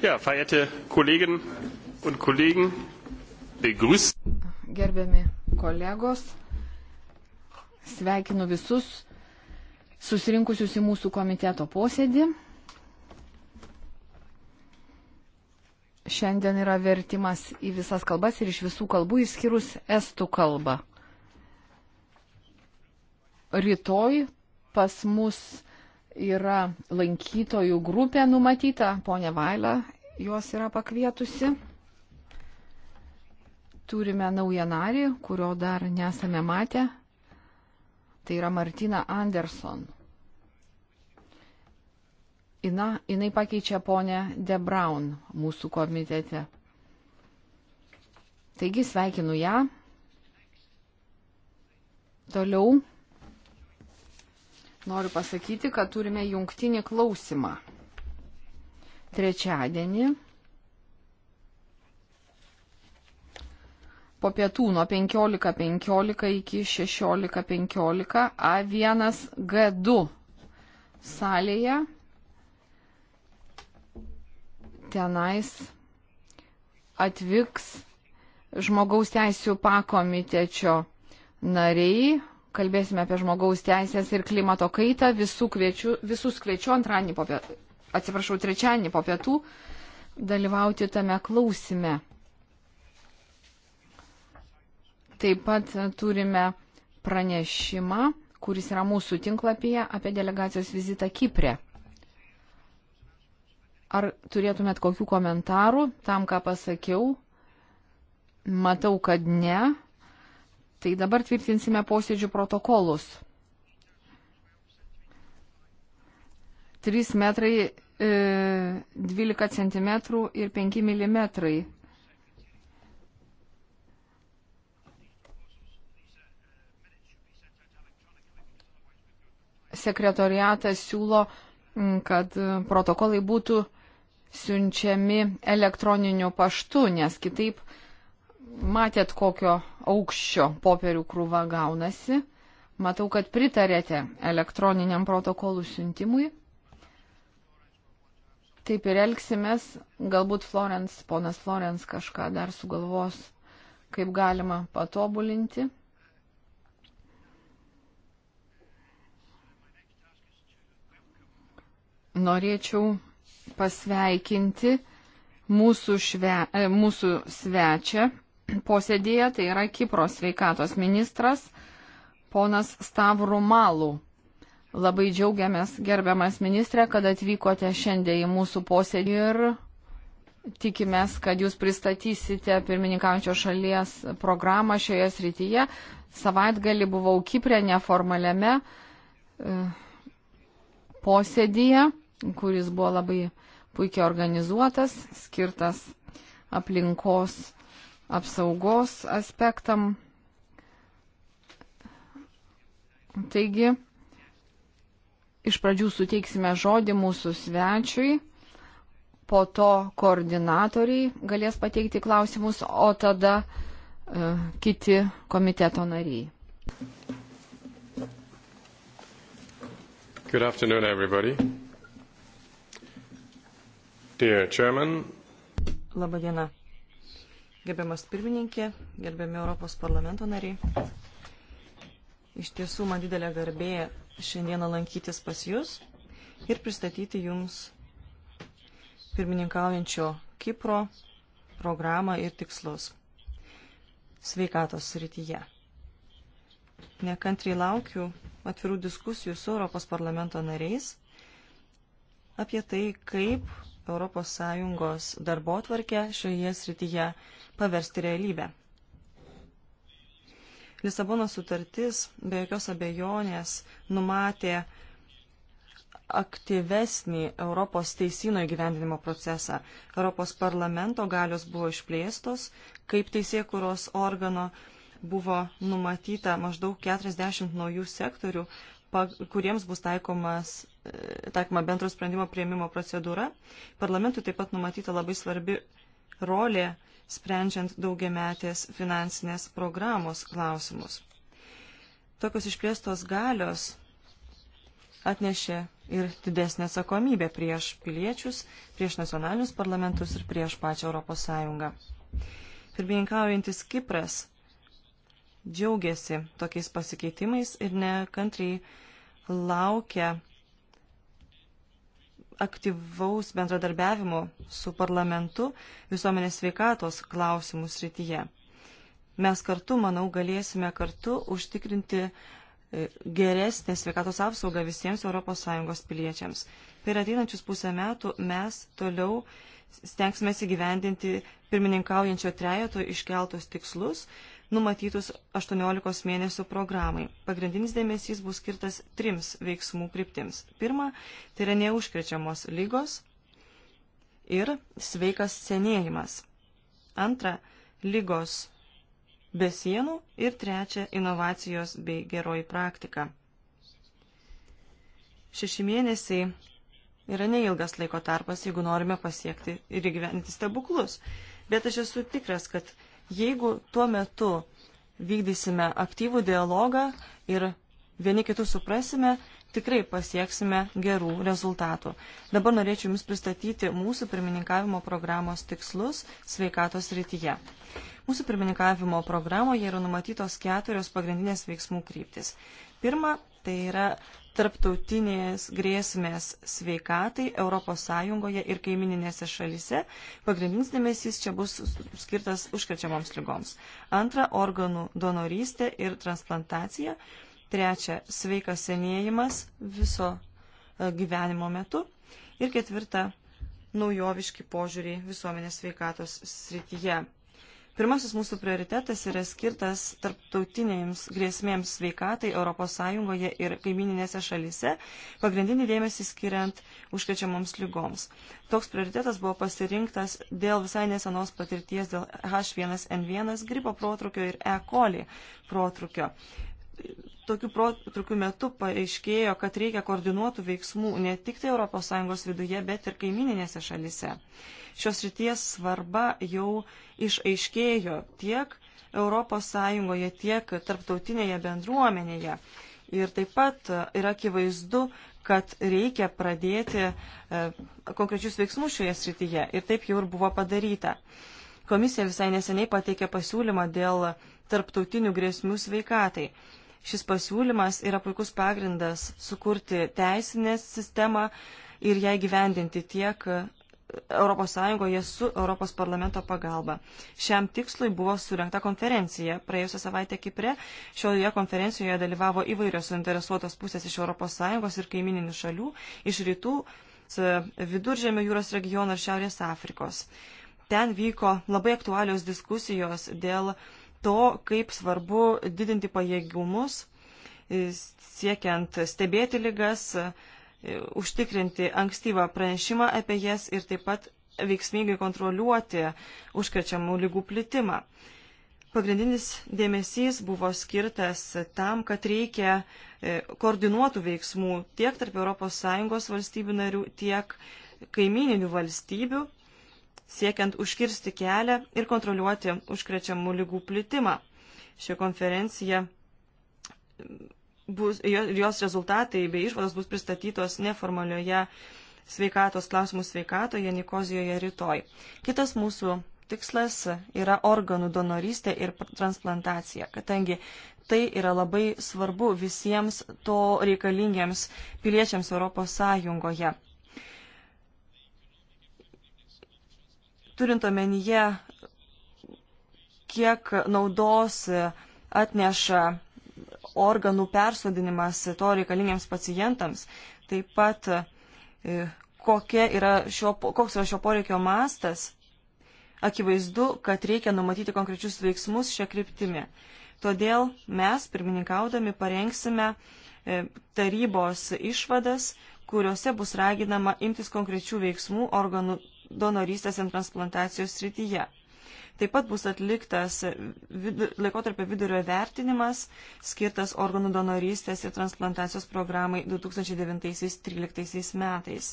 Ja, verehrte Kolleginnen und Kollegen, begrüßen. Gerbiami kolegos, sveikinu visus susirinkusius į mūsų komiteto posėdį. Šiandien yra vertimas į visas kalbas ir iš visų kalbų išskyrus estų kalbą. Rytoj pas mus yra lankytojų grupė numatyta, ponė Vaila juos yra pakvietusi. Turime naują narį, kurio dar nesame matę. Tai yra Martina Anderson. Ina, jinai pakeičia ponę De Braun mūsų komitete. Taigi sveikinu ją. Toliau noriu pasakyti, kad turime jungtinį klausimą. Trečiadienį po pietų nuo 15.15 .15 iki 16.15 A1G2 salėje. Tenais atvyks žmogaus teisų pakomitečio nariai, kalbėsime apie žmogaus teisės ir klimato kaitą. Visų kviečiu, visus kviečiu antradienį po pietų, atsiprašau, trečiadienį po pietų dalyvauti tame klausime. Taip pat turime pranešimą, kuris yra mūsų tinklapyje apie delegacijos vizitą Kiprė. Ar turėtumėt kokių komentarų tam, ką pasakiau? Matau, kad ne. Tai dabar tvirtinsime posėdžių protokolus. 3 metrai, 12 e, cm ir 5 mm. Sekretoriatas siūlo, kad protokolai būtų siunčiami elektroniniu paštu, nes kitaip matėt kokio aukščio popierių krūva gaunasi. Matau, kad pritarėte elektroniniam protokolų siuntimui. Taip ir elgsimės. Galbūt Florence, ponas Florence kažką dar sugalvos, kaip galima patobulinti. Norėčiau pasveikinti mūsų, šve, e, mūsų svečią posėdėje, tai yra Kipro sveikatos ministras ponas Stavrų Malų. Labai džiaugiamės, gerbiamas ministrė, kad atvykote šiandien į mūsų posėdį ir tikimės, kad jūs pristatysite pirmininkaujančios šalies programą šioje srityje. Savaitgalį buvau Kiprė neformaliame e, posėdyje, kuris buvo labai puikiai organizuotas, skirtas aplinkos apsaugos aspektam. Taigi, iš pradžių suteiksime žodį mūsų svečiui, po to koordinatoriai galės pateikti klausimus, o tada uh, kiti komiteto nariai. Good afternoon, everybody. Dear Chairman. Labadiena, Gerbiamas pirmininkė, gerbiami Europos parlamento nariai. Iš tiesų, man didelė garbė šiandieną lankytis pas Jūs ir pristatyti Jums pirmininkaujančio Kipro programą ir tikslus sveikatos srityje. Nekantriai laukiu atvirų diskusijų su Europos parlamento nariais apie tai, kaip ES darbo tvarkę šioje srityje paversti realybę. Lisabonos sutartis be jokios abejonės numatė aktyvesnį Europos teisino įgyvendinimo procesą. Europos parlamento galios buvo išplėstos, kaip teisėkuros organo buvo numatyta maždaug 40 naujų sektorių, kuriems bus taikomas, e, taikoma bendro sprendimo prieimimo procedūra. Parlamentui taip pat numatyta labai svarbi rolė sprendžiant daugiametės finansinės programos klausimus. Tokios išplėstos galios atnešė ir didesnė atsakomybė prieš piliečius, prieš nacionalinius parlamentus ir prieš pačią Europos Sąjungą. Pirmininkaujantis Kipras džiaugiasi tokiais pasikeitimais ir nekantriai laukia aktyvaus bendradarbiavimo su parlamentu visuomenės sveikatos klausimų srityje. Mes kartu, manau, galėsime kartu užtikrinti e, geresnę sveikatos apsaugą visiems ES piliečiams. Per ateinančius pusę metų mes toliau stengsime įgyvendinti pirmininkaujančio trejato iškeltus tikslus numatytus 18 mėnesių programai. Pagrindinis dėmesys bus skirtas trims veiksmų kryptims. Pirma, tai yra neužkrečiamos lygos ir sveikas senėjimas. Antra, lygos be sienų ir trečia, inovacijos bei geroji praktika. Šeši mėnesiai yra neilgas laiko tarpas, jeigu norime pasiekti ir įgyventi stebuklus. Bet aš esu tikras, kad Jeigu tuo metu vykdysime aktyvų dialogą ir vieni kitus suprasime, tikrai pasieksime gerų rezultatų. Dabar norėčiau Jums pristatyti mūsų pirmininkavimo programos tikslus sveikatos rytyje. Mūsų pirmininkavimo programoje yra numatytos keturios pagrindinės veiksmų kryptis. Pirma, Tai yra tarptautinės grėsmės sveikatai ES ir kaimininėse šalise. Pagrindinis dėmesys čia bus skirtas užkrečiamoms lygoms. Antra, organų donorystė ir transplantacija. Trečia, sveikas senėjimas viso e, gyvenimo metu. Ir ketvirta, naujoviški požiūriai visuomenės sveikatos srityje. Pirmasis mūsų prioritetas yra skirtas tarptautinėms grėsmėms sveikatai ES ir kaimininėse šalise, pagrindinį dėmesį skiriant užkrečiamoms lygoms. Toks prioritetas buvo pasirinktas dėl visai nesenos patirties dėl H1N1 gripo protrukio ir E. coli protrukio tokių protrukių metu paaiškėjo, kad reikia koordinuotų veiksmų ne tik tai ES viduje, bet ir kaimininėse šalise. Šios ryties svarba jau išaiškėjo tiek ES, tiek tarptautinėje bendruomenėje. Ir taip pat e, yra akivaizdu, kad reikia pradėti e, konkrečius veiksmus šioje srityje. Ir taip jau ir buvo padaryta. Komisija visai neseniai pateikė pasiūlymą dėl tarptautinių grėsmių sveikatai. Šis pasiūlymas yra puikus pagrindas sukurti teisinę sistemą ir ją gyvendinti tiek ES su ES parlamento pagalba. Šiam tikslui buvo surinkta konferencija. Praėjusią savaitę Kipre šioje konferencijoje dalyvavo įvairios suinteresuotos pusės iš ES ir kaimininių šalių, iš rytų, viduržėmio jūros regiono ir Šiaurės Afrikos. Ten vyko labai aktualios diskusijos dėl uh, to, kaip svarbu didinti pajėgumus, e, siekiant stebėti lygas, e, užtikrinti ankstyvą pranešimą apie jas ir taip pat veiksmingai kontroliuoti užkrečiamų lygų plitimą. Pagrindinis dėmesys buvo skirtas tam, kad reikia e, koordinuotų veiksmų tiek tarp ES valstybių narių, tiek kaimininių valstybių siekiant užkirsti kelią ir kontroliuoti užkrečiamų lygų plitimą. Ši konferencija bus, jos rezultatai bei išvados bus pristatytos neformalioje sveikatos klausimų sveikatoje Nikozijoje rytoj. Kitas mūsų tikslas yra organų donorystė ir transplantacija, kadangi tai yra labai svarbu visiems to reikalingiems piliečiams Europos Sąjungoje. turint omenyje, kiek naudos atneša organų persodinimas to reikalingiems pacientams, taip pat e, yra šio, koks yra šio poreikio mastas, akivaizdu, kad reikia numatyti konkrečius veiksmus šią kryptimį. Todėl mes, pirmininkaudami, parengsime e, tarybos išvadas, kuriuose bus raginama imtis konkrečių veiksmų organų donorystės ir transplantacijos srityje. Taip pat bus atliktas vidur, laikotarpio vidurio vertinimas, skirtas organų donorystės ir transplantacijos programai 2009-2013 metais.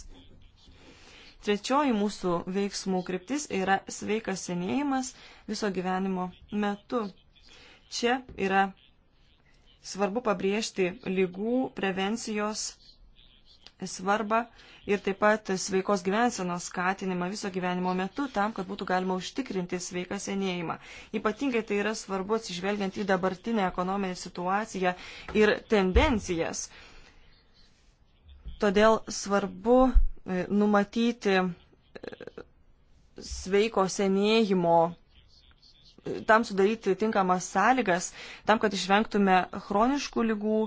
Trečioji mūsų veiksmų kryptis yra sveikas senėjimas viso gyvenimo metu. Čia yra svarbu pabrėžti lygų prevencijos svarbą ir taip pat sveikos gyvensenos skatinimą viso gyvenimo metu tam, kad būtų galima užtikrinti sveiką senėjimą. Ypatingai tai yra svarbu atsižvelgiant į dabartinę ekonominę situaciją ir tendencijas. Todėl svarbu e, numatyti e, sveiko senėjimo e, tam sudaryti tinkamas sąlygas, tam, kad išvengtume chroniškų lygų,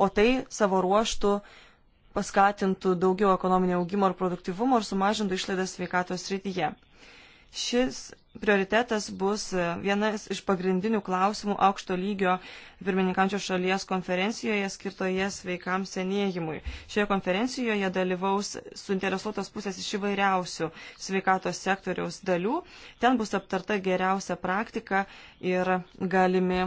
o tai savo ruoštų paskatintų daugiau ekonominio augimo ir produktivumo ir sumažintų išlaidas sveikatos srityje. Šis prioritetas bus vienas iš pagrindinių klausimų aukšto lygio pirmininkančios šalies konferencijoje skirtoje sveikam senėjimui. Šioje konferencijoje dalyvaus suinteresuotos pusės iš įvairiausių sveikatos sektoriaus dalių. Ten bus aptarta geriausia praktika ir galimi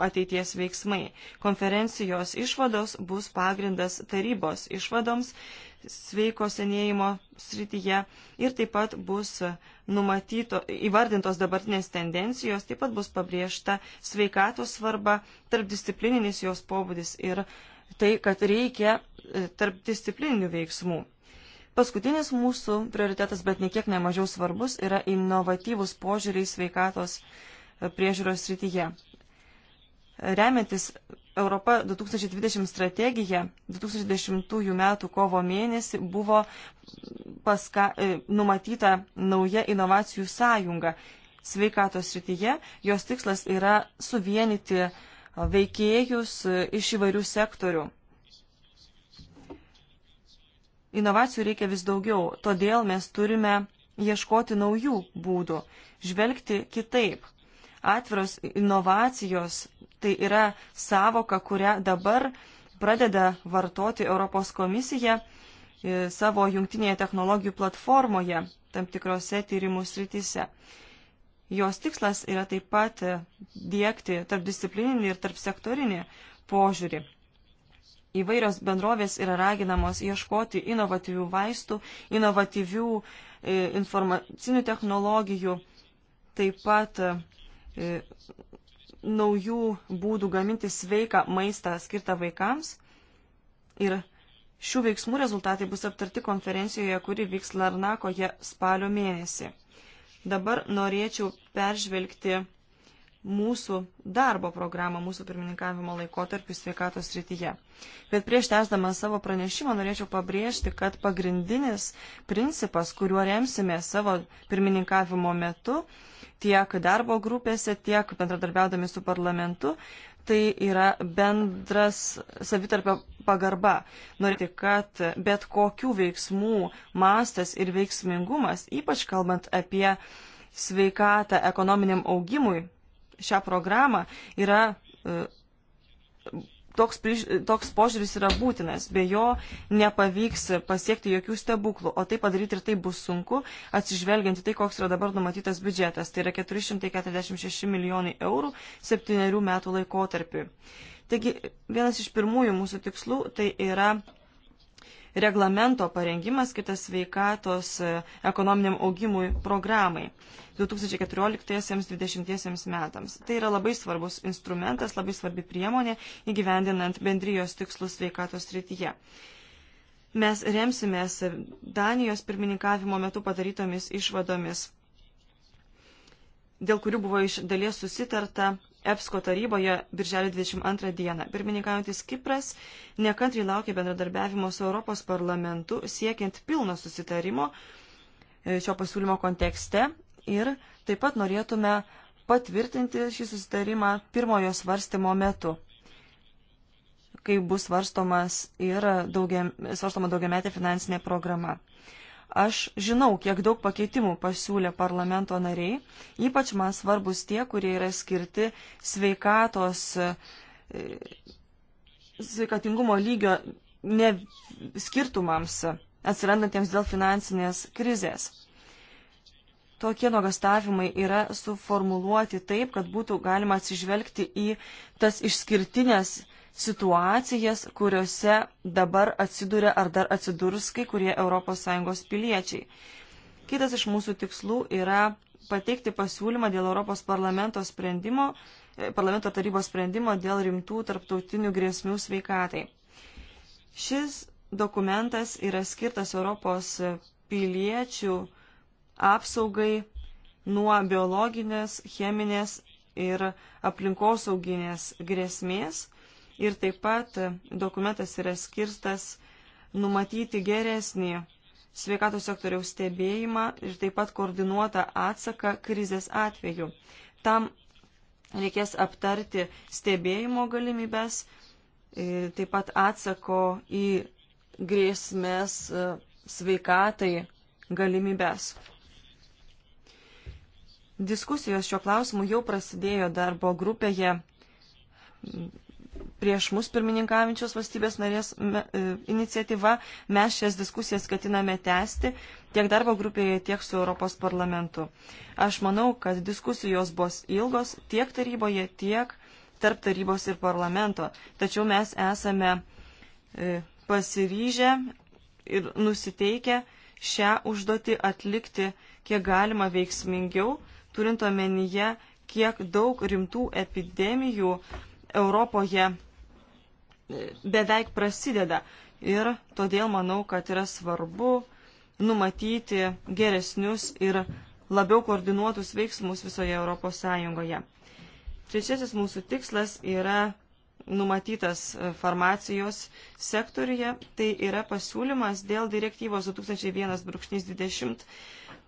ateities veiksmai. Konferencijos išvados bus pagrindas tarybos išvadoms sveiko senėjimo srityje ir taip pat bus numatyto, įvardintos dabartinės tendencijos, taip pat bus pabrėžta sveikatos svarba, tarpdisciplininis jos pobūdis ir tai, kad reikia e, tarpdisciplininių veiksmų. Paskutinis mūsų prioritetas, bet nekiek nemažiau svarbus, yra inovatyvus požiūriai sveikatos e, priežiūros srityje remiantis Europa 2020 strategija 2010 metų kovo mėnesį buvo paska, e, numatyta nauja inovacijų sąjunga sveikatos srityje. Jos tikslas yra suvienyti veikėjus e, iš įvairių sektorių. Inovacijų reikia vis daugiau, todėl mes turime ieškoti naujų būdų, žvelgti kitaip. Atviros inovacijos tai yra savoka, kurią dabar pradeda vartoti Europos komisija e, savo jungtinėje technologijų platformoje tam tikrose tyrimų srityse. Jos tikslas yra taip pat e, dėkti tarpdisciplininį ir tarpsektorinį požiūrį. Įvairios bendrovės yra raginamos ieškoti inovatyvių vaistų, inovatyvių e, informacinių technologijų, taip pat naujų būdų gaminti sveiką maistą skirtą vaikams. Ir šių veiksmų rezultatai bus aptarti konferencijoje, kuri vyks Larnakoje spalio mėnesį. Dabar norėčiau peržvelgti mūsų darbo programą, mūsų pirmininkavimo laikotarpį sveikatos srityje. Bet prieš tęsdama savo pranešimą norėčiau pabrėžti, kad pagrindinis principas, kuriuo remsime savo pirmininkavimo metu, tiek darbo grupėse, tiek bendradarbiaudami su parlamentu, tai yra bendras savitarpio pagarba. Norėti, kad bet kokių veiksmų mastas ir veiksmingumas, ypač kalbant apie sveikatą ekonominiam augimui, šią programą yra e, toks, toks požiūris yra būtinas, be jo nepavyks pasiekti jokių stebuklų, o tai padaryti ir tai bus sunku, atsižvelgiant į tai, koks yra dabar numatytas biudžetas, tai yra 446 milijonai eurų septyniarių metų laikotarpiu. Taigi vienas iš pirmųjų mūsų tikslų tai yra reglamento parengimas skirtas sveikatos e, ekonominiam augimui programai 2014-2020 metams. Tai yra labai svarbus instrumentas, labai svarbi priemonė įgyvendinant bendrijos tikslus sveikatos srityje. Mes remsimės Danijos pirmininkavimo metu padarytomis išvadomis dėl kurių buvo iš dalies susitarta EPSCO taryboje birželio 22 dieną. Pirmininkaujantis Kipras nekantriai laukia bendradarbiavimo su Europos parlamentu siekiant pilno susitarimo e, šio pasiūlymo kontekste ir taip pat norėtume patvirtinti šį susitarimą pirmojo svarstymo metu, kai bus svarstomas ir daugia, svarstoma daugiametė finansinė programa. Aš žinau, kiek daug pakeitimų pasiūlė parlamento nariai, ypač man svarbus tie, kurie yra skirti sveikatos, e, sveikatingumo lygio ne skirtumams atsirandantiems dėl finansinės krizės. Tokie nuogastavimai yra suformuluoti taip, kad būtų galima atsižvelgti į tas išskirtinės situacijas, kuriuose dabar atsiduria ar dar atsidurs kai kurie ES piliečiai. Kitas iš mūsų tikslų yra pateikti pasiūlymą dėl Europos parlamento sprendimo, e, parlamento tarybos sprendimo dėl rimtų tarptautinių grėsmių sveikatai. Šis dokumentas yra skirtas Europos piliečių apsaugai nuo biologinės, cheminės ir aplinkosauginės grėsmės Ir taip pat dokumentas yra skirstas numatyti geresnį sveikatos sektoriaus stebėjimą ir taip pat koordinuotą atsaką krizės atveju. Tam reikės aptarti stebėjimo galimybės, e, taip pat atsako į grėsmės e, sveikatai galimybės. Diskusijos šio klausimu jau prasidėjo darbo grupėje prieš mus pirmininkavinčios valstybės narės me, e, iniciatyva. Mes šias diskusijas ketiname tęsti tiek darbo grupėje, tiek su Europos parlamentu. Aš manau, kad diskusijos bus ilgos tiek taryboje, tiek tarp tarybos ir parlamento. Tačiau mes esame e, pasiryžę ir nusiteikę šią užduotį atlikti kiek galima veiksmingiau, turint omenyje, kiek daug rimtų epidemijų Europoje beveik prasideda. Ir todėl manau, kad yra svarbu numatyti geresnius ir labiau koordinuotus veiksmus visoje Europos Sąjungoje. Trečiasis mūsų tikslas yra numatytas e, farmacijos sektoriuje, tai yra pasiūlymas dėl direktyvos 2001-20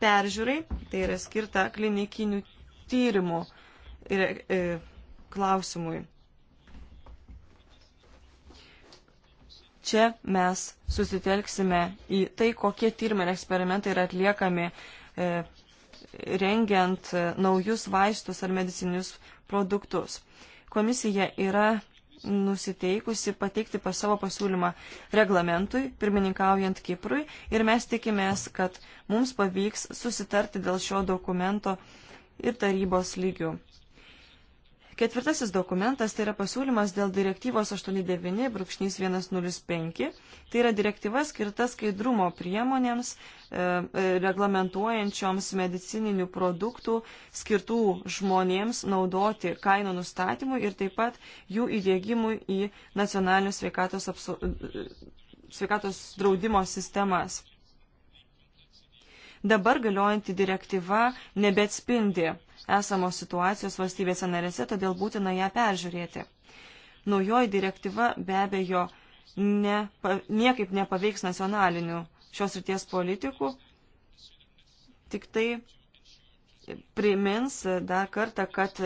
peržiūrai, tai yra skirta klinikinių tyrimų ir, e, klausimui. Čia mes susitelksime į tai, kokie tyrimai ir eksperimentai yra atliekami e, rengiant e, naujus vaistus ar medicinius produktus. Komisija yra nusiteikusi pateikti pas savo pasiūlymą reglamentui, pirmininkaujant Kiprui, ir mes tikimės, kad mums pavyks susitarti dėl šio dokumento ir tarybos lygių. Ketvirtasis dokumentas tai yra pasiūlymas dėl direktyvos 89.105. Tai yra direktyva skirta skaidrumo priemonėms e, e, reglamentuojančioms medicininių produktų skirtų žmonėms naudoti kainų nustatymui ir taip pat jų įdėgymui į nacionalinius sveikatos, apsu... E, sveikatos draudimo sistemas dabar galiojanti direktyva nebetspindi esamos situacijos valstybėse narėse, todėl būtina ją peržiūrėti. Naujoji direktyva be abejo ne, pa, niekaip nepaveiks nacionalinių šios ryties politikų, tik tai primins dar kartą, kad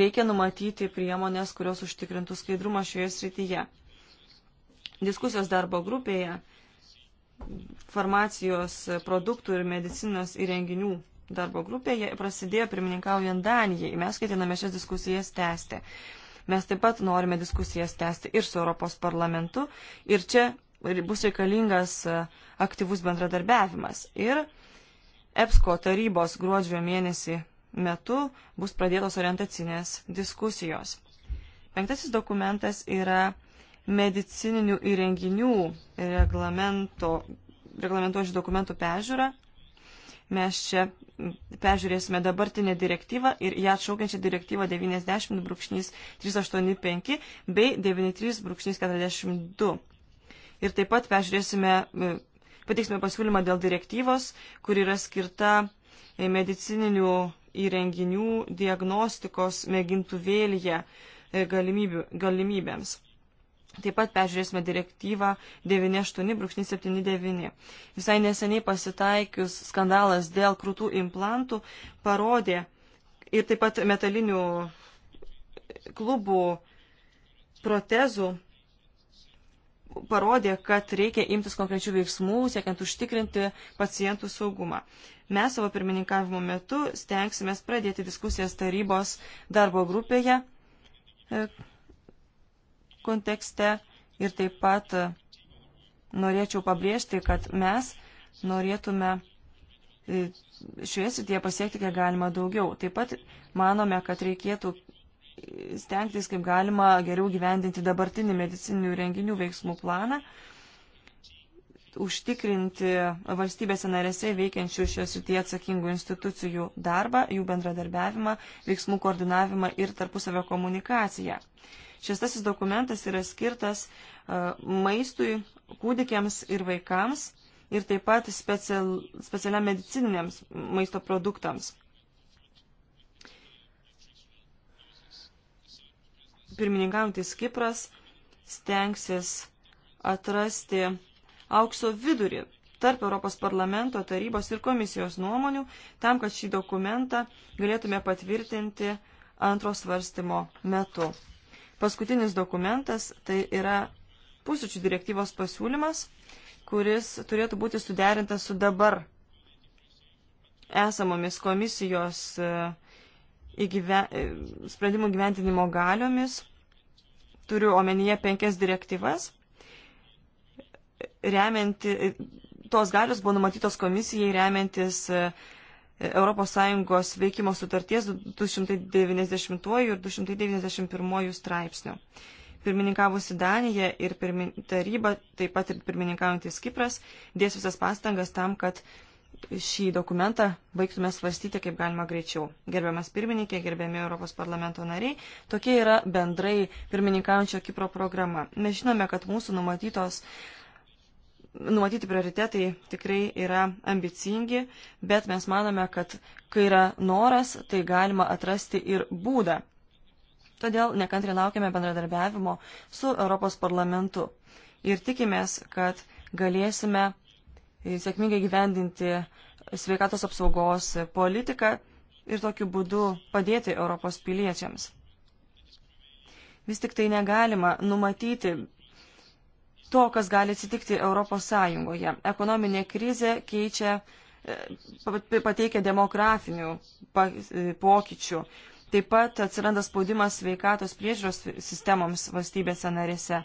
reikia numatyti priemonės, kurios užtikrintų skaidrumą šioje srityje. Diskusijos darbo grupėje farmacijos produktų ir medicinos įrenginių darbo grupėje prasidėjo pirmininkaujant Danijai. Mes ketiname šias diskusijas tęsti. Mes taip pat norime diskusijas tęsti ir su Europos parlamentu. Ir čia bus reikalingas e, aktyvus bendradarbiavimas. Ir EPSCO tarybos gruodžio mėnesį metu bus pradėtos orientacinės diskusijos. Penktasis dokumentas yra medicininių įrenginių reglamento, reglamentuojančių dokumentų pežiūra Mes čia peržiūrėsime dabartinę direktyvą ir ją atšaukiančią direktyvą 90.385 bei 93.42. Ir taip pat peržiūrėsime, e, pateiksime pasiūlymą dėl direktyvos, kur yra skirta e, medicininių įrenginių diagnostikos mėgintuvėlyje e, galimybių, galimybėms. Taip pat peržiūrėsime direktyvą 98.79. Visai neseniai pasitaikius skandalas dėl krūtų implantų parodė ir taip pat metalinių klubų protezų parodė, kad reikia imtis konkrečių veiksmų, siekiant užtikrinti pacientų saugumą. Mes savo pirmininkavimo metu stengsime pradėti diskusijas tarybos darbo grupėje e, kontekste ir taip pat e, norėčiau pabrėžti, kad mes norėtume e, šioje srityje pasiekti kiek galima daugiau. Taip pat manome, kad reikėtų stengtis kaip galima geriau gyvendinti dabartinį medicininių renginių veiksmų planą, užtikrinti valstybėse narėse veikiančių šioje srityje atsakingų institucijų darbą, jų bendradarbiavimą, veiksmų koordinavimą ir tarpusavio komunikaciją. Šestasis dokumentas yra skirtas e, maistui kūdikiams ir vaikams ir taip pat special, specialiam medicininiams maisto produktams. Pirmininkaujantis Kipras stengsis atrasti aukso vidurį tarp Europos parlamento tarybos ir komisijos nuomonių, tam, kad šį dokumentą galėtume patvirtinti antros svarstymo metu. Paskutinis dokumentas tai yra pusryčių direktyvos pasiūlymas, kuris turėtų būti suderintas su dabar esamomis komisijos e, įgyve, e, sprendimų gyventinimo galiomis. Turiu omenyje penkias direktyvas. Remianti, e, tos galios buvo numatytos komisijai remiantis ES veikimo sutarties 290 ir 291 straipsnių. Pirmininkavusi Danija ir pirmin... taryba, taip pat ir pirmininkaujantis Kipras, dės visas pastangas tam, kad šį dokumentą baigtume svarstyti kaip galima greičiau. Gerbiamas pirmininkė, gerbiami Europos parlamento nariai, tokia yra bendrai pirmininkaujančio Kipro programa. Mes žinome, kad mūsų numatytos numatyti prioritetai tikrai yra ambicingi, bet mes manome, kad kai yra noras, tai galima atrasti ir būdą. Todėl nekantriai laukiame bendradarbiavimo su Europos parlamentu ir tikimės, kad galėsime sėkmingai gyvendinti sveikatos apsaugos politiką ir tokiu būdu padėti Europos piliečiams. Vis tik tai negalima numatyti to, kas gali atsitikti Europos Sąjungoje. Ekonominė krizė keičia, e, pateikia demografinių e, pokyčių. Taip pat atsiranda spaudimas sveikatos priežiūros sistemoms valstybėse narėse.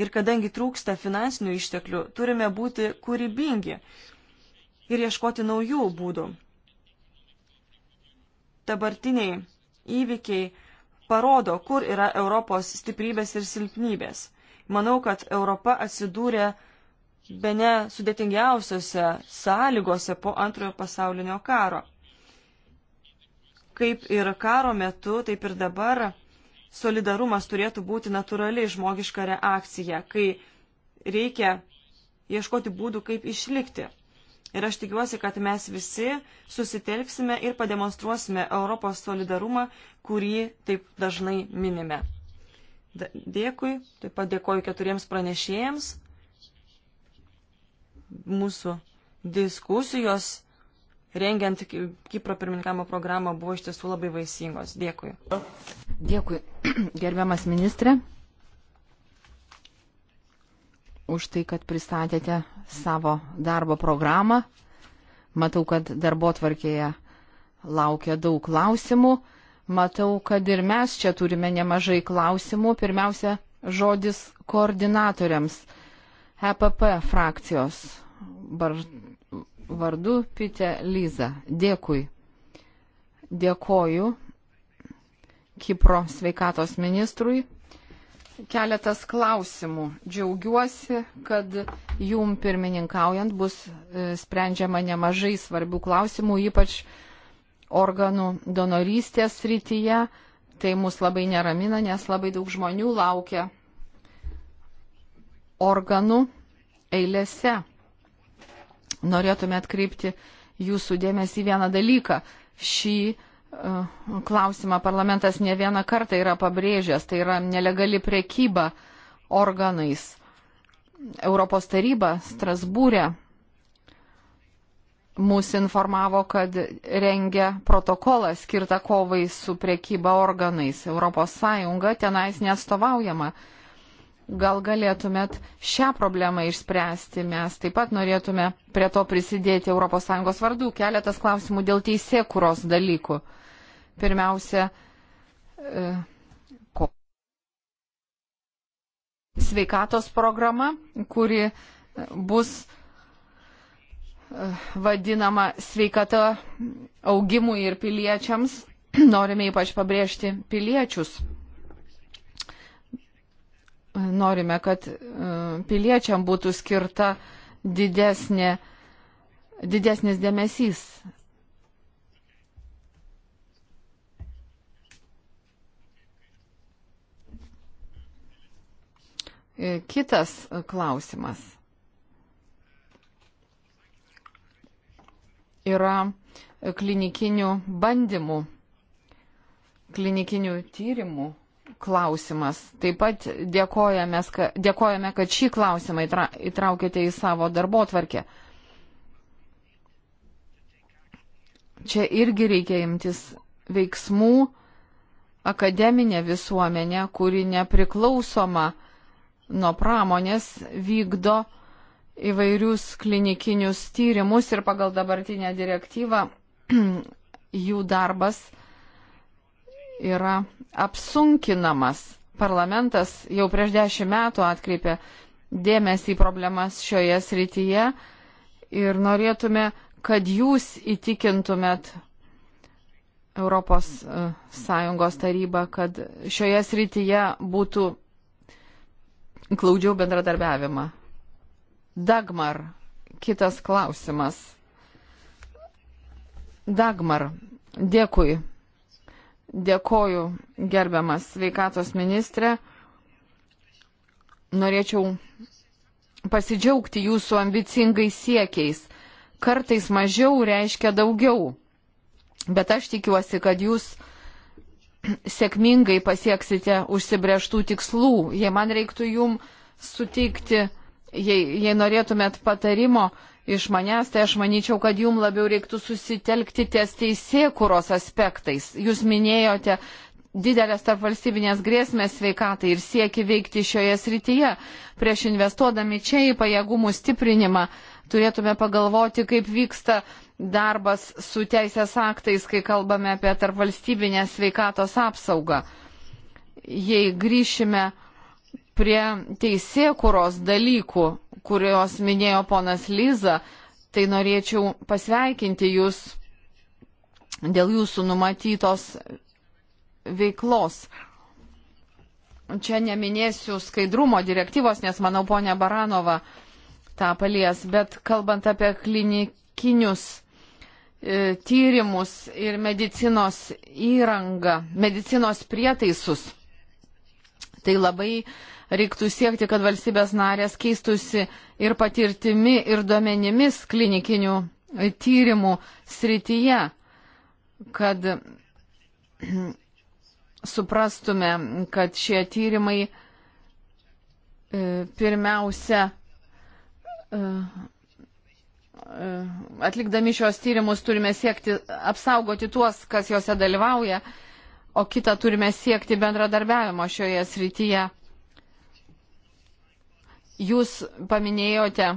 Ir kadangi trūksta finansinių išteklių, turime būti kūrybingi ir ieškoti naujų būdų. Dabartiniai įvykiai parodo, kur yra Europos stiprybės ir silpnybės. Manau, kad Europa atsidūrė be ne sudėtingiausiose sąlygose po antrojo pasaulinio karo. Kaip ir karo metu, taip ir dabar solidarumas turėtų būti natūrali žmogiška reakcija, kai reikia ieškoti būdų, kaip išlikti. Ir aš tikiuosi, kad mes visi susitelksime ir pademonstruosime Europos solidarumą, kurį taip dažnai minime. Dėkui, taip pat dėkoju keturiems pranešėjams. Mūsų diskusijos rengiant Kipro pirmininkamo programą buvo iš tiesų labai vaisingos. Dėkui. Dėkui, gerbiamas ministrė, už tai, kad pristatėte savo darbo programą. Matau, kad darbo tvarkėje laukia daug klausimų. Matau, kad ir mes čia turime nemažai klausimų. Pirmiausia, žodis koordinatoriams EPP frakcijos Bar... vardu Pite Lyza. Dėkui. Dėkoju Kipro sveikatos ministrui. Keletas klausimų. Džiaugiuosi, kad jum pirmininkaujant bus e, sprendžiama nemažai svarbių klausimų, ypač organų donorystės rytyje. Tai mus labai neramina, nes labai daug žmonių laukia organų eilėse. Norėtume atkreipti jūsų dėmesį vieną dalyką. Šį uh, klausimą parlamentas ne vieną kartą yra pabrėžęs, tai yra nelegali priekyba organais. Europos taryba Strasbūrė mūsų informavo, kad rengia protokolą skirtą kovai su priekyba organais. ES tenais nestovaujama. Gal galėtumėt šią problemą išspręsti? Mes taip pat norėtume prie to prisidėti ES vardu. Keletas klausimų dėl teisėkuros dalykų. Pirmiausia, e, ko? Sveikatos programa, kuri bus vadinama sveikata augimui ir piliečiams. Norime ypač pabrėžti piliečius. Norime, kad e, piliečiam būtų skirta didesnė, didesnis dėmesys. E, kitas klausimas. yra klinikinių bandymų, klinikinių tyrimų klausimas. Taip pat dėkojame, dėkojame kad šį klausimą įtraukėte į savo darbo tvarkę. Čia irgi reikia imtis veiksmų akademinė visuomenė, kuri nepriklausoma nuo pramonės vykdo uh, įvairius klinikinius tyrimus ir pagal dabartinę direktyvą jų darbas yra apsunkinamas. Parlamentas jau prieš dešimt metų atkreipė dėmesį į problemas šioje srityje ir norėtume, kad jūs įtikintumėt Europos e, Sąjungos tarybą, kad šioje srityje būtų glaudžiau bendradarbiavimą. Dagmar, kitas klausimas. Dagmar, dėkui. Dėkoju, gerbiamas sveikatos ministrė. Norėčiau pasidžiaugti jūsų ambicingais siekiais. Kartais mažiau reiškia daugiau. Bet aš tikiuosi, kad jūs sėkmingai pasieksite užsibrieštų tikslų. Jei man reiktų jum suteikti jei, jei norėtumėt patarimo iš manęs, tai aš manyčiau, kad jum labiau reiktų susitelkti ties teisėkuros aspektais. Jūs minėjote didelės tarp valstybinės grėsmės sveikatai ir sieki veikti šioje srityje. Prieš investuodami čia į pajėgumų stiprinimą turėtume pagalvoti, kaip vyksta darbas su teisės aktais, kai kalbame apie tarp valstybinę sveikatos apsaugą. Jei grįšime prie teisėkuros dalykų, kuriuos minėjo ponas Lyza, tai norėčiau pasveikinti jūs dėl jūsų numatytos veiklos. Čia neminėsiu skaidrumo direktyvos, nes manau ponia Baranova tą palies, bet kalbant apie klinikinius e, tyrimus ir medicinos įrangą, medicinos prietaisus, tai labai e, reiktų siekti, kad valstybės narės keistusi ir patirtimi, ir duomenimis klinikinių tyrimų srityje, kad suprastume, kad šie tyrimai e, pirmiausia e, e, atlikdami šios tyrimus turime siekti apsaugoti tuos, kas juose dalyvauja, o kitą turime siekti bendradarbiavimo šioje srityje. Jūs paminėjote,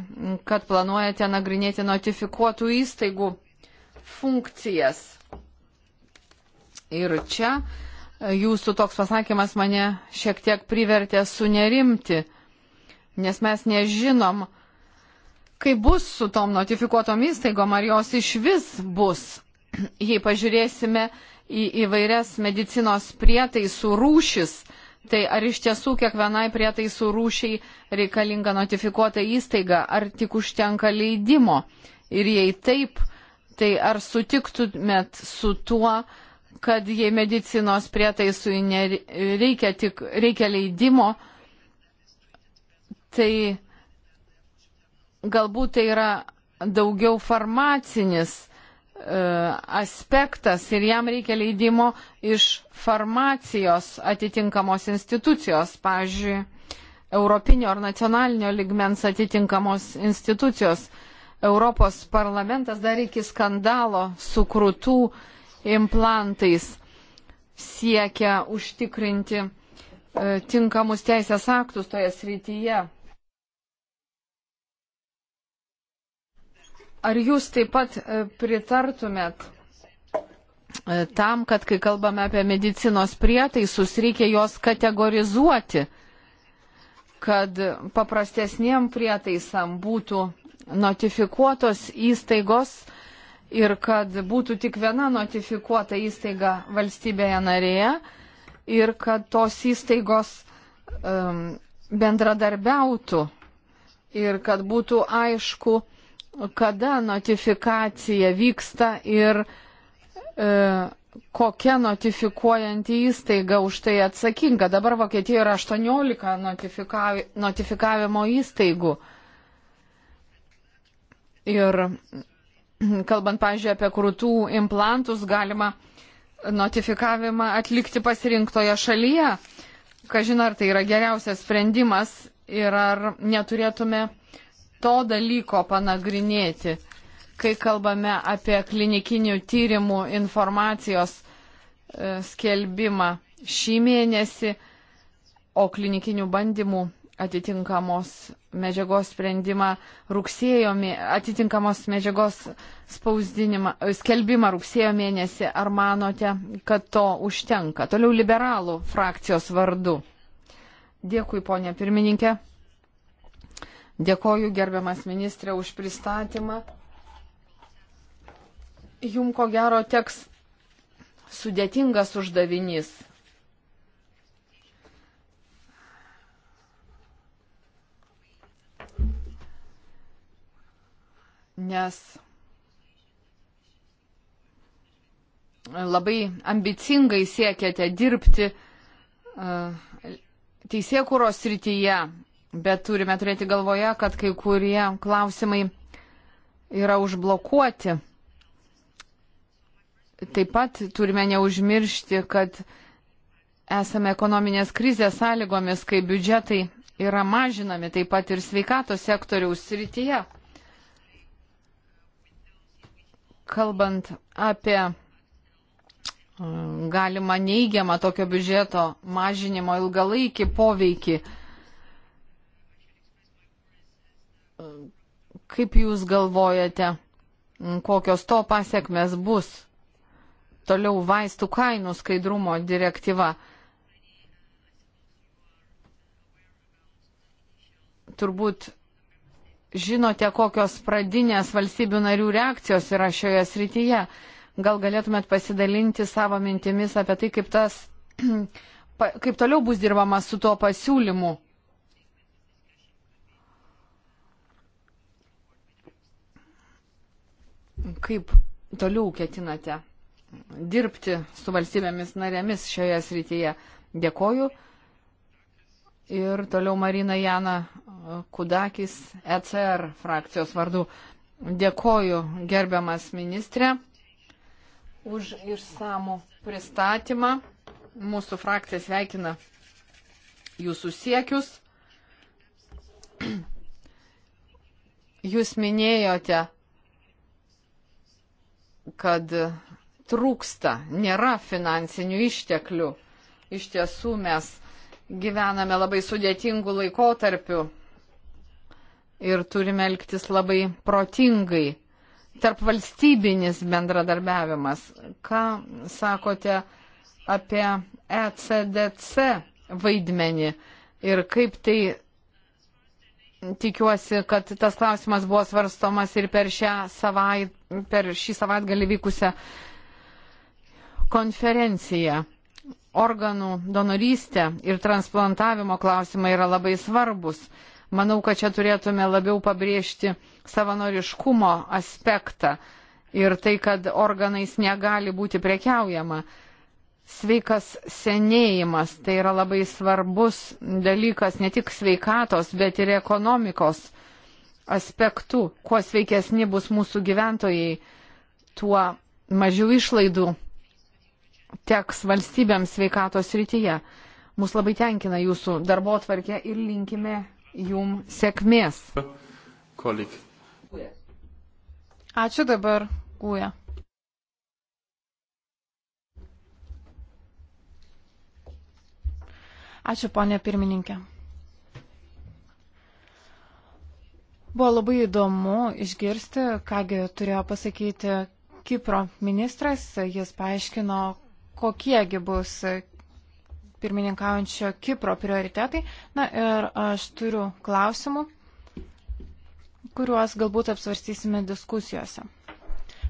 kad planuojate nagrinėti notifikuotų įstaigų funkcijas. Ir čia jūsų toks pasakymas mane šiek tiek privertė sunerimti, nes mes nežinom, kaip bus su tom notifikuotom įstaigom, ar jos iš vis bus. Jei pažiūrėsime į įvairias medicinos prietaisų rūšis, Tai ar iš tiesų kiekvienai prietaisų rūšiai reikalinga notifikuota įstaiga, ar tik užtenka leidimo? Ir jei taip, tai ar sutiktumėt su tuo, kad jei medicinos prietaisui nereikia tik reikia leidimo, tai galbūt tai yra daugiau farmacinis E, aspektas ir jam reikia leidimo iš farmacijos atitinkamos institucijos, pavyzdžiui, europinio ar nacionalinio ligmens atitinkamos institucijos. Europos parlamentas dar iki skandalo su krūtų implantais siekia užtikrinti e, tinkamus teisės aktus toje srityje. Ar jūs taip pat e, pritartumėt e, tam, kad kai kalbame apie medicinos prietaisus, reikia juos kategorizuoti, kad paprastesniem prietaisam būtų notifikuotos įstaigos ir kad būtų tik viena notifikuota įstaiga valstybėje narėje ir kad tos įstaigos um, bendradarbiautų ir kad būtų aišku, kada notifikacija vyksta ir e, kokia notifikuojanti įstaiga už tai atsakinga. Dabar Vokietijoje yra 18 notifikavi, notifikavimo įstaigų. Ir kalbant, pažiūrėjau, apie krūtų implantus, galima notifikavimą atlikti pasirinktoje šalyje. Kažin ar tai yra geriausias sprendimas ir ar neturėtume to dalyko panagrinėti, kai kalbame apie klinikinių tyrimų informacijos e, skelbimą šį mėnesį, o klinikinių bandymų atitinkamos medžiagos sprendimą rugsėjo, atitinkamos medžiagos spausdinimą, e, skelbimą rugsėjo mėnesį. Ar manote, kad to užtenka? Toliau liberalų frakcijos vardu. Dėkui, ponė pirmininkė. Dėkoju gerbiamas ministrė už pristatymą. Jum ko gero teks sudėtingas uždavinys. Nes labai ambicingai siekiate dirbti uh, teisėkuros srityje bet turime turėti galvoje, kad kai kurie klausimai yra užblokuoti. Taip pat turime neužmiršti, kad esame ekonominės krizės sąlygomis, kai biudžetai yra mažinami, taip pat ir sveikatos sektoriaus srityje. Kalbant apie uh, galima neigiamą tokio biudžeto mažinimo ilgalaikį poveikį, Kaip Jūs galvojate, kokios to pasiekmes bus? Toliau vaistų kainų skaidrumo direktyva. Turbūt žinote, kokios pradinės valstybių narių reakcijos yra šioje srityje. Gal galėtumėt pasidalinti savo mintimis apie tai, kaip, tas, kaip toliau bus dirbama su tuo pasiūlymu? kaip toliau ketinate dirbti su valstybėmis narėmis šioje srityje. Dėkoju. Ir toliau Marina Jana Kudakis, ECR frakcijos vardu. Dėkoju gerbiamas ministrė už išsamų pristatymą. Mūsų frakcija sveikina jūsų siekius. Jūs minėjote kad trūksta, nėra finansinių išteklių. Iš tiesų mes gyvename labai sudėtingų laikotarpių ir turime elgtis labai protingai. Tarp valstybinis bendradarbiavimas. Ką sakote apie ECDC vaidmenį ir kaip tai tikiuosi, kad tas klausimas buvo svarstomas ir per, savait, per šį savaitgalį vykusią konferenciją. Organų donorystė ir transplantavimo klausimai yra labai svarbus. Manau, kad čia turėtume labiau pabrėžti savanoriškumo aspektą ir tai, kad organais negali būti prekiaujama sveikas senėjimas. Tai yra labai svarbus dalykas ne tik sveikatos, bet ir ekonomikos aspektų. Kuo sveikesni bus mūsų gyventojai, tuo mažiau išlaidų teks valstybėms sveikatos rytyje. Mus labai tenkina jūsų darbo tvarkė ir linkime jum sėkmės. Kolik. Ačiū dabar, Guja. Ačiū, ponė pirmininkė. Buvo labai įdomu išgirsti, kągi turėjo pasakyti Kipro ministras. Jis paaiškino, kokiegi bus pirmininkaujančio Kipro prioritetai. Na ir aš turiu klausimų, kuriuos galbūt apsvarstysime diskusijose.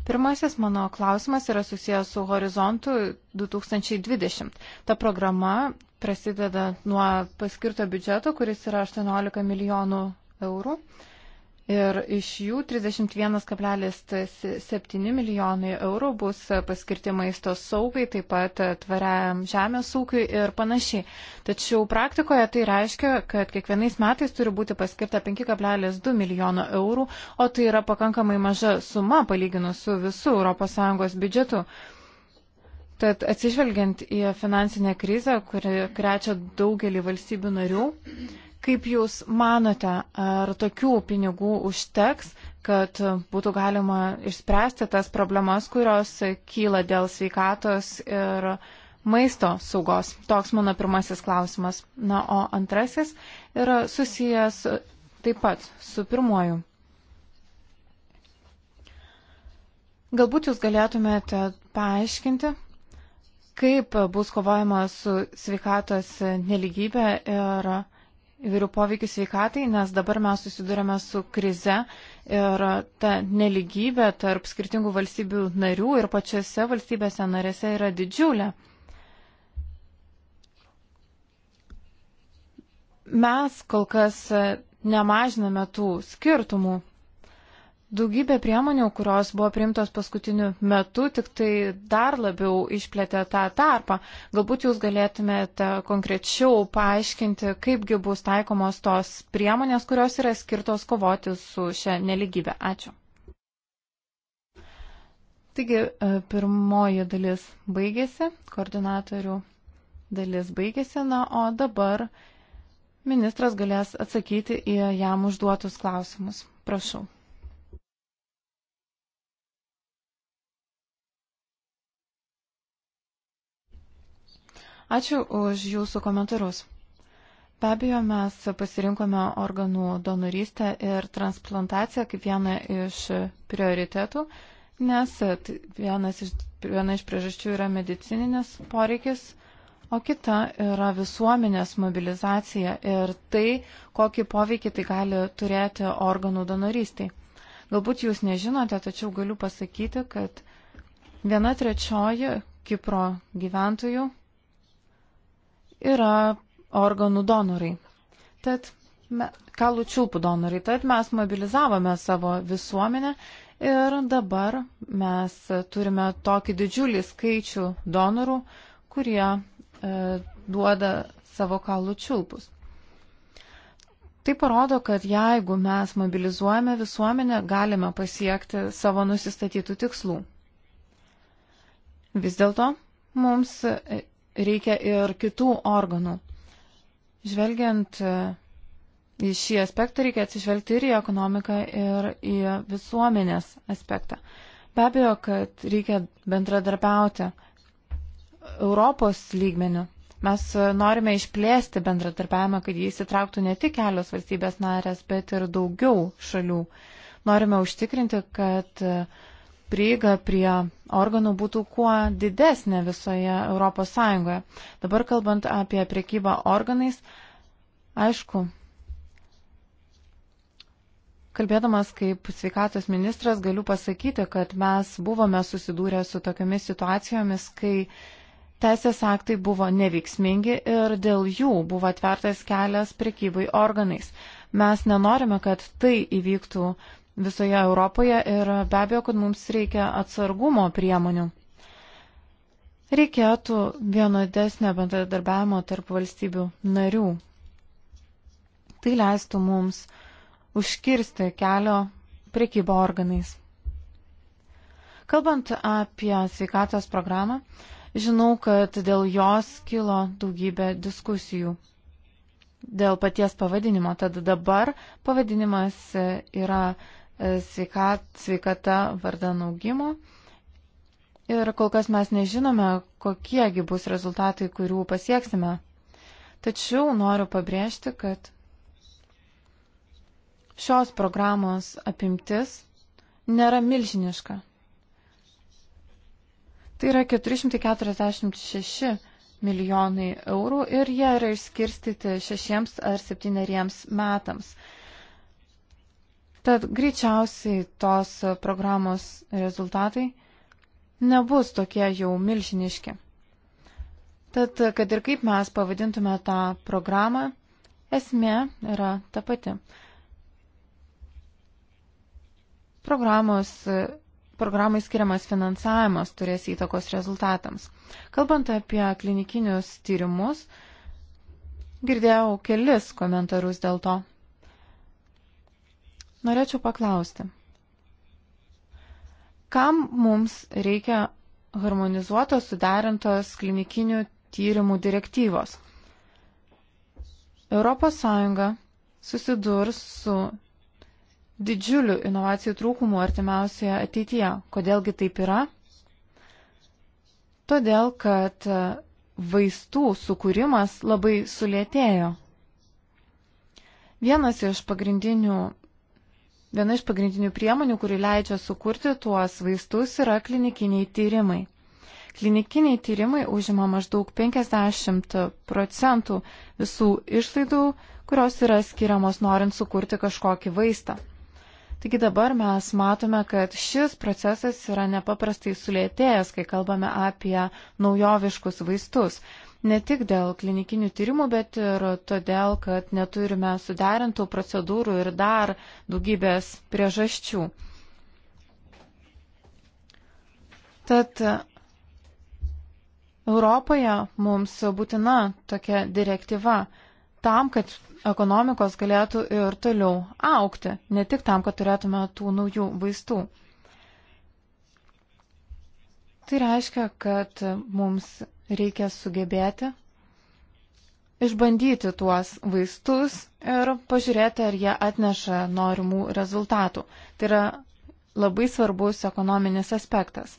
Pirmasis mano klausimas yra susijęs su Horizontu 2020. Ta programa prasideda nuo paskirto biudžeto, kuris yra 18 milijonų eurų ir iš jų 31,7 milijonai eurų bus paskirti maisto saugai, taip pat tvariam žemės ūkiui ir panašiai. Tačiau praktikoje tai reiškia, kad kiekvienais metais turi būti paskirta 5,2 milijono eurų, o tai yra pakankamai maža suma palyginus su visu ES biudžetu. Tad atsižvelgiant į finansinę krizę, kuri krečia daugelį valstybių narių, Kaip Jūs manote, ar tokių pinigų užteks, kad būtų galima išspręsti tas problemas, kurios kyla dėl sveikatos ir maisto saugos? Toks mano pirmasis klausimas. Na, o antrasis yra susijęs taip pat su pirmoju. Galbūt Jūs galėtumėte paaiškinti, kaip bus kovojama su sveikatos neligybė ir maisto įvairių poveikių sveikatai, nes dabar mes susidurėme su krize ir ta neligybė tarp skirtingų valstybių narių ir pačiose valstybėse narėse yra didžiulė. Mes kol kas nemažiname tų skirtumų Daugybė priemonių, kurios buvo priimtos paskutiniu metu, tik tai dar labiau išplėtė tą tarpą. Galbūt jūs galėtumėte konkrečiau paaiškinti, kaipgi bus taikomos tos priemonės, kurios yra skirtos kovoti su šią neligybę. Ačiū. Taigi, e, pirmoji dalis baigėsi, koordinatorių dalis baigėsi, na, o dabar ministras galės atsakyti į jam užduotus klausimus. Prašau. Ačiū už jūsų komentarus. Be abejo, mes pasirinkome organų donorystę ir transplantaciją kaip vieną iš prioritetų, nes vienas iš, viena iš priežasčių yra medicininis poreikis, o kita yra visuomenės mobilizacija ir tai, kokį poveikį tai gali turėti organų donorystiai. Galbūt jūs nežinote, tačiau galiu pasakyti, kad viena trečioji Kipro gyventojų yra organų donorai. Tad kalų čiulpų donorai. Tad mes mobilizavome savo visuomenę ir dabar mes turime tokį didžiulį skaičių donorų, kurie e, duoda savo kalų čiulpus. Tai parodo, kad jeigu mes mobilizuojame visuomenę, galime pasiekti savo nusistatytų tikslų. Vis dėlto mums reikia ir kitų organų. Žvelgiant e, į šį aspektą, reikia atsižvelgti ir į ekonomiką, ir į visuomenės aspektą. Be abejo, kad reikia bendradarbiauti Europos lygmeniu. Mes e, norime išplėsti bendradarbiavimą, kad jį įsitrauktų ne tik kelios valstybės narės, bet ir daugiau šalių. Norime užtikrinti, kad uh, prieiga prie organų būtų kuo didesnė visoje ES. Dabar kalbant apie priekybą organais, aišku, kalbėdamas kaip sveikatos ministras galiu pasakyti, kad mes buvome susidūrę su tokiamis situacijomis, kai teisės aktai buvo neveiksmingi ir dėl jų buvo atvertas kelias priekybai organais. Mes nenorime, kad tai įvyktų uh, visoje Europoje ir be abejo, kad mums reikia atsargumo priemonių. Reikėtų vienodesnio bendradarbiavimo tarp valstybių narių. Tai leistų mums užkirsti kelio prekybo organais. Kalbant apie sveikatos programą, žinau, kad dėl jos kilo daugybė diskusijų. Dėl paties pavadinimo, tad dabar pavadinimas yra sveikata vardan augimo. Ir kol kas mes nežinome, kokiegi bus rezultatai, kurių pasieksime. Tačiau noriu pabrėžti, kad šios programos apimtis nėra milžiniška. Tai yra 446 milijonai eurų ir jie yra išskirstyti šešiems ar septyneriems metams. Tad greičiausiai tos programos rezultatai nebus tokie jau milžiniški. Tad, kad ir kaip mes pavadintume tą programą, esmė yra ta pati. Programos, programai skiriamas finansavimas turės įtakos rezultatams. Kalbant apie klinikinius tyrimus, girdėjau kelis komentarus dėl to. Norėčiau paklausti, kam mums reikia harmonizuotos, suderintos klinikinių tyrimų direktyvos? ES susidurs su didžiuliu inovacijų trūkumu artimiausioje ateityje. Kodėlgi taip yra? Todėl, kad vaistų sukūrimas labai sulėtėjo. Vienas iš pagrindinių Viena iš pagrindinių priemonių, kuri leidžia sukurti tuos vaistus, yra klinikiniai tyrimai. Klinikiniai tyrimai užima maždaug 50 procentų visų išlaidų, kurios yra skiriamos norint sukurti kažkokį vaistą. Taigi dabar mes matome, kad šis procesas yra nepaprastai sulėtėjęs, kai kalbame apie naujoviškus vaistus ne tik dėl klinikinių tyrimų, bet ir todėl, kad neturime suderintų procedūrų ir dar daugybės priežasčių. Tad Europoje mums būtina tokia direktyva tam, kad ekonomikos galėtų ir toliau aukti, ne tik tam, kad turėtume tų naujų vaistų. Tai reiškia, kad mums reikia sugebėti išbandyti tuos vaistus ir pažiūrėti, ar jie atneša norimų rezultatų. Tai yra labai svarbus ekonominis aspektas.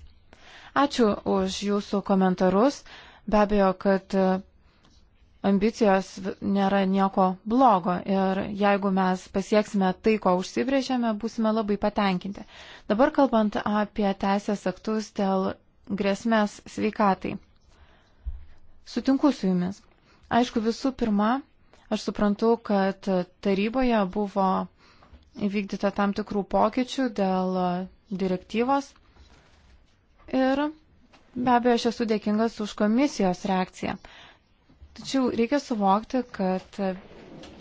Ačiū už jūsų komentarus. Be abejo, kad ambicijos nėra nieko blogo ir jeigu mes pasieksime tai, ko užsibrėžėme, būsime labai patenkinti. Dabar kalbant apie teisės aktus dėl grėsmės sveikatai. Sutinku su jumis. Aišku, visų pirma, aš suprantu, kad taryboje buvo įvykdyta tam tikrų pokyčių dėl direktyvos ir be abejo aš esu dėkingas už komisijos reakciją. Tačiau reikia suvokti, kad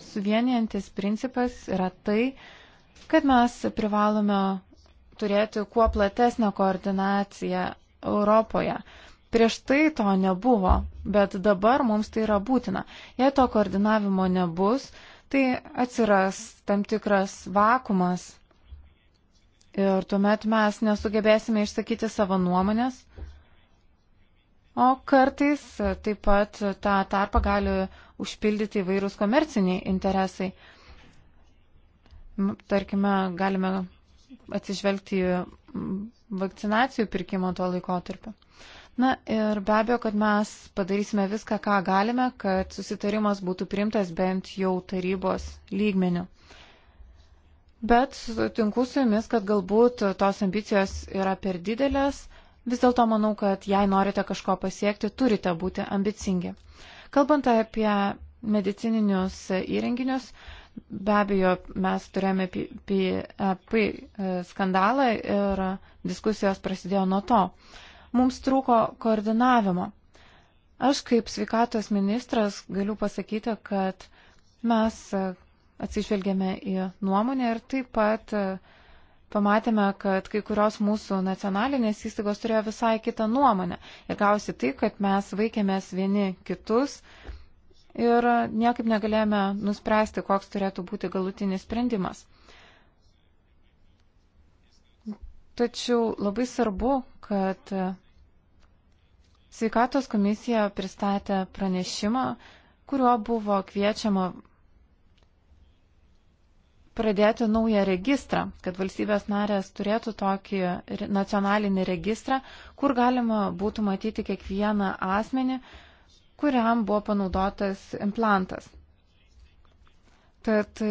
suvienijantis principas yra tai, kad mes privalome turėti kuo platesnę koordinaciją Europoje. Prieš tai to nebuvo, bet dabar mums tai yra būtina. Jei to koordinavimo nebus, tai atsiras tam tikras vakumas ir tuomet mes nesugebėsime išsakyti savo nuomonės, o kartais taip pat tą tarpą gali užpildyti įvairūs komerciniai interesai. Tarkime, galime atsižvelgti į vakcinacijų pirkimo tuo laikotarpiu. Na ir be abejo, kad mes padarysime viską, ką galime, kad susitarimas būtų primtas bent jau tarybos lygmeniu. Bet sutinku su jumis, kad galbūt tos ambicijos yra per didelės. Vis dėlto manau, kad jei norite kažko pasiekti, turite būti ambicingi. Kalbant apie medicininius įrenginius, Be abejo, mes turėjome PAP e, e, skandalą ir diskusijos prasidėjo nuo to. Mums trūko koordinavimo. Aš kaip sveikatos ministras galiu pasakyti, kad mes e, atsižvelgėme į nuomonę ir taip pat pamatėme, kad kai kurios mūsų nacionalinės įstaigos turėjo visai kitą nuomonę. Ir gausi tai, kad mes vaikėmės vieni kitus, uh, ir niekaip negalėjome nuspręsti, koks turėtų būti galutinis sprendimas. Tačiau labai svarbu, kad Sveikatos komisija pristatė pranešimą, kuriuo buvo kviečiama pradėti naują registrą, kad valstybės narės turėtų tokį nacionalinį registrą, kur galima būtų matyti kiekvieną asmenį, kuriam buvo panaudotas implantas. Tad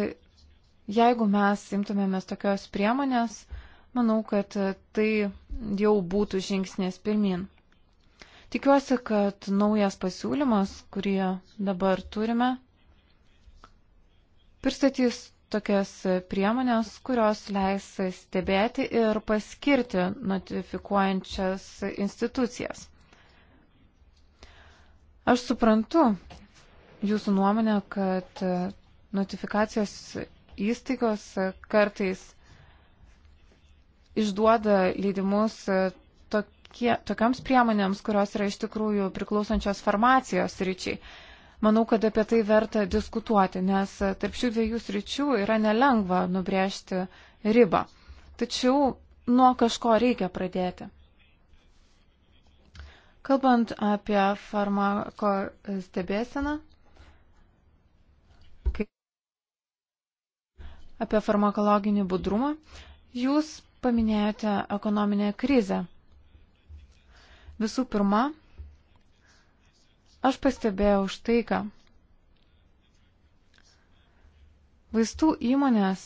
jeigu mes imtumėmės tokios priemonės, manau, kad tai jau būtų žingsnis pirmin. Tikiuosi, kad naujas pasiūlymas, kurį dabar turime, pristatys tokias priemonės, kurios leis stebėti ir paskirti notifikuojančias institucijas. Aš suprantu jūsų nuomonę, kad notifikacijos įstaigos kartais išduoda leidimus tokie, tokiams priemonėms, kurios yra iš tikrųjų priklausančios farmacijos ryčiai. Manau, kad apie tai verta diskutuoti, nes tarp šių dviejų sričių yra nelengva nubrėžti ribą. Tačiau nuo kažko reikia pradėti. Kalbant apie farmako stebėseną, apie farmakologinį budrumą, jūs paminėjote ekonominę krizę. Visų pirma, aš pastebėjau štai ką. Vaistų įmonės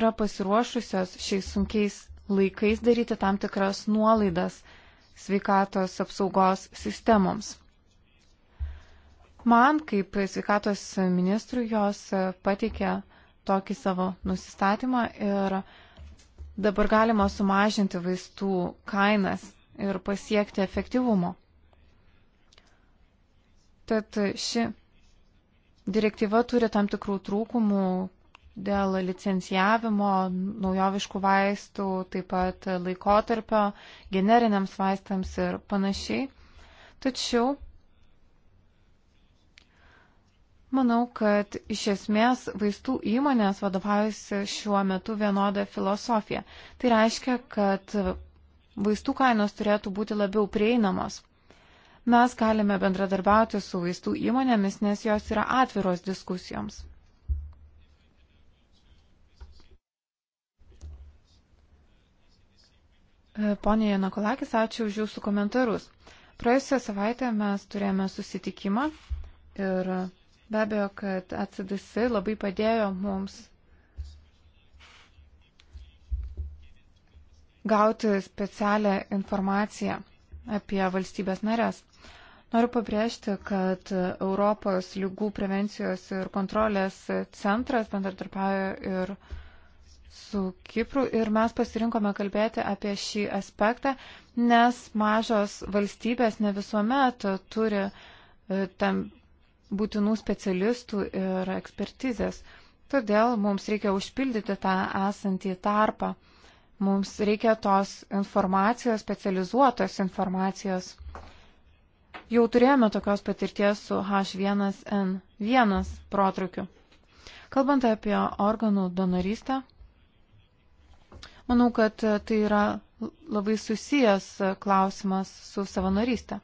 yra pasiruošusios šiais sunkiais laikais daryti tam tikras nuolaidas – sveikatos apsaugos sistemoms. Man, kaip sveikatos ministrui, jos pateikė tokį savo nusistatymą ir dabar galima sumažinti vaistų kainas ir pasiekti efektyvumo. Tad ši direktyva turi tam tikrų trūkumų, dėl licencijavimo naujoviškų vaistų, taip pat laikotarpio generiniams vaistams ir panašiai. Tačiau manau, kad iš esmės vaistų įmonės vadovaujasi šiuo metu vienodą filosofiją. Tai reiškia, kad vaistų kainos turėtų būti labiau prieinamos. Mes galime bendradarbiauti su vaistų įmonėmis, nes jos yra atviros diskusijoms. E, Pone Janakolakis, ačiū už Jūsų komentarus. Praėjusią savaitę mes turėjome susitikimą ir be abejo, kad ACDC labai padėjo mums gauti specialią informaciją apie valstybės narės. Noriu pabrėžti, kad Europos lygų prevencijos ir kontrolės centras bendradarbiavo ir su Kipru ir mes pasirinkome kalbėti apie šį aspektą, nes mažos valstybės ne visuomet turi e, tam būtinų specialistų ir ekspertizės. Todėl mums reikia užpildyti tą esantį tarpą. Mums reikia tos informacijos, specializuotos informacijos. Jau turėjome tokios patirties su H1N1 protrukiu. Kalbant apie organų donorystę, Manau, kad tai yra labai susijęs klausimas su savanorystė.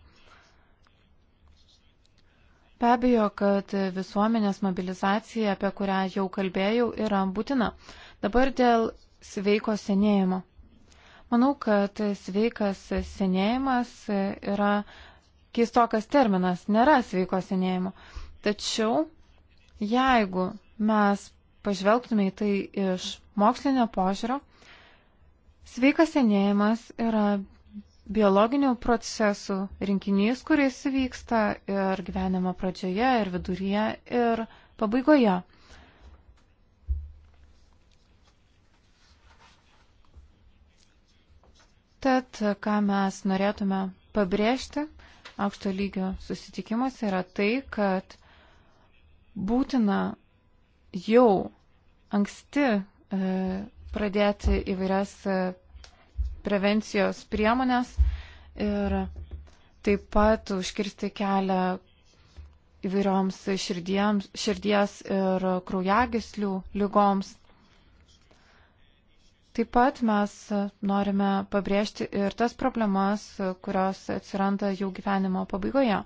Be abejo, kad visuomenės mobilizacija, apie kurią jau kalbėjau, yra būtina. Dabar dėl sveiko senėjimo. Manau, kad sveikas senėjimas yra keistokas terminas, nėra sveiko senėjimo. Tačiau, jeigu mes pažvelgtume į tai iš mokslinio požiūrio, Sveikas senėjimas yra biologinių procesų rinkinys, kuris vyksta ir gyvenimo pradžioje, ir viduryje, ir pabaigoje. Tad, ką mes norėtume pabrėžti aukšto lygio susitikimuose, yra tai, kad būtina jau anksti e, pradėti įvairias e, prevencijos priemonės ir taip pat užkirsti kelią įvairioms širdiems, širdies ir kraujagislių lygoms. Taip pat mes norime pabrėžti ir tas problemas, kurios atsiranda jau gyvenimo pabaigoje.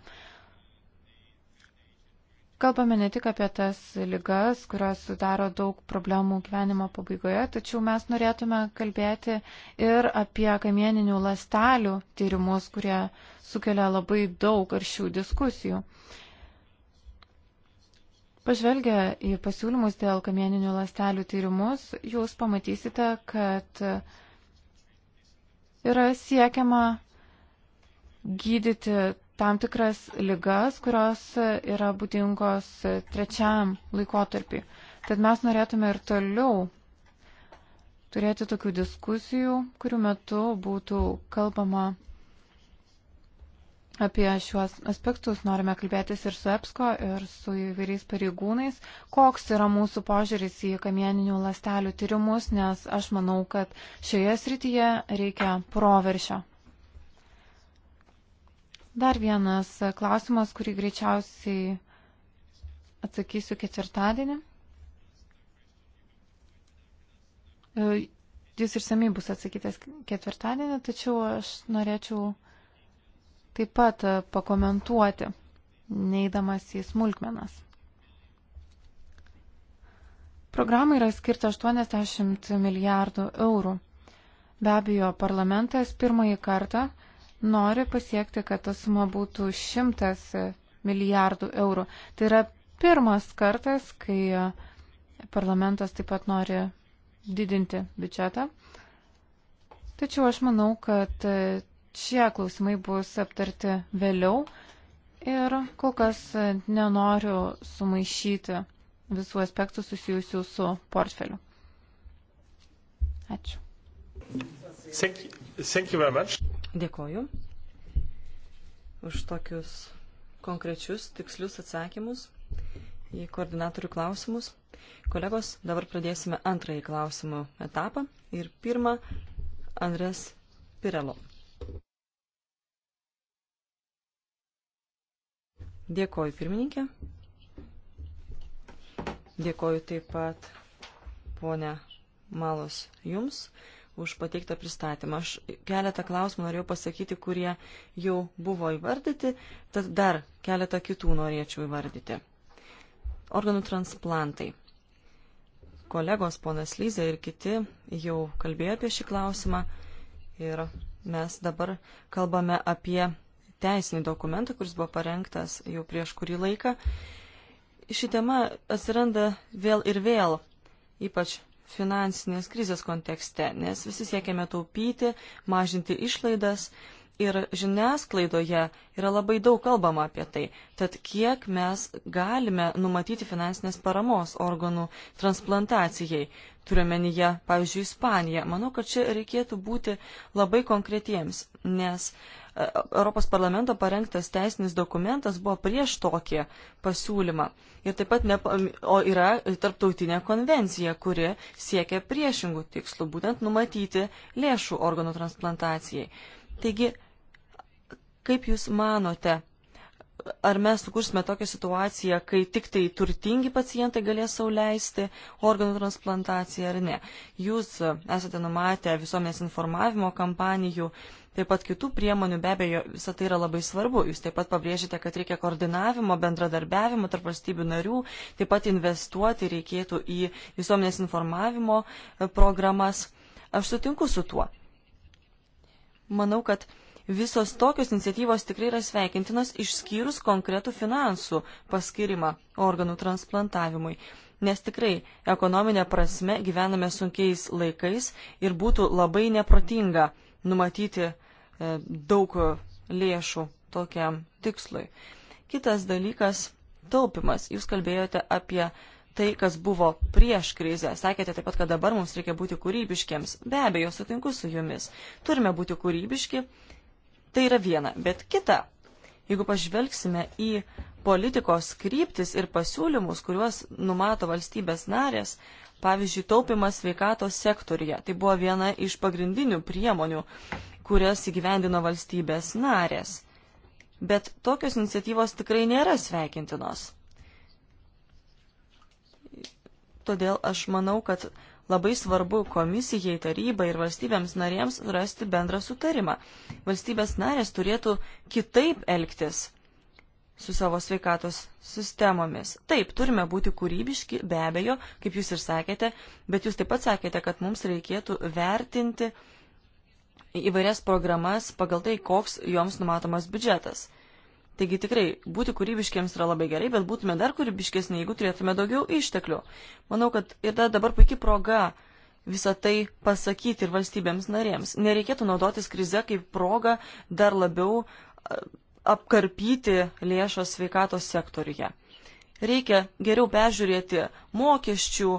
Kalbame ne tik apie tas lygas, kurios sudaro daug problemų gyvenimo pabaigoje, tačiau mes norėtume kalbėti ir apie kamieninių lastelių tyrimus, kurie sukelia labai daug aršių diskusijų. Pažvelgę į pasiūlymus dėl kamieninių lastelių tyrimus, jūs pamatysite, kad yra siekiama gydyti tam tikras ligas, kurios yra būdingos trečiam laikotarpiu. Tad mes norėtume ir toliau turėti tokių diskusijų, kurių metu būtų kalbama apie šiuos aspektus. Norime kalbėtis ir su EPSCO, ir su įvairiais pareigūnais, koks yra mūsų požiūris į kamieninių lastelių tyrimus, nes aš manau, kad šioje srityje reikia proveršio. Dar vienas e, klausimas, kurį greičiausiai atsakysiu ketvirtadienį. E, jis išsamei bus atsakytas ketvirtadienį, tačiau aš norėčiau taip pat e, pakomentuoti, neįdamas į smulkmenas. Programai yra skirta 80 milijardų eurų. Be abejo, parlamentas pirmąjį kartą nori pasiekti, kad ta suma būtų 100 milijardų eurų. Tai yra pirmas kartas, kai parlamentas taip pat nori didinti biudžetą. Tačiau aš manau, kad šie klausimai bus aptarti vėliau ir kol kas nenoriu sumaišyti visų aspektų susijusių su portfeliu. Ačiū. Thank you, thank you very much. Dėkoju už tokius konkrečius, tikslius atsakymus į koordinatorių klausimus. Kolegos, dabar pradėsime antrąjį klausimų etapą ir pirmą Andres Pirelo. Dėkoju pirmininkė. Dėkoju taip pat ponia Malos jums už pateiktą pristatymą. Aš keletą klausimų norėjau pasakyti, kurie jau buvo įvardyti, tad dar keletą kitų norėčiau įvardyti. Organų transplantai. Kolegos ponas Lyzė ir kiti jau kalbėjo apie šį klausimą ir mes dabar kalbame apie teisinį dokumentą, kuris buvo parengtas jau prieš kurį laiką. Ši tema atsiranda vėl ir vėl, ypač finansinės krizės kontekste, nes visi siekiame taupyti, mažinti išlaidas ir žiniasklaidoje yra labai daug kalbama apie tai. Tad kiek mes galime numatyti finansinės paramos organų transplantacijai? Turiuomenyje, pavyzdžiui, Ispanija. Manau, kad čia reikėtų būti labai konkretiems, nes uh, Europos parlamento parengtas teisinis dokumentas buvo prieš tokį pasiūlymą. Ir taip pat, ne, o yra tarptautinė konvencija, kuri siekia priešingų tikslų, būtent numatyti lėšų organų transplantacijai. Taigi, kaip Jūs manote, ar mes sukursime tokią situaciją, kai tik tai turtingi pacientai galės sauliaisti organų transplantaciją ar ne. Jūs esate numatę visuomenės informavimo kampanijų, taip pat kitų priemonių, be abejo, visą tai yra labai svarbu. Jūs taip pat pabrėžite, kad reikia koordinavimo, bendradarbiavimo tarp valstybių narių, taip pat investuoti reikėtų į visuomenės informavimo e, programas. Aš sutinku su tuo. Manau, kad Visos tokios iniciatyvos tikrai yra sveikintinos išskyrus konkretų finansų paskirimą organų transplantavimui. Nes tikrai ekonominė prasme gyvename sunkiais laikais ir būtų labai neprotinga numatyti e, daug lėšų tokiam tikslui. Kitas dalykas - taupimas. Jūs kalbėjote apie tai, kas buvo prieš krizę. Sakėte taip pat, kad dabar mums reikia būti kūrybiškiams. Be abejo, sutinku su jumis. Turime būti kūrybiški Tai yra viena. Bet kita, jeigu pažvelgsime į politikos kryptis ir pasiūlymus, kuriuos numato valstybės narės, pavyzdžiui, taupimas sveikatos sektorija. Tai buvo viena iš pagrindinių priemonių, kurias įgyvendino valstybės narės. Bet tokios iniciatyvos tikrai nėra sveikintinos. Todėl aš manau, kad Labai svarbu komisijai, tarybai ir valstybėms narėms rasti bendrą sutarimą. Valstybės narės turėtų kitaip elgtis su savo sveikatos sistemomis. Taip, turime būti kūrybiški, be abejo, kaip jūs ir sakėte, bet jūs taip pat sakėte, kad mums reikėtų vertinti įvairias programas pagal tai, koks joms numatomas biudžetas. Taigi tikrai, būti kūrybiškiams yra labai gerai, bet būtume dar kūrybiškesni, jeigu turėtume daugiau išteklių. Manau, kad yra dabar puikia proga visą tai pasakyti ir valstybėms narėms. Nereikėtų naudotis krize kaip proga dar labiau apkarpyti lėšos sveikatos sektoriuje. Reikia geriau peržiūrėti mokesčių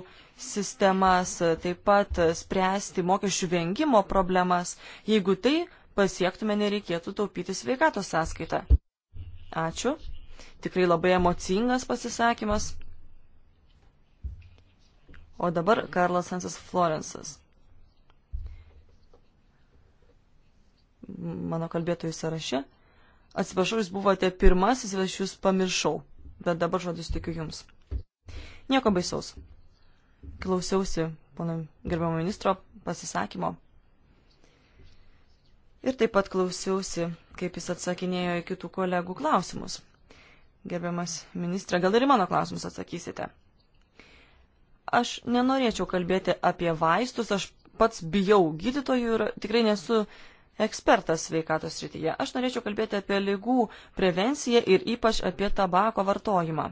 sistemas, taip pat spręsti mokesčių vengimo problemas. Jeigu tai pasiektume, nereikėtų taupyti sveikatos sąskaitą. Ačiū. Tikrai labai emocingas pasisakymas. O dabar Karlas Hansas Florensas. Mano kalbėtojų sąraše. Atsiprašau, jūs buvote pirmasis, aš jūs pamiršau. Bet dabar žodis tikiu jums. Nieko baisaus. Klausiausi pono gerbiamo ministro pasisakymo. Ir taip pat klausiausi kaip jis atsakinėjo į kitų kolegų klausimus. Gerbiamas ministrė, gal ir į mano klausimus atsakysite. Aš nenorėčiau kalbėti apie vaistus, aš pats bijau gydytojų ir tikrai nesu ekspertas sveikatos srityje. Aš norėčiau kalbėti apie lygų prevenciją ir ypač apie tabako vartojimą.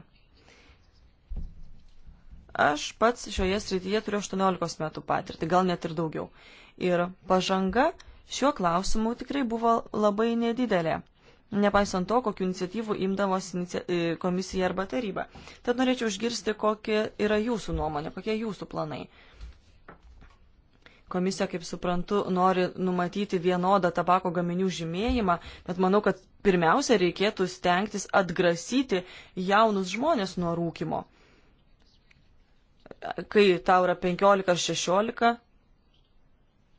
Aš pats šioje srityje turiu 18 metų patirtį, gal net ir daugiau. Ir pažanga šiuo klausimu tikrai buvo labai nedidelė, nepaisant to, kokiu iniciatyvu imdavos e, komisija arba taryba. Tad norėčiau išgirsti, kokia yra jūsų nuomonė, kokie jūsų planai. Komisija, kaip suprantu, nori numatyti vienodą tabako gaminių žymėjimą, bet manau, kad pirmiausia reikėtų stengtis atgrasyti jaunus žmonės nuo rūkimo kai tau yra 15 ar 16,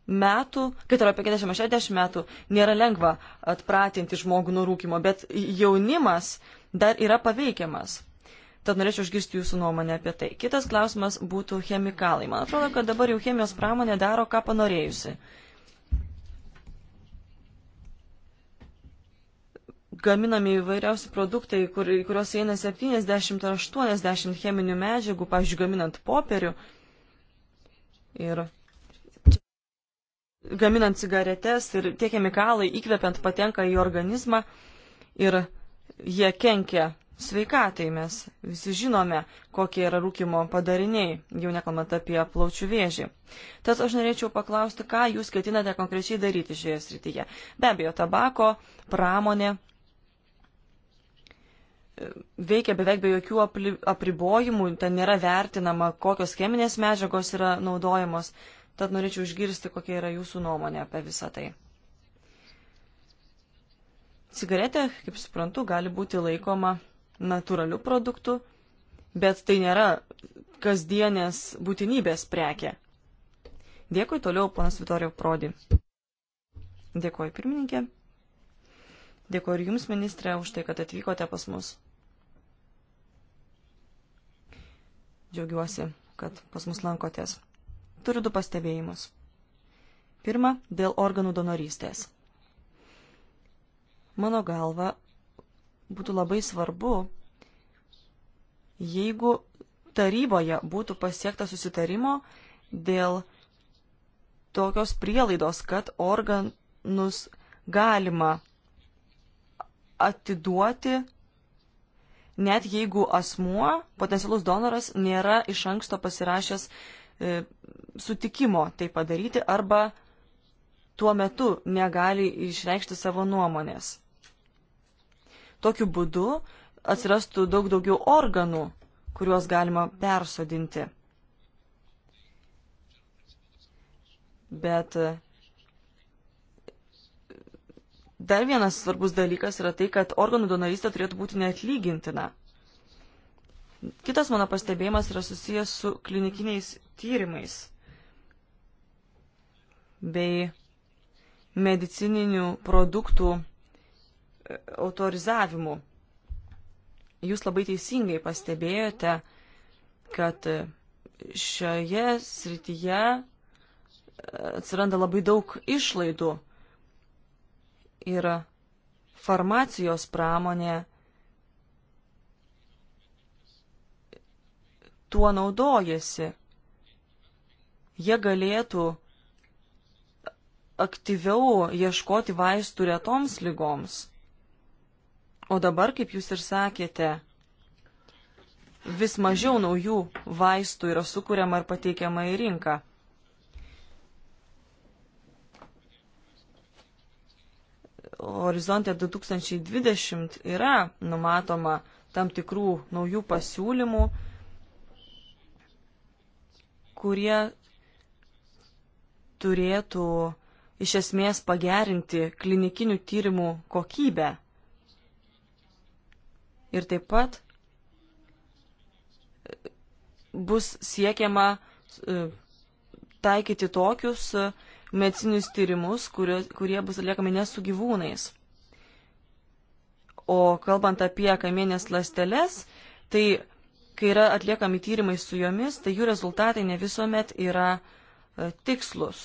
metų, kai yra 50-60 metų, nėra lengva atpratinti žmogų nuo rūkimo, bet jaunimas dar yra paveikiamas. Tad norėčiau išgirsti jūsų nuomonę apie tai. Kitas klausimas būtų chemikalai. Man atrodo, kad dabar jau chemijos pramonė daro, ką panorėjusi. gaminami įvairiausi produktai, kur, kurios eina 70 ar 80 cheminių medžiagų, pavyzdžiui, gaminant popierių. Ir gaminant cigaretes ir tie chemikalai įkvepiant patenka į organizmą ir jie kenkia sveikatai. Mes visi žinome, kokie yra rūkimo padariniai, jau nekalbant apie plaučių vėžį. Tad aš norėčiau paklausti, ką jūs ketinate konkrečiai daryti šioje srityje. Be abejo, tabako pramonė e, veikia beveik be jokių apribojimų, ten nėra vertinama, kokios cheminės medžiagos yra naudojamos tad norėčiau išgirsti, kokia yra jūsų nuomonė apie visą tai. Cigaretė, kaip suprantu, gali būti laikoma natūraliu produktu, bet tai nėra kasdienės būtinybės prekė. Dėkui toliau, ponas Vitorijo Prodi. Dėkuoju pirmininkė. Dėkuoju ir jums, ministrė, už tai, kad atvykote pas mus. Džiaugiuosi, kad pas mus lankotės turiu du pastebėjimus. Pirma, dėl organų donorystės. Mano galva, būtų labai svarbu, jeigu taryboje būtų pasiekta susitarimo dėl tokios prielaidos, kad organus galima atiduoti, net jeigu asmuo, potencialus donoras, nėra iš anksto pasirašęs uh, E, sutikimo tai padaryti arba tuo metu negali išreikšti savo nuomonės. Tokiu būdu atsirastų daug daugiau organų, kuriuos galima persodinti. Bet e, dar vienas svarbus dalykas yra tai, kad organų donorystė turėtų būti neatlygintina. Kitas mano pastebėjimas yra susijęs su klinikiniais tyrimais bei medicininių produktų e, autorizavimu. Jūs labai teisingai pastebėjote, kad šioje srityje e, atsiranda labai daug išlaidų ir farmacijos pramonė tuo naudojasi jie galėtų aktyviau ieškoti vaistų retoms lygoms. O dabar, kaip jūs ir sakėte, vis mažiau naujų vaistų yra sukūriama ir pateikiama į rinką. Horizonte 2020 yra numatoma tam tikrų naujų pasiūlymų, kurie turėtų iš esmės pagerinti klinikinių tyrimų kokybę. Ir taip pat e, bus siekiama e, taikyti tokius e, medicinius tyrimus, kurie, kurie bus atliekami ne su gyvūnais. O kalbant apie kamienės lasteles, tai kai yra atliekami tyrimai su jomis, tai jų rezultatai ne visuomet yra uh, E, tikslus,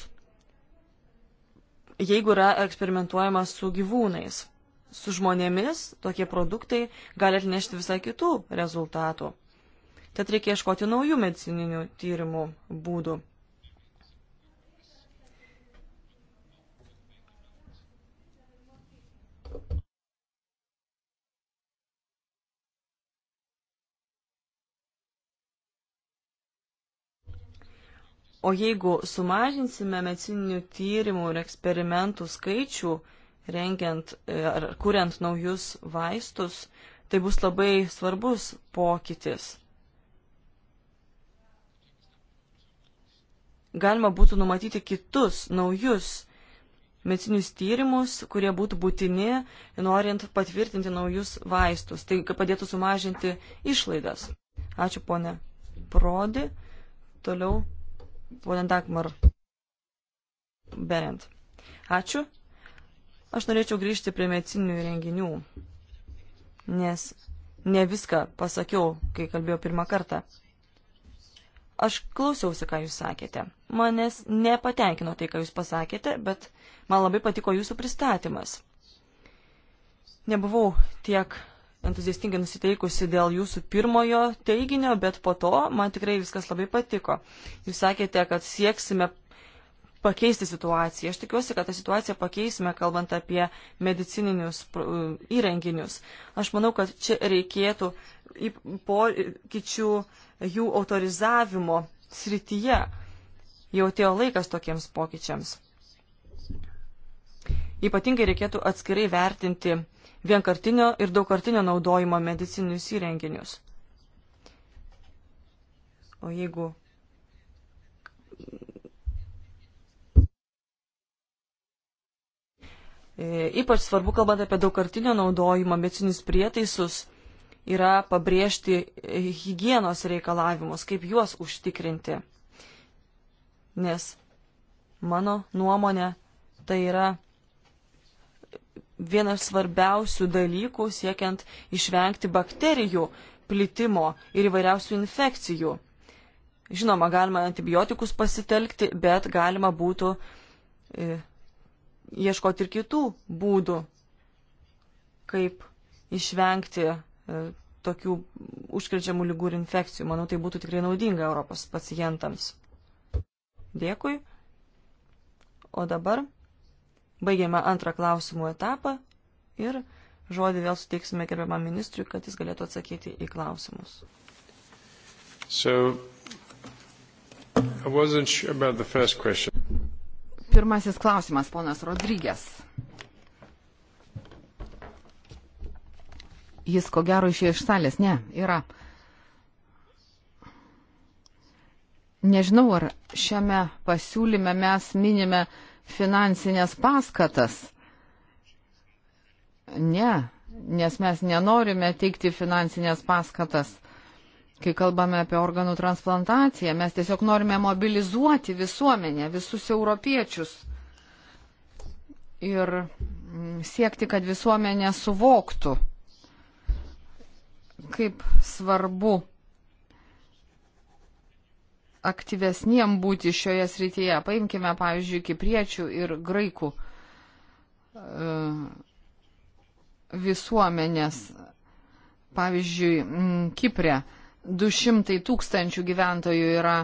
jeigu yra eksperimentuojama su gyvūnais. Su žmonėmis tokie produktai gali atnešti visai kitų rezultatų. Tad reikia ieškoti naujų medicininių tyrimų būdų. O jeigu sumažinsime medicininių tyrimų ir eksperimentų skaičių, rengiant e, ar kuriant naujus vaistus, tai bus labai svarbus pokytis. Galima būtų numatyti kitus naujus medicinius tyrimus, kurie būtų būtini, norint patvirtinti naujus vaistus, tai padėtų sumažinti išlaidas. Ačiū, ponė Prodi. Toliau Pone Dakmar Berent. Ačiū. Aš norėčiau grįžti prie medicinių renginių, nes ne viską pasakiau, kai kalbėjau pirmą kartą. Aš klausiausi, ką jūs sakėte. Manęs nepatenkino tai, ką jūs pasakėte, bet man labai patiko jūsų pristatymas. Nebuvau tiek entuziastingai nusiteikusi dėl jūsų pirmojo teiginio, bet po to man tikrai viskas labai patiko. Jūs sakėte, kad sieksime pakeisti situaciją. Aš tikiuosi, kad tą situaciją pakeisime, kalbant apie medicininius e, įrenginius. Aš manau, kad čia reikėtų pokyčių jų autorizavimo srityje. Jau atėjo laikas tokiems pokyčiams. Ypatingai reikėtų atskirai vertinti vienkartinio ir daugkartinio naudojimo medicinius įrenginius. O jeigu e, Ypač svarbu, kalbant apie daugkartinio naudojimo medicinius prietaisus, yra pabrėžti e, hygienos reikalavimus, kaip juos užtikrinti. Nes mano nuomonė tai yra vienas svarbiausių dalykų siekiant išvengti bakterijų plitimo ir įvairiausių infekcijų. Žinoma, galima antibiotikus pasitelkti, bet galima būtų e, ieškoti ir kitų būdų, kaip išvengti e, tokių užkrečiamų lygų ir infekcijų. Manau, tai būtų tikrai naudinga Europos pacientams. Dėkui. O dabar Baigėme antrą klausimų etapą ir žodį vėl suteiksime gerbiamam ministriui, kad jis galėtų atsakyti į klausimus. So, sure Pirmasis klausimas, ponas Rodrygės. Jis ko gero išėjo iš salės, ne, yra. Nežinau, ar šiame pasiūlyme mes minime uh, finansinės paskatas. Ne, nes mes nenorime teikti finansinės paskatas. Kai kalbame apie organų transplantaciją, mes tiesiog norime mobilizuoti visuomenę, visus europiečius. Ir mm, siekti, kad visuomenė suvoktų, kaip svarbu aktyvesniem būti šioje srityje. Paimkime, pavyzdžiui, kipriečių ir graikų e, visuomenės. Pavyzdžiui, Kiprė 200 tūkstančių gyventojų yra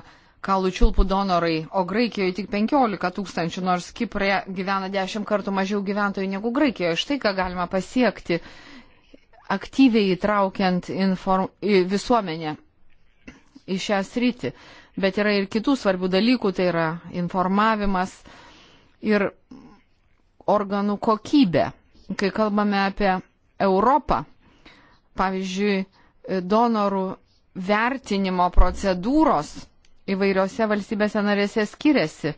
kaulų čiulpų donorai, o Graikijoje tik 15 tūkstančių, nors Kiprė gyvena 10 kartų mažiau gyventojų negu Graikijoje. Štai ką galima pasiekti aktyviai įtraukiant inform... visuomenę į šią sritį bet yra ir kitų svarbių dalykų, tai yra informavimas ir organų kokybė. Kai kalbame apie Europą, pavyzdžiui, donorų vertinimo procedūros įvairiose valstybėse narėse skiriasi.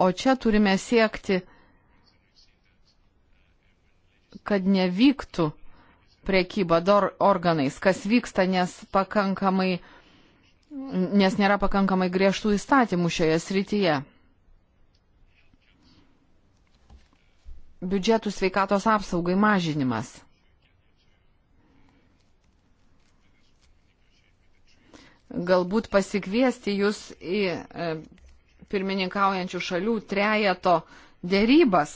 O čia turime siekti, kad nevyktų priekybą dor organais, kas vyksta, nes pakankamai, nes nėra pakankamai griežtų įstatymų šioje srityje. Biudžetų sveikatos apsaugai mažinimas. Galbūt pasikviesti jūs į e, pirmininkaujančių šalių trejeto dėrybas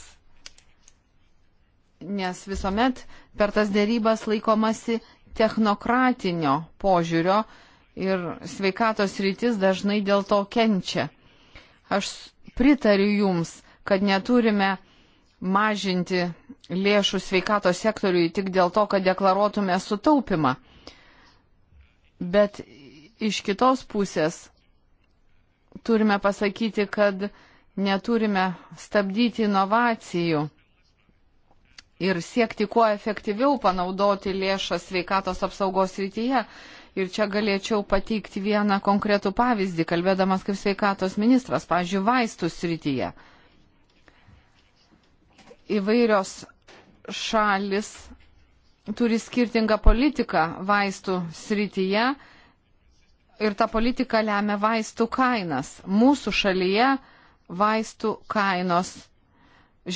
nes visuomet per tas dėrybas laikomasi technokratinio požiūrio ir sveikatos rytis dažnai dėl to kenčia. Aš pritariu Jums, kad neturime mažinti lėšų sveikatos sektoriui tik dėl to, kad deklaruotume sutaupimą. Bet iš kitos pusės turime pasakyti, kad neturime stabdyti inovacijų ir siekti kuo efektyviau panaudoti lėšas sveikatos apsaugos rytyje. Ir čia galėčiau pateikti vieną konkretų pavyzdį, kalbėdamas kaip sveikatos ministras, pavyzdžiui, vaistų srityje. Įvairios šalis turi skirtingą politiką vaistų srityje ir ta politika lemia vaistų kainas. Mūsų šalyje vaistų kainos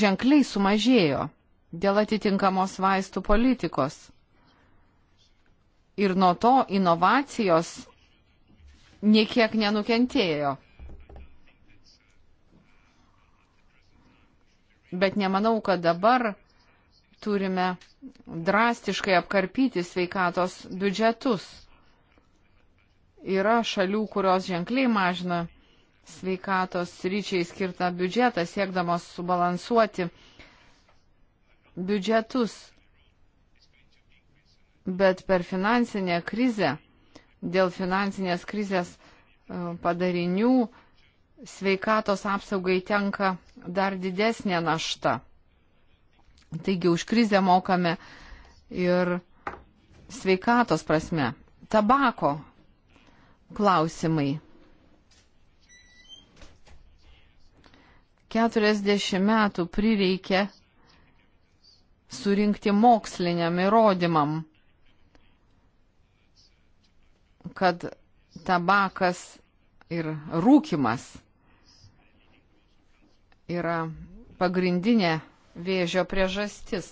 ženkliai sumažėjo dėl atitinkamos vaistų politikos. Ir nuo to inovacijos niekiek nenukentėjo. Bet nemanau, kad dabar turime drastiškai apkarpyti sveikatos biudžetus. Yra šalių, kurios ženkliai mažina sveikatos ryčiai skirtą biudžetą, siekdamos subalansuoti uh, biudžetus. Bet per finansinę krizę, dėl finansinės krizės e, padarinių, sveikatos apsaugai tenka dar didesnė našta. Taigi už krizę mokame ir sveikatos prasme. Tabako klausimai. 40 metų prireikė surinkti moksliniam įrodymam, kad tabakas ir rūkimas yra pagrindinė vėžio priežastis.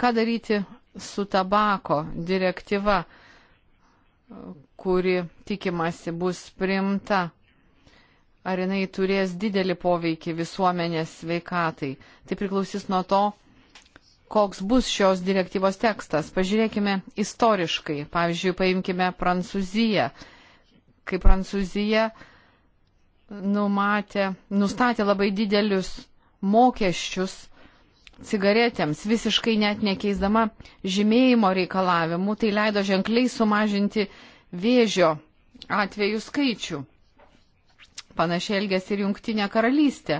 Ką daryti su tabako direktyva, kuri tikimasi bus priimta ar jinai turės didelį poveikį visuomenės sveikatai. Tai priklausys nuo to, koks bus šios direktyvos tekstas. Pažiūrėkime istoriškai. Pavyzdžiui, paimkime Prancūziją. Kai Prancūzija numatė, nustatė labai didelius mokesčius cigaretėms, visiškai net nekeisdama žymėjimo reikalavimų, tai leido ženkliai sumažinti vėžio atvejų skaičių. Panašiai elgėsi ir Junktinė karalystė.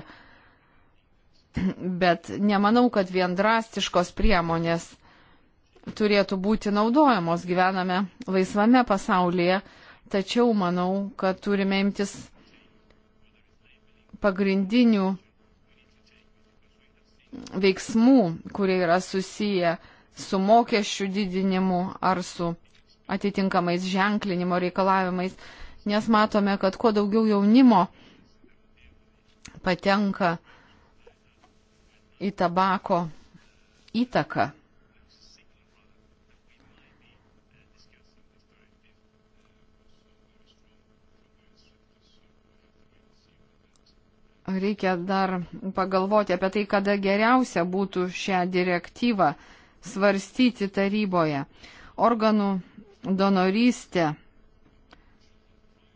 Bet nemanau, kad vien drastiškos priemonės turėtų būti naudojamos. Gyvename laisvame pasaulyje, tačiau manau, kad turime imtis pagrindinių veiksmų, kurie yra susiję su mokesčių didinimu ar su atitinkamais ženklinimo reikalavimais nes matome, kad kuo daugiau jaunimo patenka į tabako įtaką. Reikia dar pagalvoti apie tai, kada geriausia būtų šią direktyvą svarstyti taryboje. Organų donorystė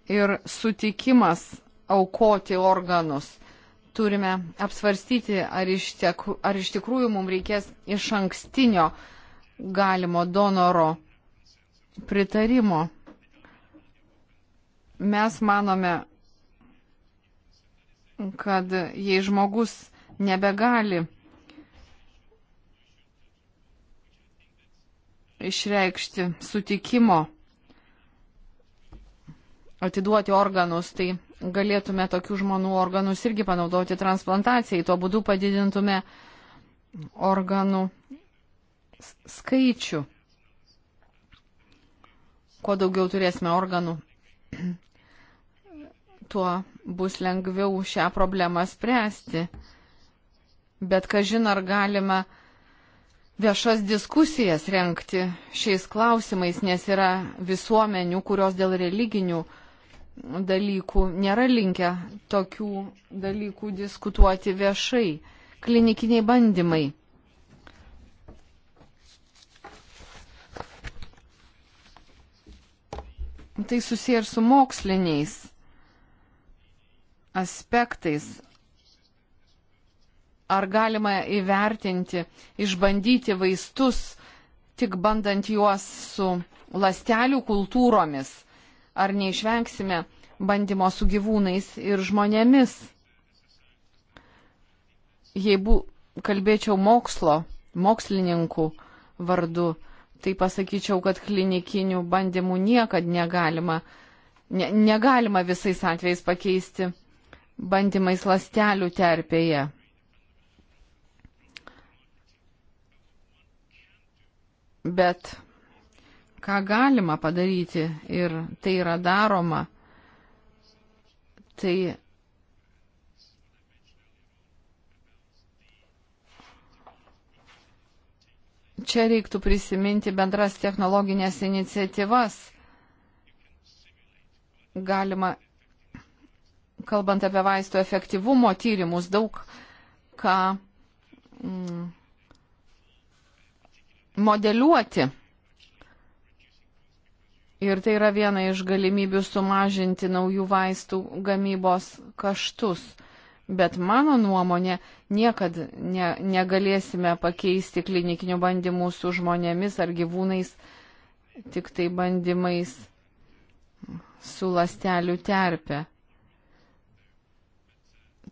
ir sutikimas aukoti organus. Turime apsvarstyti, ar iš, tiek, ar iš tikrųjų mums reikės iš ankstinio galimo donoro pritarimo. Mes manome, kad jei žmogus nebegali išreikšti sutikimo atiduoti organus, tai galėtume tokių žmonių organus irgi panaudoti transplantacijai. Tuo būdu padidintume organų skaičių. Kuo daugiau turėsime organų, tuo bus lengviau šią problemą spręsti. Bet kažin ar galima viešas diskusijas renkti šiais klausimais, nes yra visuomenių, kurios dėl religinių uh, dalykų, nėra linkę tokių dalykų diskutuoti viešai. Klinikiniai bandymai. Tai susiję ir su moksliniais aspektais. Ar galima įvertinti, išbandyti vaistus, tik bandant juos su lastelių kultūromis? ar neišvengsime bandymo su gyvūnais ir žmonėmis. Jeigu kalbėčiau mokslo, mokslininkų vardu, tai pasakyčiau, kad klinikinių bandymų niekad negalima, ne, negalima visais atvejais pakeisti bandymais lastelių terpėje. Bet ką galima padaryti ir tai yra daroma, tai čia reiktų prisiminti bendras technologinės iniciatyvas. Galima, kalbant apie vaistų efektyvumo tyrimus, daug ką mm, modeliuoti. Ir tai yra viena iš galimybių sumažinti naujų vaistų gamybos kaštus. Bet mano nuomonė, niekad ne, negalėsime pakeisti klinikinių bandymų su žmonėmis ar gyvūnais, tik tai bandymais su lastelių terpe.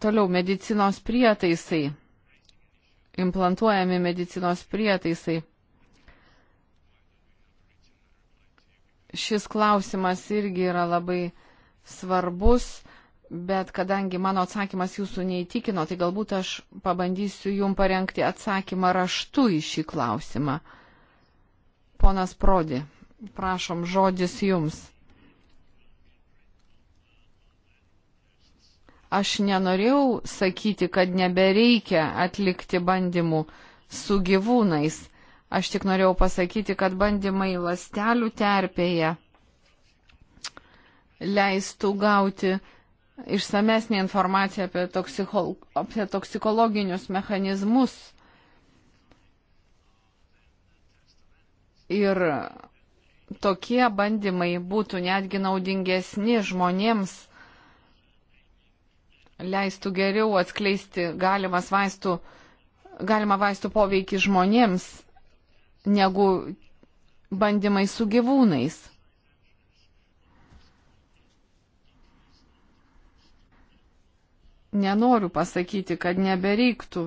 Toliau medicinos prietaisai. Implantuojami medicinos prietaisai. šis klausimas irgi yra labai svarbus, bet kadangi mano atsakymas jūsų neįtikino, tai galbūt aš pabandysiu jum parengti atsakymą raštu į šį klausimą. Ponas Prodi, prašom žodis jums. Aš nenorėjau sakyti, kad nebereikia atlikti bandymų su gyvūnais Aš tik norėjau pasakyti, kad bandymai lastelių terpėje leistų gauti išsamesnį informaciją apie, toksikol, apie toksikologinius mechanizmus. Ir tokie bandymai būtų netgi naudingesni žmonėms, leistų geriau atskleisti galimas vaistų, galima vaistų poveikį žmonėms negu bandymai su gyvūnais. Nenoriu pasakyti, kad nebereiktų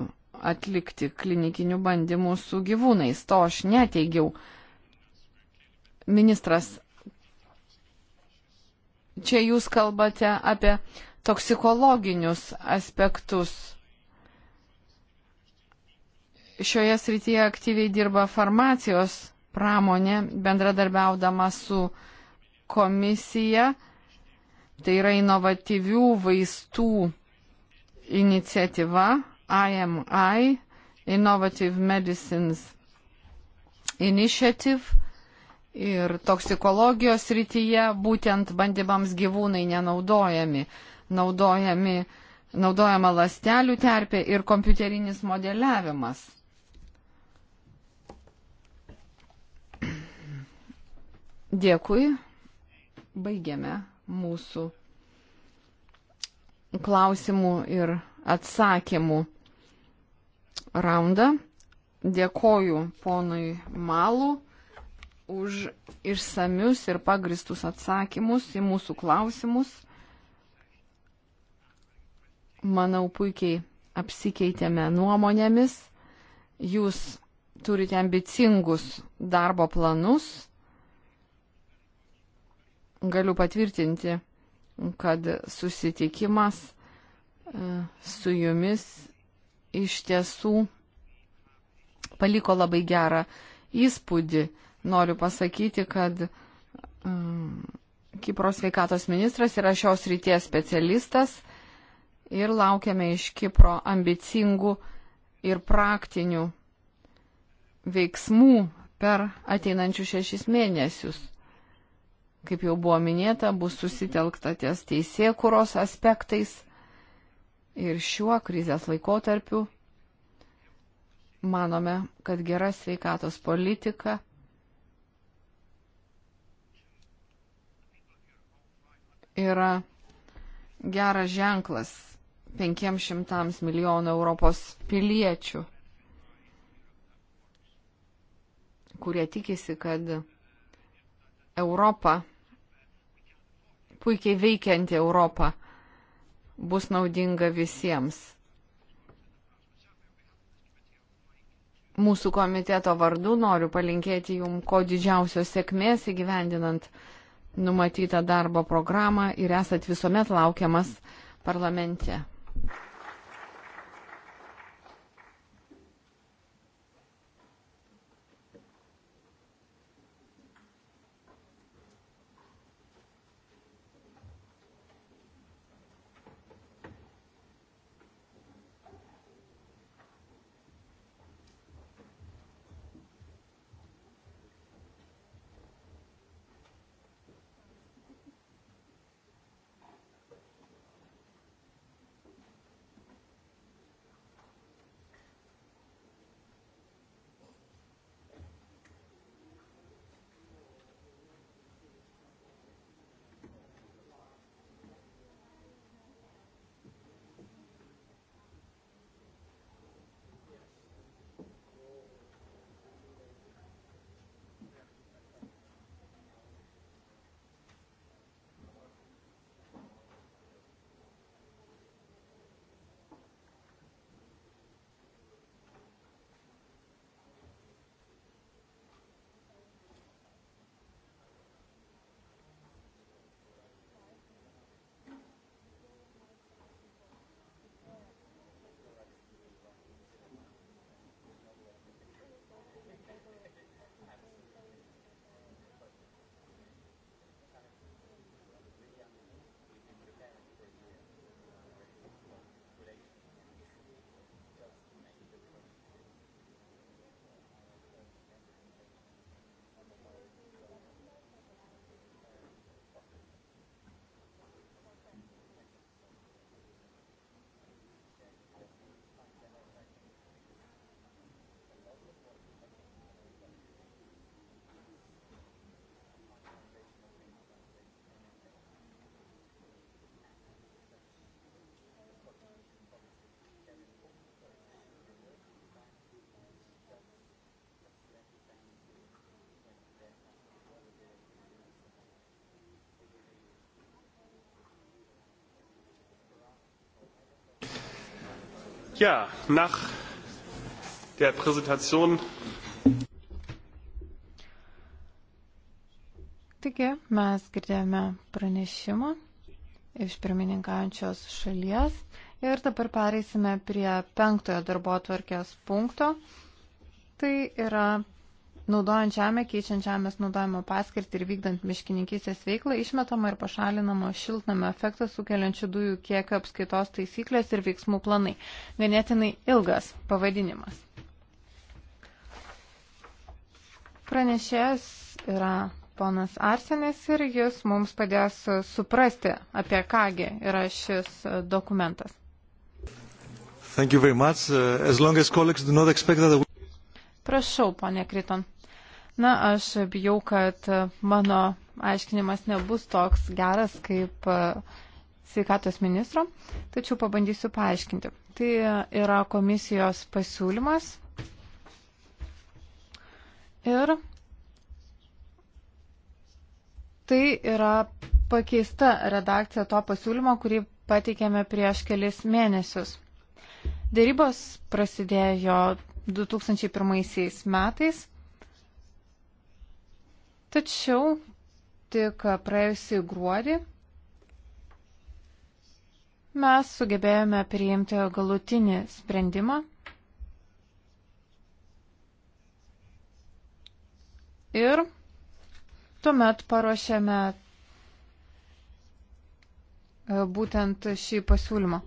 atlikti klinikinių bandymų su gyvūnais, to aš neteigiau. Ministras, čia jūs kalbate apie toksikologinius aspektus šioje srityje aktyviai dirba farmacijos pramonė, bendradarbiaudama su komisija. Tai yra inovatyvių vaistų iniciatyva IMI, Innovative Medicines Initiative. Ir toksikologijos rytyje būtent bandymams gyvūnai nenaudojami. Naudojami, naudojama lastelių terpė ir kompiuterinis modeliavimas. Dėkui. Baigiame mūsų klausimų ir atsakymų raundą. Dėkoju ponui Malų už išsamius ir pagristus atsakymus į mūsų klausimus. Manau, puikiai apsikeitėme nuomonėmis. Jūs turite ambicingus darbo planus galiu patvirtinti, kad susitikimas e, su jumis iš tiesų paliko labai gerą įspūdį. Noriu pasakyti, kad um, Kipro sveikatos ministras yra šios ryties specialistas ir laukiame iš Kipro ambicingų ir praktinių veiksmų per ateinančius šešis mėnesius kaip jau buvo minėta, bus susitelkta ties teisėkuros aspektais ir šiuo krizės laikotarpiu manome, kad gera sveikatos politika yra geras ženklas 500 milijonų Europos piliečių, kurie tikisi, kad Europą, puikiai veikianti Europą, bus naudinga visiems. Mūsų komiteto vardu noriu palinkėti jum ko didžiausios sėkmės įgyvendinant numatytą darbo programą ir esat visuomet laukiamas parlamente. Ja, nach der Präsentation. Taigi, mes girdėjome pranešimą iš pirmininkaujančios šalies ir dabar pereisime prie penktojo darbo tvarkės punkto. Tai yra naudojant žemę, keičiant žemės naudojimo paskirtį ir vykdant miškininkysės veiklą, išmetama ir pašalinama šiltnamio efektą sukeliančių dujų kiekio apskaitos taisyklės ir veiksmų planai. Ganėtinai ilgas pavadinimas. Pranešėjas yra ponas Arsenis ir jis mums padės suprasti, apie kągi yra šis dokumentas. Thank you very much. Uh, as long as colleagues do not expect that... Prašau, ponė Kriton. Na, aš bijau, kad mano aiškinimas nebus toks geras kaip e, sveikatos ministro, tačiau pabandysiu paaiškinti. Tai yra komisijos pasiūlymas ir tai yra pakeista redakcija to pasiūlymo, kurį pateikėme prieš kelis mėnesius. Dėrybos prasidėjo 2001 metais Tačiau tik praėjusį gruodį mes sugebėjome priimti galutinį sprendimą ir tuomet paruošėme e, būtent šį pasiūlymą.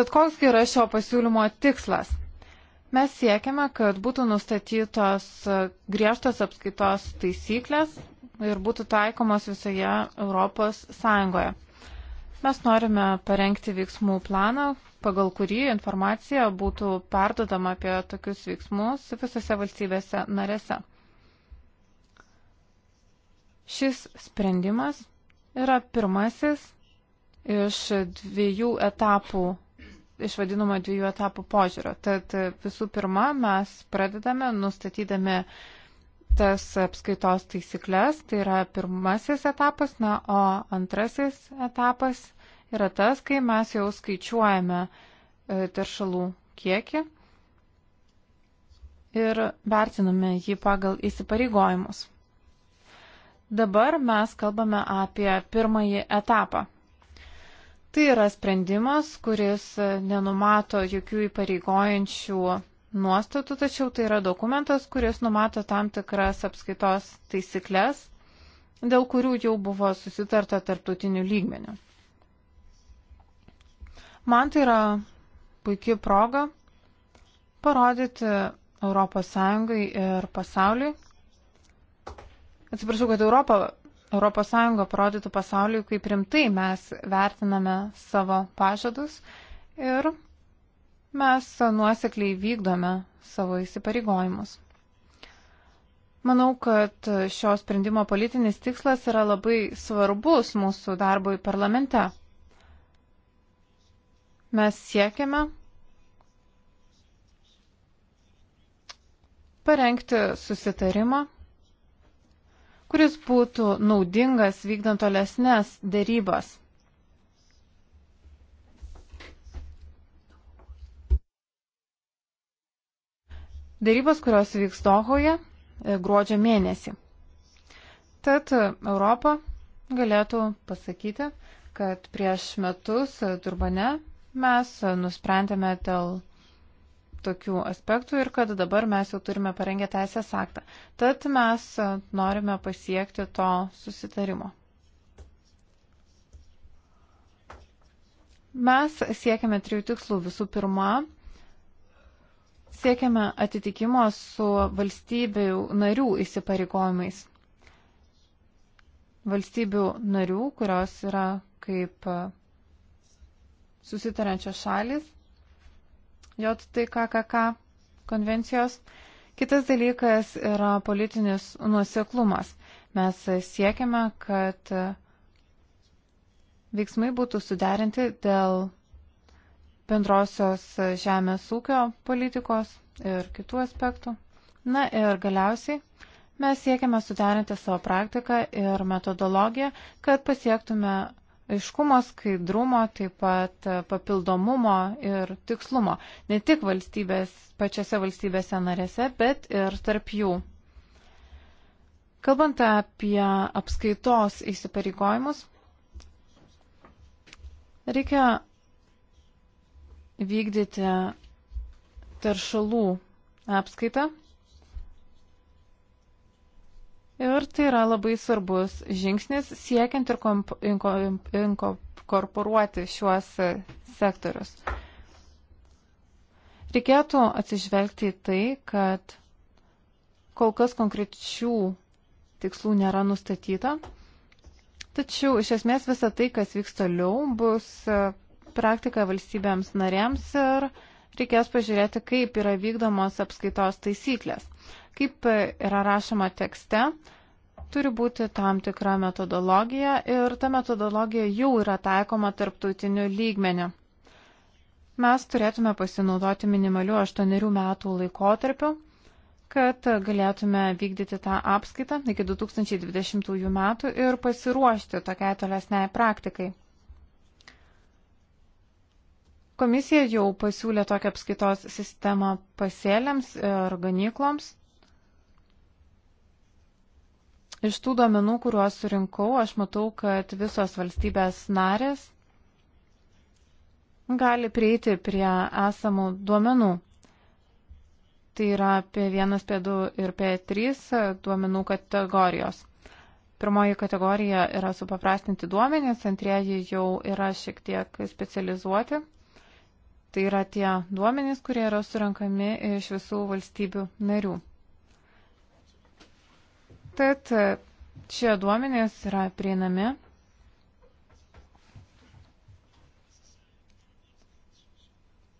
Tad koks yra šio pasiūlymo tikslas? Mes siekiame, kad būtų nustatytos griežtos apskaitos taisyklės ir būtų taikomos visoje Europos Sąjungoje. Mes norime parengti veiksmų planą, pagal kurį informacija būtų perdodama apie tokius veiksmus visose valstybėse narėse. Šis sprendimas yra pirmasis iš dviejų etapų iš vadinamo dviejų etapų požiūrio. Tad e, visų pirma, mes pradedame nustatydami tas apskaitos taisyklės, tai yra pirmasis etapas, na, o antrasis etapas yra tas, kai mes jau skaičiuojame e, teršalų kiekį ir vertiname jį pagal įsipareigojimus. Dabar mes kalbame apie pirmąjį etapą, Tai yra sprendimas, kuris nenumato jokių įpareigojančių nuostatų, tačiau tai yra dokumentas, kuris numato tam tikras apskaitos taisyklės, dėl kurių jau buvo susitarta tarptautinių lygmenių. Man tai yra puikia proga parodyti ES ir pasauliui. Atsiprašau, kad Europa ES parodytų pasauliui, kaip rimtai mes vertiname savo pažadus ir mes nuosekliai vykdome savo įsipareigojimus. Manau, kad šio sprendimo politinis tikslas yra labai svarbus mūsų darbui parlamente. Mes siekiame parengti susitarimą kuris būtų naudingas vykdant tolesnės dėrybas. Dėrybos, kurios vyks Dohoje e, gruodžio mėnesį. Tad e, Europą galėtų pasakyti, kad prieš metus e, Durbane mes nusprendėme dėl tokių aspektų ir kad dabar mes jau turime parengę teisės aktą. Tad mes e, norime pasiekti to susitarimo. Mes siekiame trijų tikslų. Visų pirma, siekiame atitikimo su valstybių narių įsipareigojimais. Valstybių narių, kurios yra kaip e, susitarančios šalis JTKKK konvencijos. Kitas dalykas yra politinis nuoseklumas. Mes siekiame, kad veiksmai būtų suderinti dėl bendrosios žemės ūkio politikos ir kitų aspektų. Na ir galiausiai mes siekiame suderinti savo praktiką ir metodologiją, kad pasiektume aiškumo, skaidrumo, taip pat e, papildomumo ir tikslumo. Ne tik valstybės, pačiose valstybėse narėse, bet ir tarp jų. Kalbant apie apskaitos įsipareigojimus, reikia vykdyti teršalų apskaitą Ir tai yra labai svarbus žingsnis siekiant ir inkorporuoti šiuos e, sektorius. Reikėtų atsižvelgti į tai, kad kol kas konkrečių tikslų nėra nustatyta, tačiau iš esmės visa tai, kas vyks toliau, bus e, praktika valstybėms narėms ir reikės pažiūrėti, kaip yra vykdomos apskaitos taisyklės. Kaip yra rašoma tekste, turi būti tam tikra metodologija ir ta metodologija jau yra taikoma tarptautiniu lygmeniu. Mes turėtume pasinaudoti minimaliu 8 metų laikotarpiu, kad galėtume vykdyti tą apskaitą iki 2020 metų ir pasiruošti tokiai tolesniai praktikai. Komisija jau pasiūlė tokią apskaitos sistemą pasėliams ir e, ganykloms. Iš tų duomenų, kuriuos surinkau, aš matau, kad visos valstybės narės gali prieiti prie esamų duomenų. Tai yra P1, P2 ir P3 duomenų kategorijos. Pirmoji kategorija yra supaprastinti duomenys, antrieji jau yra šiek tiek specializuoti Tai yra tie duomenys, kurie yra surinkami iš visų valstybių narių. Tad e, šie duomenys yra prieinami.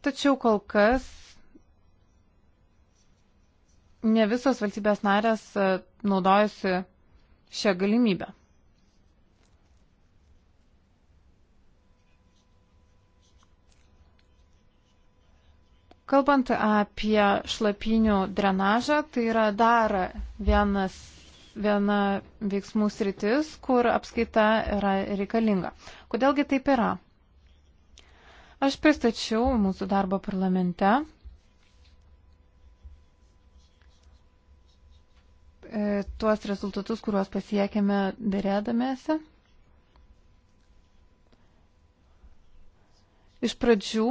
Tačiau kol kas ne visos valstybės narės e, naudojasi šią galimybę. Kalbant apie šlapinių drenažą, tai yra dar vienas, viena veiksmų sritis, kur apskaita yra reikalinga. Kodėlgi taip yra? Aš pristačiau mūsų darbą parlamente. E, tuos rezultatus, kuriuos pasiekėme dėrėdamėsi. Iš pradžių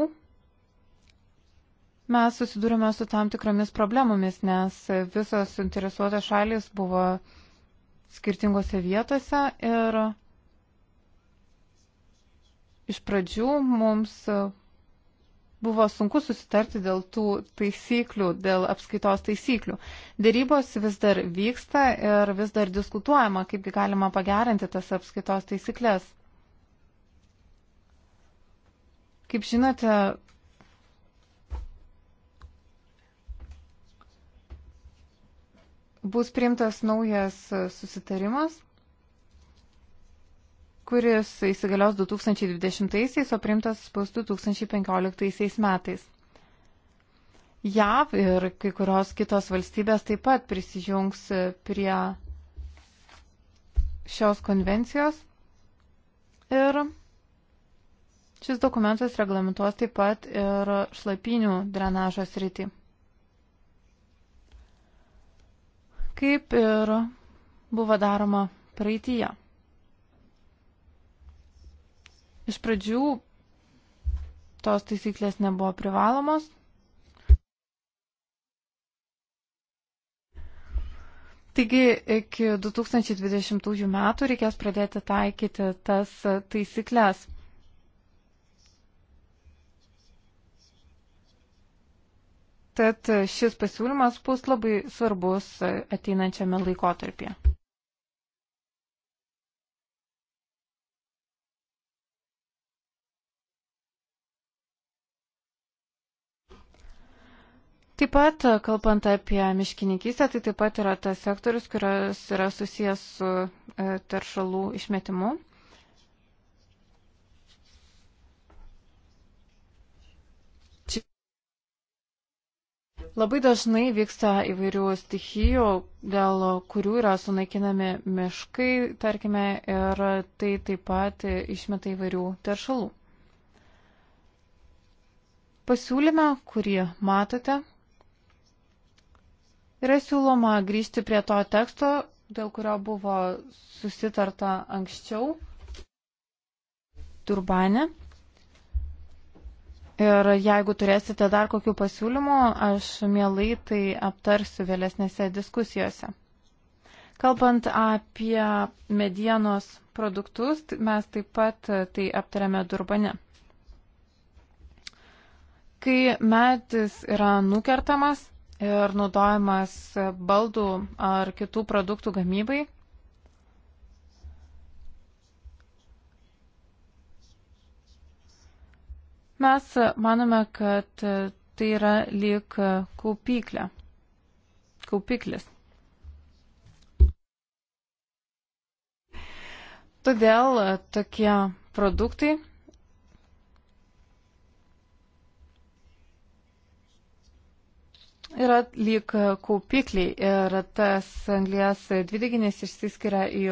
mes susidūrėme su tam tikromis problemomis, nes visos suinteresuotos šalis buvo skirtingose vietose ir iš pradžių mums buvo sunku susitarti dėl tų taisyklių, dėl apskaitos taisyklių. Dėrybos vis dar vyksta ir vis dar diskutuojama, kaipgi galima pagerinti tas apskaitos taisyklės. Kaip žinote, bus priimtas naujas susitarimas, kuris įsigalios 2020-aisiais, o priimtas bus 2015 metais. JAV ir kai kurios kitos valstybės taip pat prisijungs prie šios konvencijos ir šis dokumentas reglamentuos taip pat ir šlapinių drenažo sritį. kaip ir buvo daroma praeitie. Iš pradžių tos taisyklės nebuvo privalomos. Taigi iki 2020 metų reikės pradėti taikyti tas taisyklės. Tad šis pasiūlymas bus labai svarbus ateinančiame laikotarpyje. Taip pat, kalbant apie miškininkystę, tai taip pat yra tas sektorius, kuris yra susijęs su e, teršalų išmetimu. Labai dažnai vyksta įvairių stichijų, dėl kurių yra sunaikinami miškai, tarkime, ir tai taip pat išmeta įvairių teršalų. Pasiūlyme, kurį matote, yra siūloma grįžti prie to teksto, dėl kurio buvo susitarta anksčiau Turbane. Ir jeigu turėsite dar kokių pasiūlymų, aš mielai tai aptarsiu vėlesnėse diskusijose. Kalbant apie medienos produktus, mes taip pat e, tai aptarėme Durbane. Kai medis yra nukertamas ir naudojamas baldų ar kitų produktų gamybai, Mes manome, kad tai yra lyg kaupyklė. Kaupiklis. Todėl tokie produktai yra lyg kaupikliai ir tas anglijas dvideginis išsiskiria į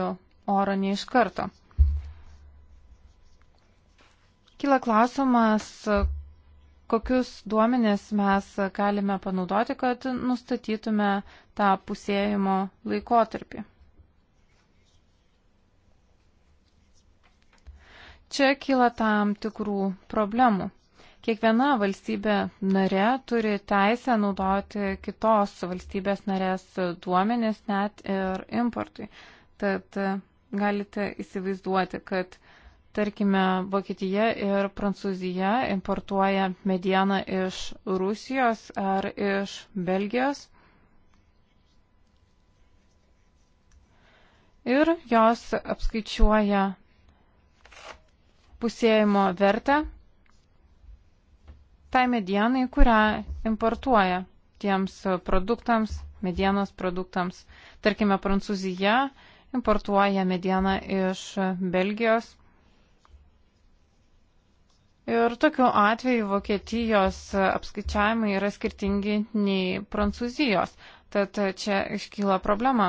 orą ne iš karto. Kila klausimas, kokius duomenis mes galime panaudoti, kad nustatytume tą pusėjimo laikotarpį. Čia kyla tam tikrų problemų. Kiekviena valstybė narė turi teisę naudoti kitos valstybės narės duomenis net ir importui. Tad galite įsivaizduoti, kad Tarkime, Vokietija ir Prancūzija importuoja medieną iš Rusijos ar iš Belgijos. Ir jos apskaičiuoja pusėjimo vertę tai medienai, kurią importuoja tiems produktams, medienos produktams. Tarkime, Prancūzija importuoja medieną iš Belgijos. Ir tokiu atveju Vokietijos apskaičiavimai yra skirtingi nei Prancūzijos. Tad čia iškyla problema.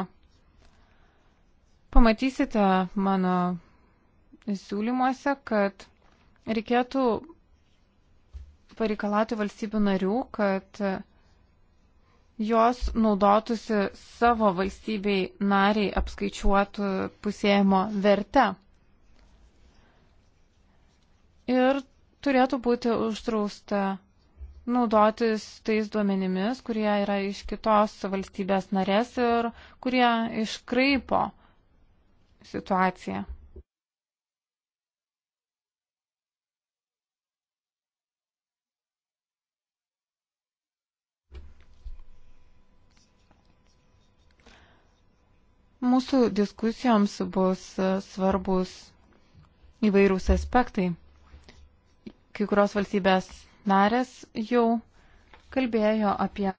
Pamatysite mano siūlymuose, kad reikėtų pareikalauti valstybių narių, kad jos naudotųsi savo valstybei nariai apskaičiuotų pusėjimo vertę. Ir turėtų būti uždrausta naudotis tais duomenimis, kurie yra iš kitos valstybės narės ir kurie iškraipo situaciją. Mūsų diskusijoms bus svarbus įvairūs aspektai kai kurios valstybės narės jau kalbėjo apie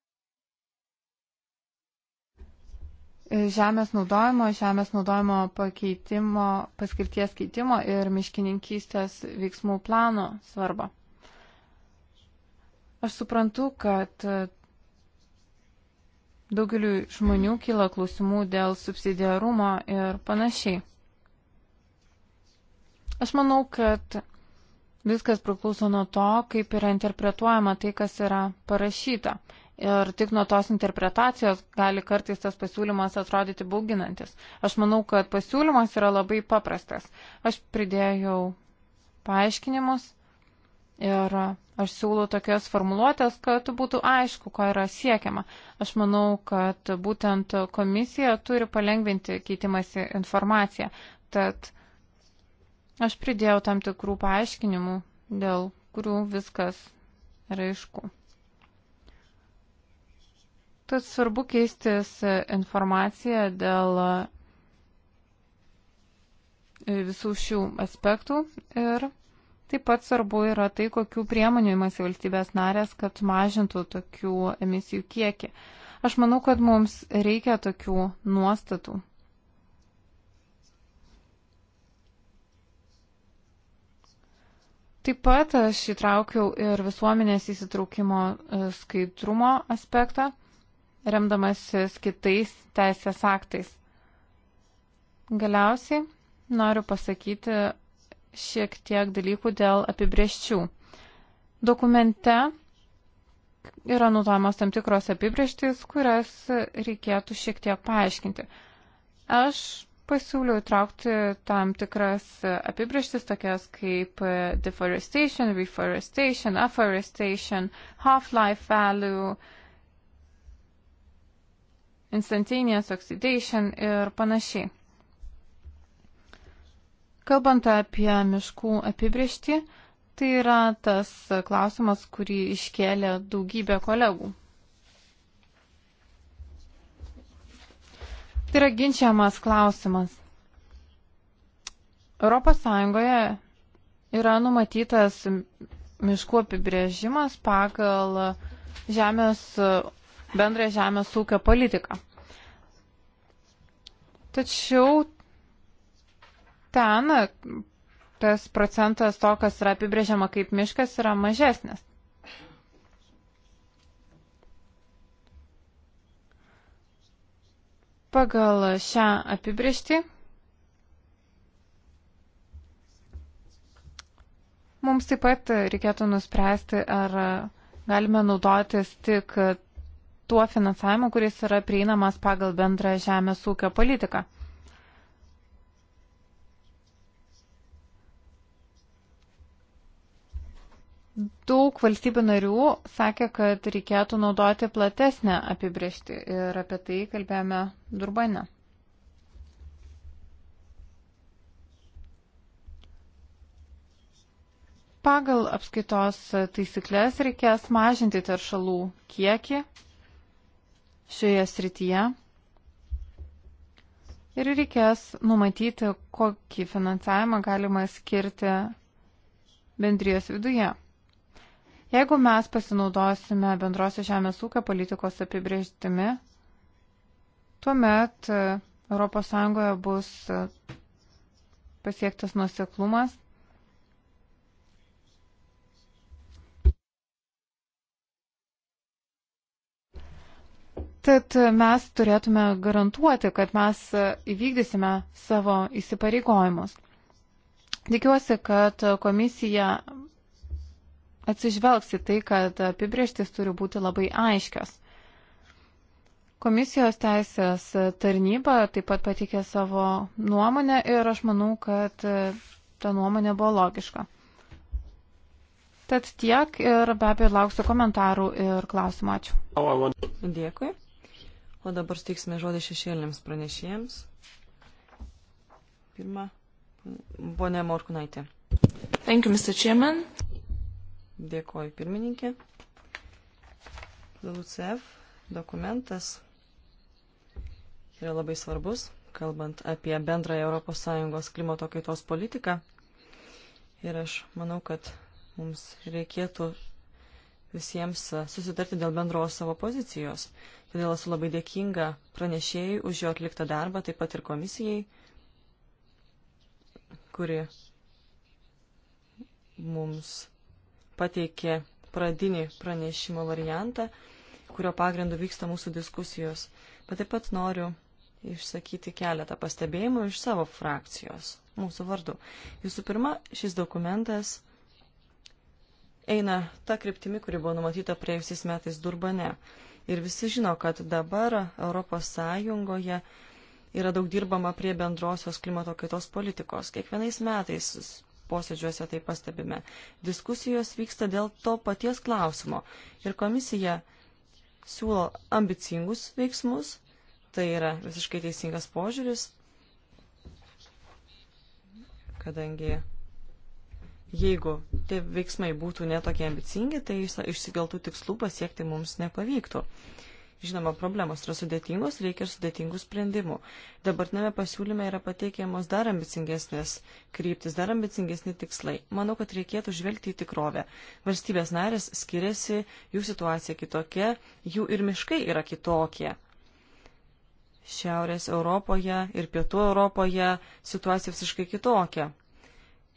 žemės naudojimo, žemės naudojimo pakeitimo, paskirties keitimo ir miškininkystės veiksmų plano svarbą. Aš suprantu, kad daugeliu žmonių kyla klausimų dėl subsidiarumo ir panašiai. Aš manau, kad Viskas priklauso nuo to, kaip yra interpretuojama tai, kas yra parašyta. Ir tik nuo tos interpretacijos gali kartais tas pasiūlymas atrodyti bauginantis. Aš manau, kad pasiūlymas yra labai paprastas. Aš pridėjau paaiškinimus ir aš siūlau tokias formuluotės, kad būtų aišku, ko yra siekiama. Aš manau, kad būtent komisija turi palengvinti keitimąsi informaciją. Tad Aš pridėjau tam tikrų paaiškinimų, dėl kurių viskas yra aišku. Tad svarbu keistis informaciją dėl e, visų šių aspektų ir taip pat svarbu yra tai, kokių priemonių imasi valstybės narės, kad mažintų tokių emisijų kiekį. Aš manau, kad mums reikia tokių nuostatų. Taip pat aš įtraukiau ir visuomenės įsitraukimo e, skaidrumo aspektą, remdamasis kitais teisės aktais. Galiausiai noriu pasakyti šiek tiek dalykų dėl apibrieščių. Dokumente yra nutomos tam tikros apibrieštys, kurias reikėtų šiek tiek paaiškinti. Aš pasiūliau įtraukti tam tikras apibrieštis, tokias kaip deforestation, reforestation, afforestation, half-life value, instantaneous oxidation ir panašiai. Kalbant apie miškų apibriešti, tai yra tas klausimas, kurį iškėlė daugybė kolegų. Tai yra ginčiamas klausimas. ES yra numatytas miškų apibrėžimas pagal žemės, bendrą žemės ūkio politiką. Tačiau ten tas procentas to, kas yra apibrėžiama kaip miškas, yra mažesnis. Pagal šią apibriežtį mums taip pat reikėtų nuspręsti, ar galime naudotis tik tuo finansavimu, kuris yra prieinamas pagal bendrą žemės ūkio politiką. daug valstybių narių sakė, kad reikėtų naudoti platesnę apibriešti ir apie tai kalbėjome Durbane. Pagal apskaitos taisyklės reikės mažinti teršalų kiekį šioje srityje ir reikės numatyti, kokį finansavimą galima skirti bendrijos viduje. Jeigu mes pasinaudosime bendrosios žemės ūkio politikos apibrėžtimi, tuomet ES bus e, pasiektas nuseklumas. Tad mes turėtume garantuoti, kad mes e, įvykdysime savo įsipareigojimus. Tikiuosi, kad komisija atsižvelgs į tai, kad apibrieštis turi būti labai aiškios. Komisijos teisės tarnyba taip pat patikė savo nuomonę ir aš manau, kad ta nuomonė buvo logiška. Tad tiek ir be abejo lauksiu komentarų ir klausimų. Ačiū. Dėkui. O dabar steiksime žodį šešėlėms pranešėjams. Pirma, ponė Morkunaitė. Thank you, Mr. Chairman. Dėkoju pirmininkė. LUCF dokumentas yra labai svarbus, kalbant apie bendrąją ES klimato kaitos politiką. Ir aš manau, kad mums reikėtų visiems susitarti dėl bendros savo pozicijos. Todėl esu labai dėkinga pranešėjai už jo atliktą darbą, taip pat ir komisijai, kuri mums pateikė pradinį pranešimo variantą, kurio pagrindu vyksta mūsų diskusijos. Bet taip pat noriu išsakyti keletą pastebėjimų iš savo frakcijos, mūsų vardu. Visų pirma, šis dokumentas eina ta kryptimi, kuri buvo numatyta praėjusiais metais Durbane. Ir visi žino, kad dabar Europos Sąjungoje yra daug dirbama prie bendrosios klimato kaitos politikos. Kiekvienais metais posėdžiuose tai pastebime. Diskusijos vyksta dėl to paties klausimo. Ir komisija siūlo ambicingus veiksmus, tai yra visiškai teisingas požiūris, kadangi jeigu tie veiksmai būtų netokie ambicingi, tai išsikeltų tikslų pasiekti mums nepavyktų. Uh, Žinoma, problemos yra sudėtingos, reikia ir sudėtingų sprendimų. Dabartinėme pasiūlyme yra pateikiamos dar ambicingesnės kryptis, dar ambicingesni tikslai. Manau, kad reikėtų žvelgti į tikrovę. Valstybės narės skiriasi, jų situacija kitokia, jų ir miškai yra kitokie. Šiaurės Europoje ir Pietų Europoje situacija visiškai kitokia.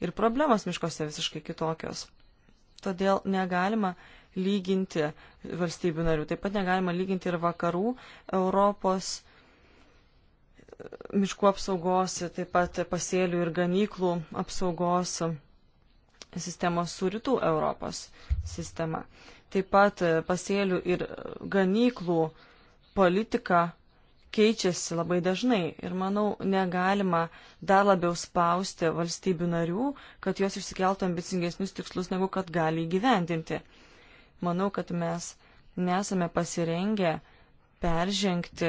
Ir problemos miškose visiškai kitokios. Todėl negalima lyginti valstybių narių. Taip pat negalima lyginti ir vakarų Europos miškų apsaugos, taip pat pasėlių ir ganyklų apsaugos sistemos su rytų Europos sistema. Taip pat pasėlių ir ganyklų politika keičiasi labai dažnai ir manau negalima dar labiau spausti valstybių narių, kad jos išsikeltų ambicingesnius tikslus, negu kad gali įgyvendinti manau, kad mes nesame pasirengę peržengti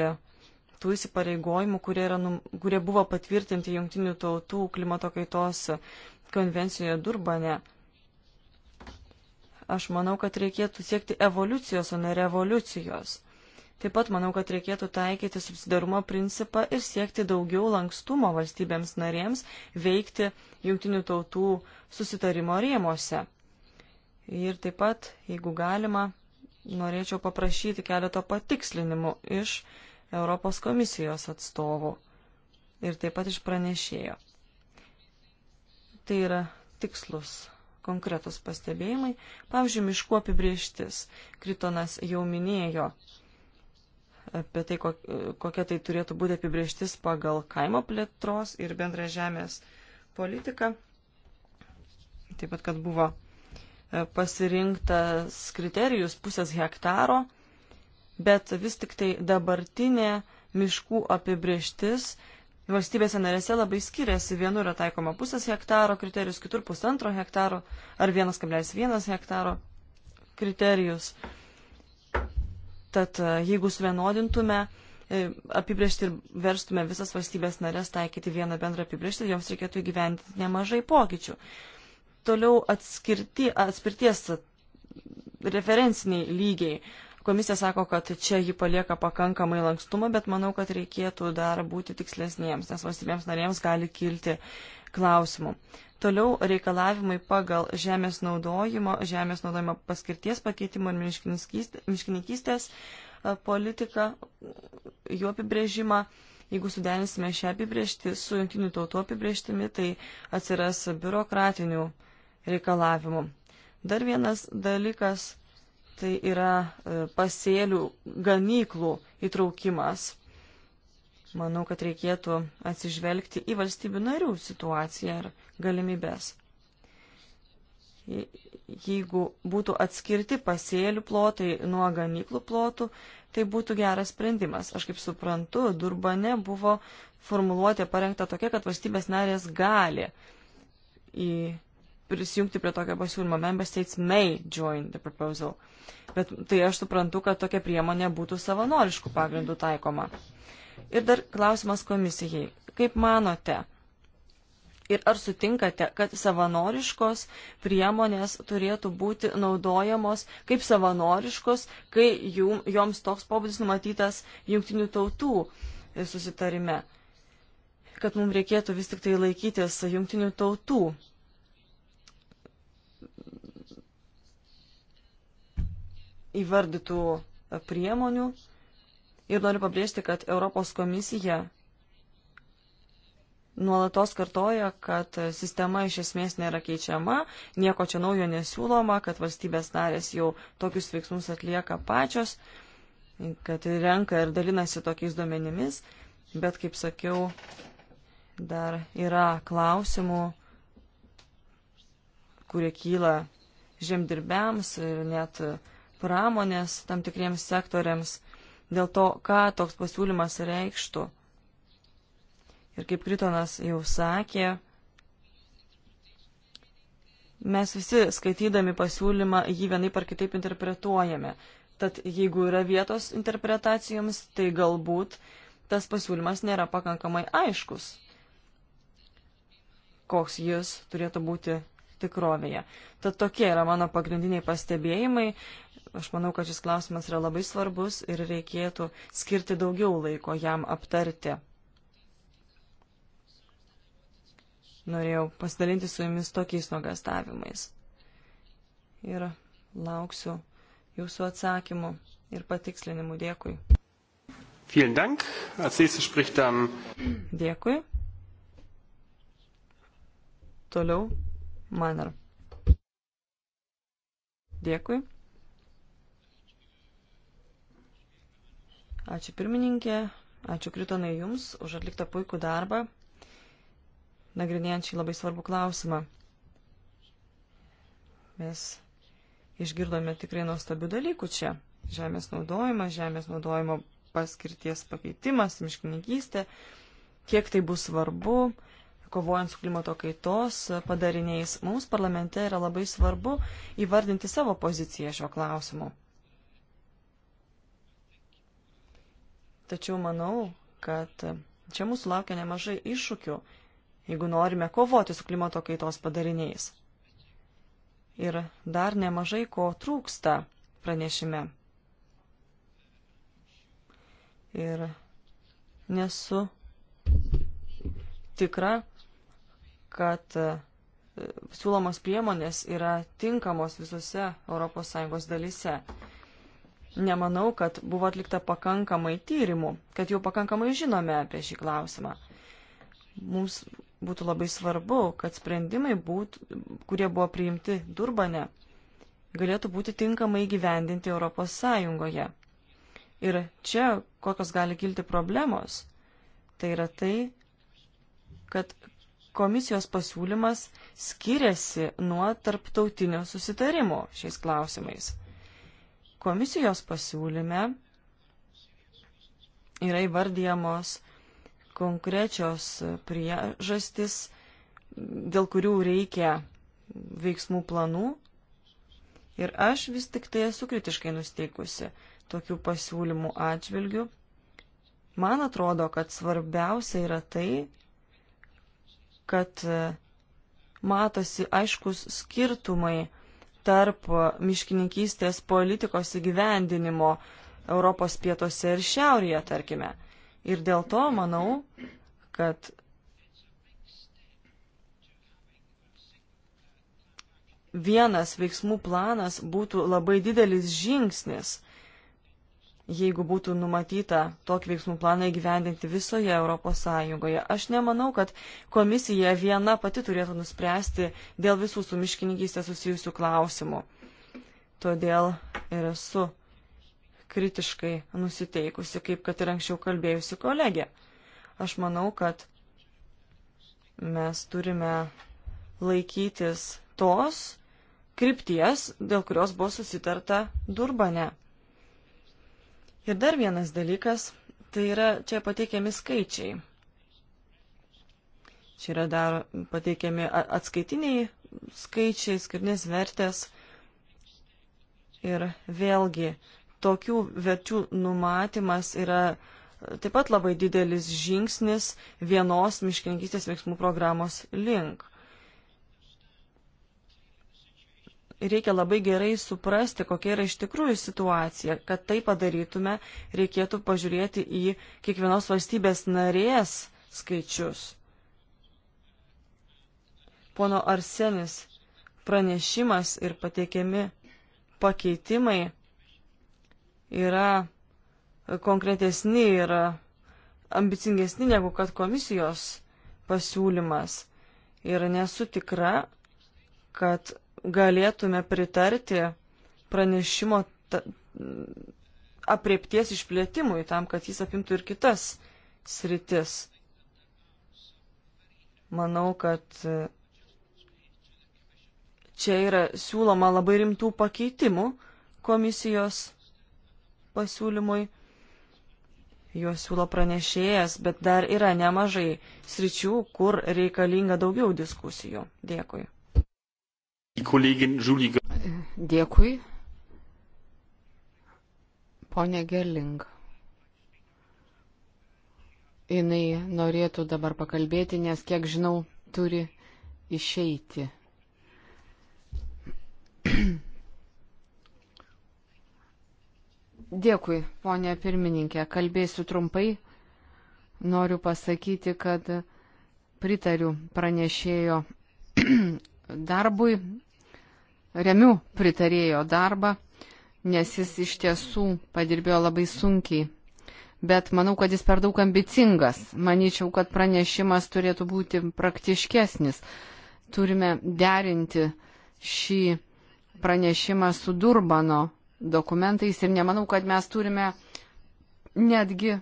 tų įsipareigojimų, kurie, yra, kurie buvo patvirtinti Junktinių tautų klimato kaitos konvencijoje Durbane. Aš manau, kad reikėtų siekti evoliucijos, o ne revoliucijos. Taip pat manau, kad reikėtų taikyti subsidarumo principą ir siekti daugiau lankstumo valstybėms narėms veikti jungtinių tautų susitarimo rėmose. Ir taip pat, jeigu galima, norėčiau paprašyti keletą patikslinimų iš Europos komisijos atstovų ir taip pat iš pranešėjo. Tai yra tikslus, konkretus pastebėjimai, pavyzdžiui, miškų apibrieštis. Kritonas jau minėjo apie tai, kokia tai turėtų būti apibrieštis pagal kaimo plėtros ir bendrą žemės politiką. Taip pat, kad buvo E, pasirinktas kriterijus pusės hektaro, bet vis tik tai dabartinė miškų apibrieštis valstybėse narėse labai skiriasi. Vienur yra taikoma pusės hektaro kriterijus, kitur pusantro hektaro ar 1,1 hektaro kriterijus. Tad e, jeigu suvienodintume, e, apibriežti ir verstume visas valstybės narės taikyti vieną bendrą apibriežtį, joms reikėtų įgyventi nemažai pokyčių toliau atskirti, atspirties referenciniai lygiai. Komisija sako, kad čia ji palieka pakankamai lankstumą, bet manau, kad reikėtų dar būti tikslesniems, nes valstybėms narėms gali kilti klausimų. Toliau reikalavimai pagal žemės naudojimo, žemės naudojimo paskirties pakeitimo ir miškininkystės politiką, jų apibrėžimą. Jeigu suderinsime šią apibrėžtį su jungtinių tautų apibrėžtimi, tai atsiras biurokratinių uh, reikalavimų. Dar vienas dalykas tai yra e, pasėlių gamyklų įtraukimas. Manau, kad reikėtų atsižvelgti į valstybių narių situaciją ir galimybės. Jeigu būtų atskirti pasėlių plotai nuo gamyklų plotų, tai būtų geras sprendimas. Aš kaip suprantu, Durbane buvo formuluotė parengta tokia, kad valstybės narės gali į prisijungti prie tokio pasiūlymo. Member States may join the proposal. Bet tai aš suprantu, kad tokia priemonė būtų savanoriškų pagrindų taikoma. Ir dar klausimas komisijai. Kaip manote? Ir ar sutinkate, kad savanoriškos priemonės turėtų būti naudojamos kaip savanoriškos, kai jum, joms toks pobūdis numatytas jungtinių tautų susitarime? Kad mums reikėtų vis tik tai laikytis jungtinių tautų įvardytų e, priemonių. Ir noriu pabrėžti, kad Europos komisija nuolatos kartoja, kad sistema iš esmės nėra keičiama, nieko čia naujo nesiūloma, kad valstybės narės jau tokius veiksmus atlieka pačios, kad renka ir dalinasi tokiais duomenimis, bet, kaip sakiau, dar yra klausimų, kurie kyla žemdirbiams ir net uh, pramonės tam tikriems sektoriams, dėl to, ką toks pasiūlymas reikštų. Ir kaip Kritonas jau sakė, mes visi skaitydami pasiūlymą jį vienai par kitaip interpretuojame. Tad jeigu yra vietos interpretacijoms, tai galbūt tas pasiūlymas nėra pakankamai aiškus, koks jis turėtų būti tikrovėje. Tad tokie yra mano pagrindiniai pastebėjimai. Aš manau, kad šis klausimas yra labai svarbus ir reikėtų skirti daugiau laiko jam aptarti. Norėjau pasidalinti su jumis tokiais nuogastavimais. Ir lauksiu jūsų atsakymų ir patikslinimų. Dėkui. Dėkui. Toliau Manar. Dėkui. Ačiū pirmininkė, ačiū Kritonai Jums už atliktą puikų darbą, nagrinėjant šį labai svarbų klausimą. Mes išgirdome tikrai nuostabių dalykų čia. Žemės naudojimas, žemės naudojimo paskirties pakeitimas, miškininkystė, kiek tai bus svarbu, kovojant su klimato kaitos padariniais. Mums parlamente yra labai svarbu įvardinti savo poziciją šio klausimu. Tačiau manau, kad čia mūsų laukia nemažai iššūkių, jeigu norime kovoti su klimato kaitos padariniais. Ir dar nemažai ko trūksta pranešime. Ir nesu tikra, kad e, siūlomos priemonės yra tinkamos visose ES dalyse nemanau, kad buvo atlikta pakankamai tyrimų, kad jau pakankamai žinome apie šį klausimą. Mums būtų labai svarbu, kad sprendimai, būt, kurie buvo priimti Durbane, galėtų būti tinkamai įgyvendinti Europos Sąjungoje. Ir čia kokios gali kilti problemos, tai yra tai, kad komisijos pasiūlymas skiriasi nuo tarptautinio susitarimo šiais klausimais. Komisijos pasiūlyme yra įvardyjamos konkrečios priežastis, dėl kurių reikia veiksmų planų. Ir aš vis tik tai esu kritiškai nusteikusi tokių pasiūlymų atžvilgių. Man atrodo, kad svarbiausia yra tai, kad matosi aiškus skirtumai tarp miškininkystės politikos įgyvendinimo Europos pietuose ir šiaurėje, tarkime. Ir dėl to manau, kad vienas veiksmų planas būtų labai didelis žingsnis jeigu būtų numatyta tokį veiksmų planą įgyvendinti visoje Europos Sąjungoje. Aš nemanau, kad komisija viena pati turėtų nuspręsti dėl visų su miškininkystė susijusių klausimų. Todėl ir esu kritiškai nusiteikusi, kaip kad ir anksčiau kalbėjusi kolegė. Aš manau, kad mes turime laikytis tos krypties, dėl kurios buvo susitarta Durbane. Ir dar vienas dalykas, tai yra čia pateikiami skaičiai. Čia yra dar pateikiami atskaitiniai skaičiai, skirnės vertės. Ir vėlgi, tokių verčių numatymas yra taip pat labai didelis žingsnis vienos miškininkystės veiksmų programos link. reikia labai gerai suprasti, kokia yra iš tikrųjų situacija. Kad tai padarytume, reikėtų pažiūrėti į kiekvienos valstybės narės skaičius. Pono Arsenis pranešimas ir pateikiami pakeitimai yra konkretesni ir ambicingesni negu kad komisijos pasiūlymas. Ir nesu tikra, kad galėtume pritarti pranešimo apriepties išplėtimui tam, kad jis apimtų ir kitas sritis. Manau, kad čia yra siūloma labai rimtų pakeitimų komisijos pasiūlymui. Juos siūlo pranešėjas, bet dar yra nemažai sričių, kur reikalinga daugiau diskusijų. Dėkui. Dėkui. Pone Gerling. Jis norėtų dabar pakalbėti, nes, kiek žinau, turi išeiti. Dėkui, ponė pirmininkė. Kalbėsiu trumpai. Noriu pasakyti, kad pritariu pranešėjo darbui remiu pritarėjo darbą, nes jis iš tiesų padirbėjo labai sunkiai. Bet manau, kad jis per daug ambicingas. Manyčiau, kad pranešimas turėtų būti praktiškesnis. Turime derinti šį pranešimą su Durbano dokumentais ir nemanau, kad mes turime netgi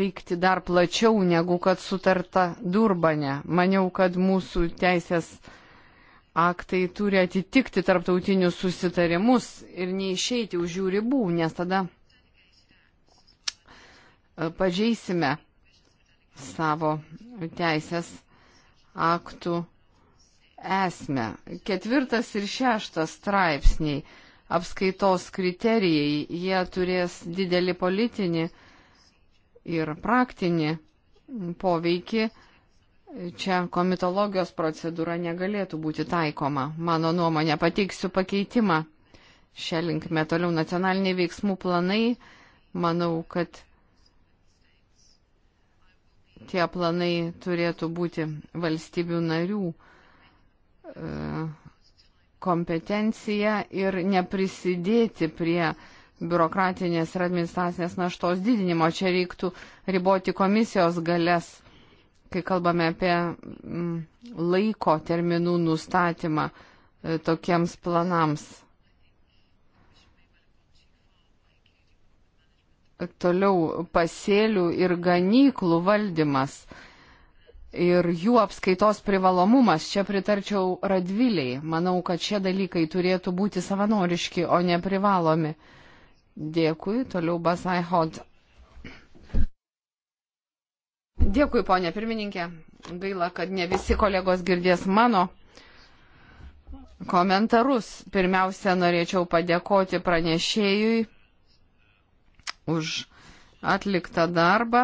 veikti dar plačiau, negu kad sutarta Durbane. Maniau, kad mūsų teisės aktai turi atitikti tarptautinius susitarimus ir neišeiti už jų ribų, nes tada e, pažeisime savo teisės aktų esmę. Ketvirtas ir šeštas straipsniai apskaitos kriterijai, jie turės didelį politinį ir praktinį poveikį čia komitologijos procedūra negalėtų būti taikoma. Mano nuomonė, pateiksiu pakeitimą. Šią linkme toliau nacionaliniai veiksmų planai. Manau, kad tie planai turėtų būti valstybių narių e, kompetencija ir neprisidėti prie biurokratinės ir administracinės naštos didinimo. Čia reiktų riboti komisijos galės kai kalbame apie mm, laiko terminų nustatymą e, tokiems planams. Toliau pasėlių ir ganyklų valdymas ir jų apskaitos privalomumas. Čia pritarčiau radviliai. Manau, kad šie dalykai turėtų būti savanoriški, o ne privalomi. Dėkui, toliau Basai Hot. Dėkui, ponė pirmininkė. Gaila, kad ne visi kolegos girdės mano komentarus. Pirmiausia, norėčiau padėkoti pranešėjui už atliktą darbą.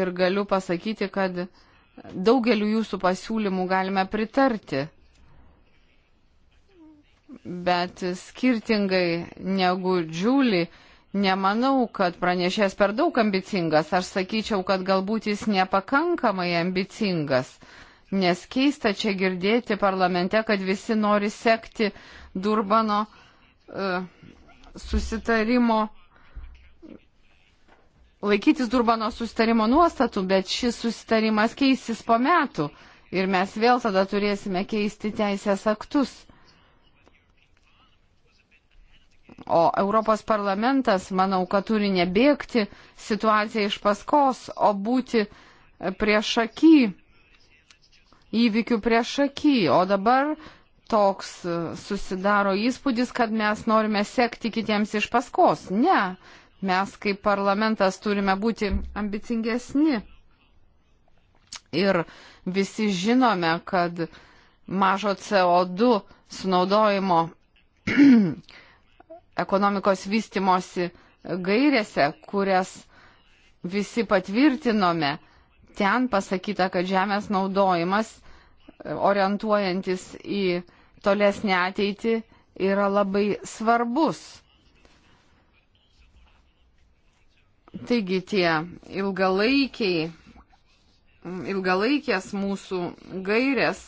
Ir galiu pasakyti, kad daugeliu jūsų pasiūlymų galime pritarti. Bet skirtingai negu Džiulį, Nemanau, kad pranešės per daug ambicingas. Aš sakyčiau, kad galbūt jis nepakankamai ambicingas. Nes keista čia girdėti parlamente, kad visi nori sekti Durbano uh, susitarimo, laikytis Durbano susitarimo nuostatų, bet šis susitarimas keisis po metų ir mes vėl tada turėsime keisti teisės aktus. O Europos parlamentas, manau, kad turi nebėgti situaciją iš paskos, o būti prieš akį, įvykių prieš akį. O dabar toks susidaro įspūdis, kad mes norime sekti kitiems iš paskos. Ne, mes kaip parlamentas turime būti ambicingesni. Ir visi žinome, kad mažo CO2 sunaudojimo ekonomikos vystimosi gairėse, kurias visi patvirtinome, ten pasakyta, kad žemės naudojimas, e, orientuojantis į tolesnį ateitį, yra labai svarbus. Taigi tie ilgalaikiai, ilgalaikės mūsų gairės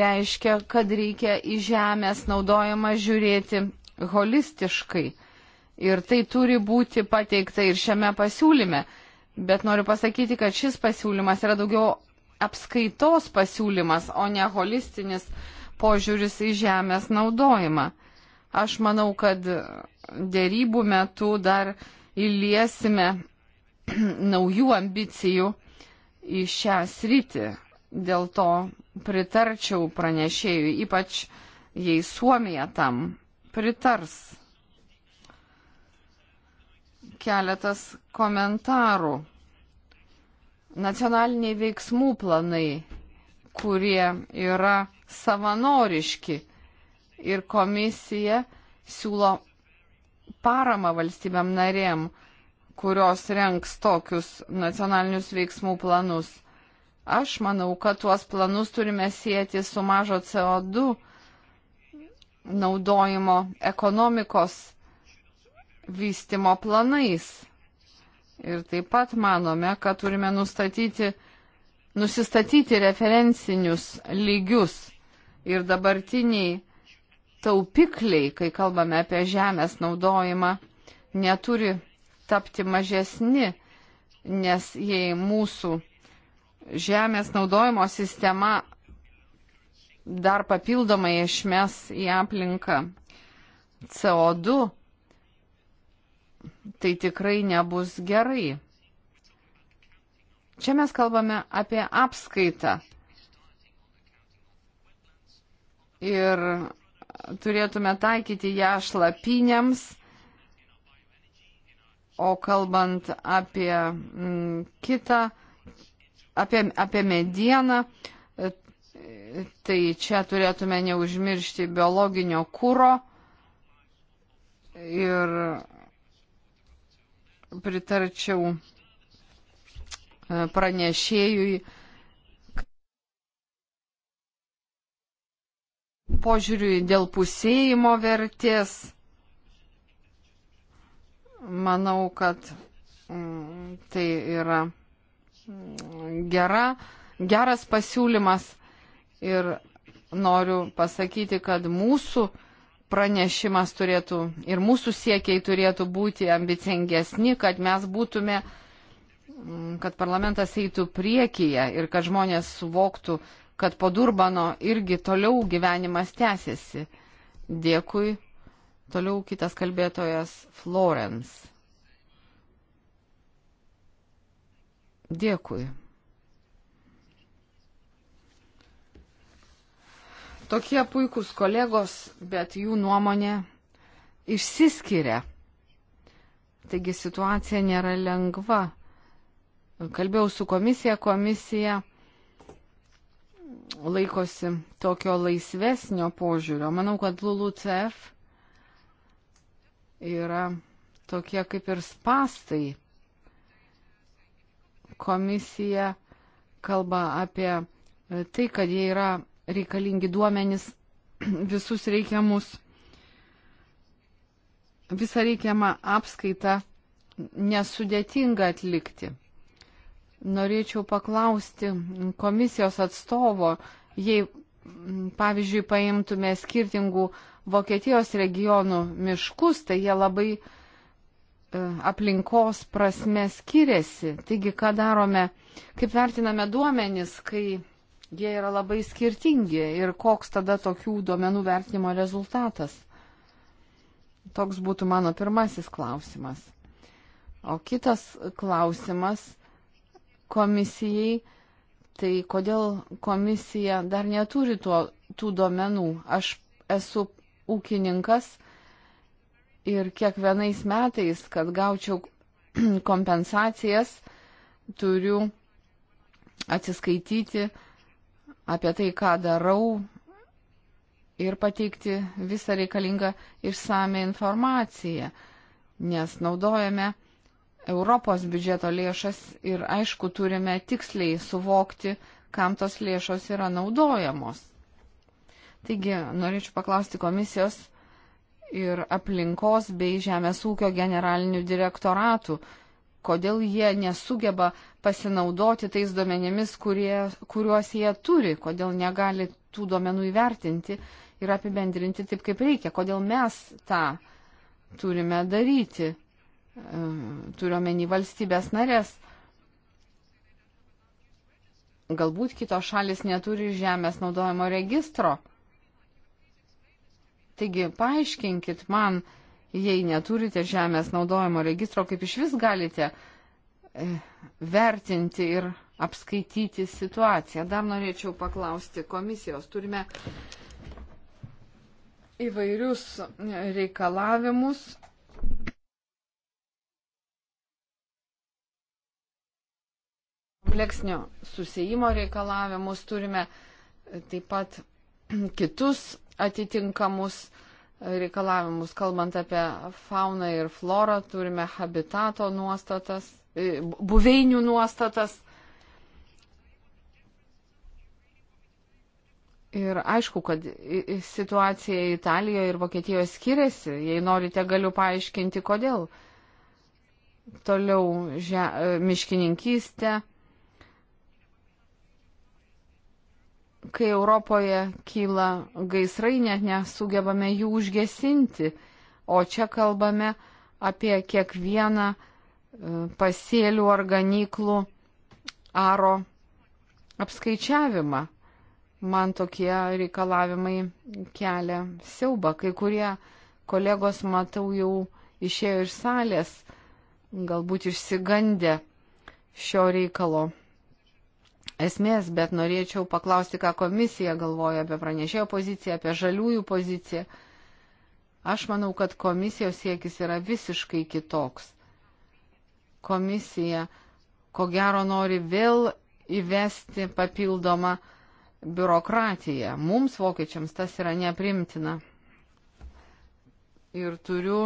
reiškia, kad reikia į žemės naudojimą žiūrėti holistiškai. Ir tai turi būti pateikta ir šiame pasiūlyme. Bet noriu pasakyti, kad šis pasiūlymas yra daugiau apskaitos pasiūlymas, o ne holistinis požiūris į žemės naudojimą. Aš manau, kad dėrybų metu dar įliesime naujų ambicijų į šią sritį. Dėl to pritarčiau pranešėjui, ypač jei Suomija tam pritars. Keletas komentarų. Nacionaliniai veiksmų planai, kurie yra savanoriški ir komisija siūlo paramą valstybėm narėm, kurios renks tokius nacionalinius veiksmų planus. Aš manau, kad tuos planus turime sieti su mažo CO2 naudojimo ekonomikos vystimo planais. Ir taip pat manome, kad turime nustatyti, nusistatyti referencinius lygius ir dabartiniai taupikliai, kai kalbame apie žemės naudojimą, neturi tapti mažesni, nes jei mūsų žemės naudojimo sistema dar papildomai išmes į aplinką CO2, tai tikrai nebus gerai. Čia mes kalbame apie apskaitą. Ir turėtume taikyti ją šlapinėms, o kalbant apie m, mm, kitą, apie, apie medieną, m, Tai čia turėtume neužmiršti biologinio kūro ir pritarčiau e, pranešėjui požiūriui dėl pusėjimo vertės. Manau, kad mm, tai yra mm, gera, geras pasiūlymas ir noriu pasakyti, kad mūsų pranešimas turėtų ir mūsų siekiai turėtų būti ambicingesni, kad mes būtume, mm, kad parlamentas eitų priekyje ir kad žmonės suvoktų, kad po Durbano irgi toliau gyvenimas tęsiasi. Dėkui. Toliau kitas kalbėtojas Florence. Dėkui. tokie puikūs kolegos, bet jų nuomonė išsiskiria. Taigi situacija nėra lengva. Kalbėjau su komisija, komisija laikosi tokio laisvesnio požiūrio. Manau, kad LULUCF yra tokie kaip ir spastai. Komisija kalba apie tai, kad jie yra reikalingi duomenys, visus reikiamus, visą reikiamą apskaitą nesudėtinga atlikti. Norėčiau paklausti komisijos atstovo, jei, pavyzdžiui, paimtume skirtingų Vokietijos regionų miškus, tai jie labai e, aplinkos prasme skiriasi. Taigi, ką darome, kaip vertiname duomenis, kai jie yra labai skirtingi ir koks tada tokių duomenų vertinimo rezultatas. Toks būtų mano pirmasis klausimas. O kitas klausimas komisijai, tai kodėl komisija dar neturi tuo, tų duomenų. Aš esu ūkininkas ir kiekvienais metais, kad gaučiau kompensacijas, turiu atsiskaityti apie tai, ką darau ir pateikti visą reikalingą išsame informaciją, nes naudojame Europos biudžeto lėšas ir aišku turime tiksliai suvokti, kam tos lėšos yra naudojamos. Taigi norėčiau paklausti komisijos ir aplinkos bei žemės ūkio generalinių direktoratų kodėl jie nesugeba pasinaudoti tais duomenimis, kurie, kuriuos jie turi, kodėl negali tų duomenų įvertinti ir apibendrinti taip, kaip reikia, kodėl mes tą turime daryti, e, turiuomenį valstybės narės. Galbūt kitos šalis neturi žemės naudojimo registro. Taigi paaiškinkit man, Jei neturite žemės naudojimo registro, kaip iš vis galite e, vertinti ir apskaityti situaciją. Dar norėčiau paklausti komisijos. Turime įvairius reikalavimus. Kompleksnio susijimo reikalavimus turime taip pat kitus atitinkamus uh, reikalavimus, kalbant apie fauną ir florą, turime habitato nuostatas, e, buveinių nuostatas. Ir aišku, kad situacija Italijoje ir Vokietijoje skiriasi. Jei norite, galiu paaiškinti, kodėl. Toliau že, miškininkystė kai Europoje kyla gaisrai, net nesugebame jų užgesinti, o čia kalbame apie kiekvieną e, pasėlių ar ganyklų aro apskaičiavimą. Man tokie reikalavimai kelia siaubą. Kai kurie kolegos, matau, jau išėjo iš salės, galbūt išsigandę šio reikalo esmės, bet norėčiau paklausti, ką komisija galvoja apie pranešėjo poziciją, apie žaliųjų poziciją. Aš manau, kad komisijos siekis yra visiškai kitoks. Komisija, ko gero, nori vėl įvesti papildomą biurokratiją. Mums, vokiečiams, tas yra neprimtina. Ir turiu.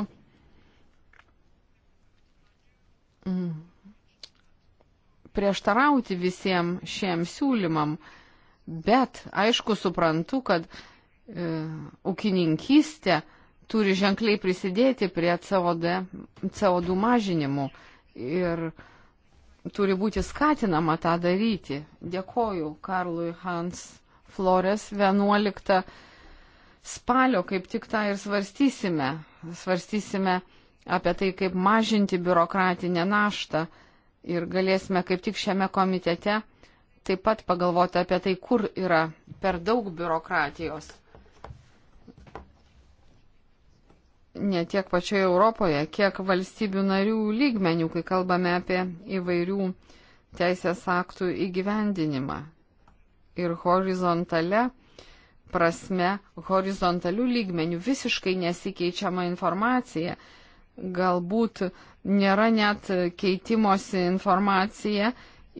Mm prieštarauti visiems šiem siūlymam, bet aišku suprantu, kad e, ūkininkystė turi ženkliai prisidėti prie CO2, CO2 mažinimų ir turi būti skatinama tą daryti. Dėkoju Karlui Hans Flores 11 spalio, kaip tik tą ir svarstysime. Svarstysime apie tai, kaip mažinti biurokratinę naštą ir galėsime kaip tik šiame komitete taip pat pagalvoti apie tai, kur yra per daug biurokratijos. Ne tiek pačioje Europoje, kiek valstybių narių lygmenių, kai kalbame apie įvairių teisės aktų įgyvendinimą. Ir horizontale prasme, horizontalių lygmenių visiškai nesikeičiama informacija. Galbūt nėra net keitimosi informacija